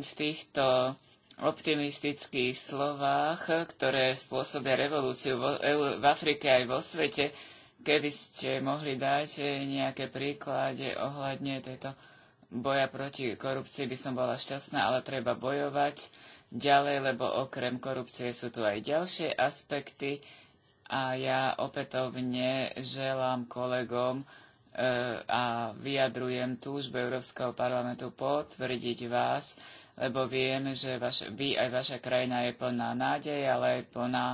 v týchto optimistických slovách, ktoré spôsobia revolúciu v Afrike aj vo svete, keby ste mohli dať eh, nejaké príklade ohľadne tejto boja proti korupcii, by som bola šťastná, ale treba bojovať ďalej, lebo okrem korupcie sú tu aj ďalšie aspekty a ja opätovne želám kolegom, E, a vyjadrujem túžbu Európskeho parlamentu potvrdiť vás, lebo viem, že vaš, vy aj vaša krajina je plná nádej, ale aj plná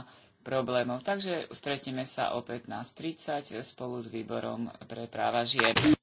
problémov. Takže stretneme sa o 15.30 spolu s výborom pre práva žien.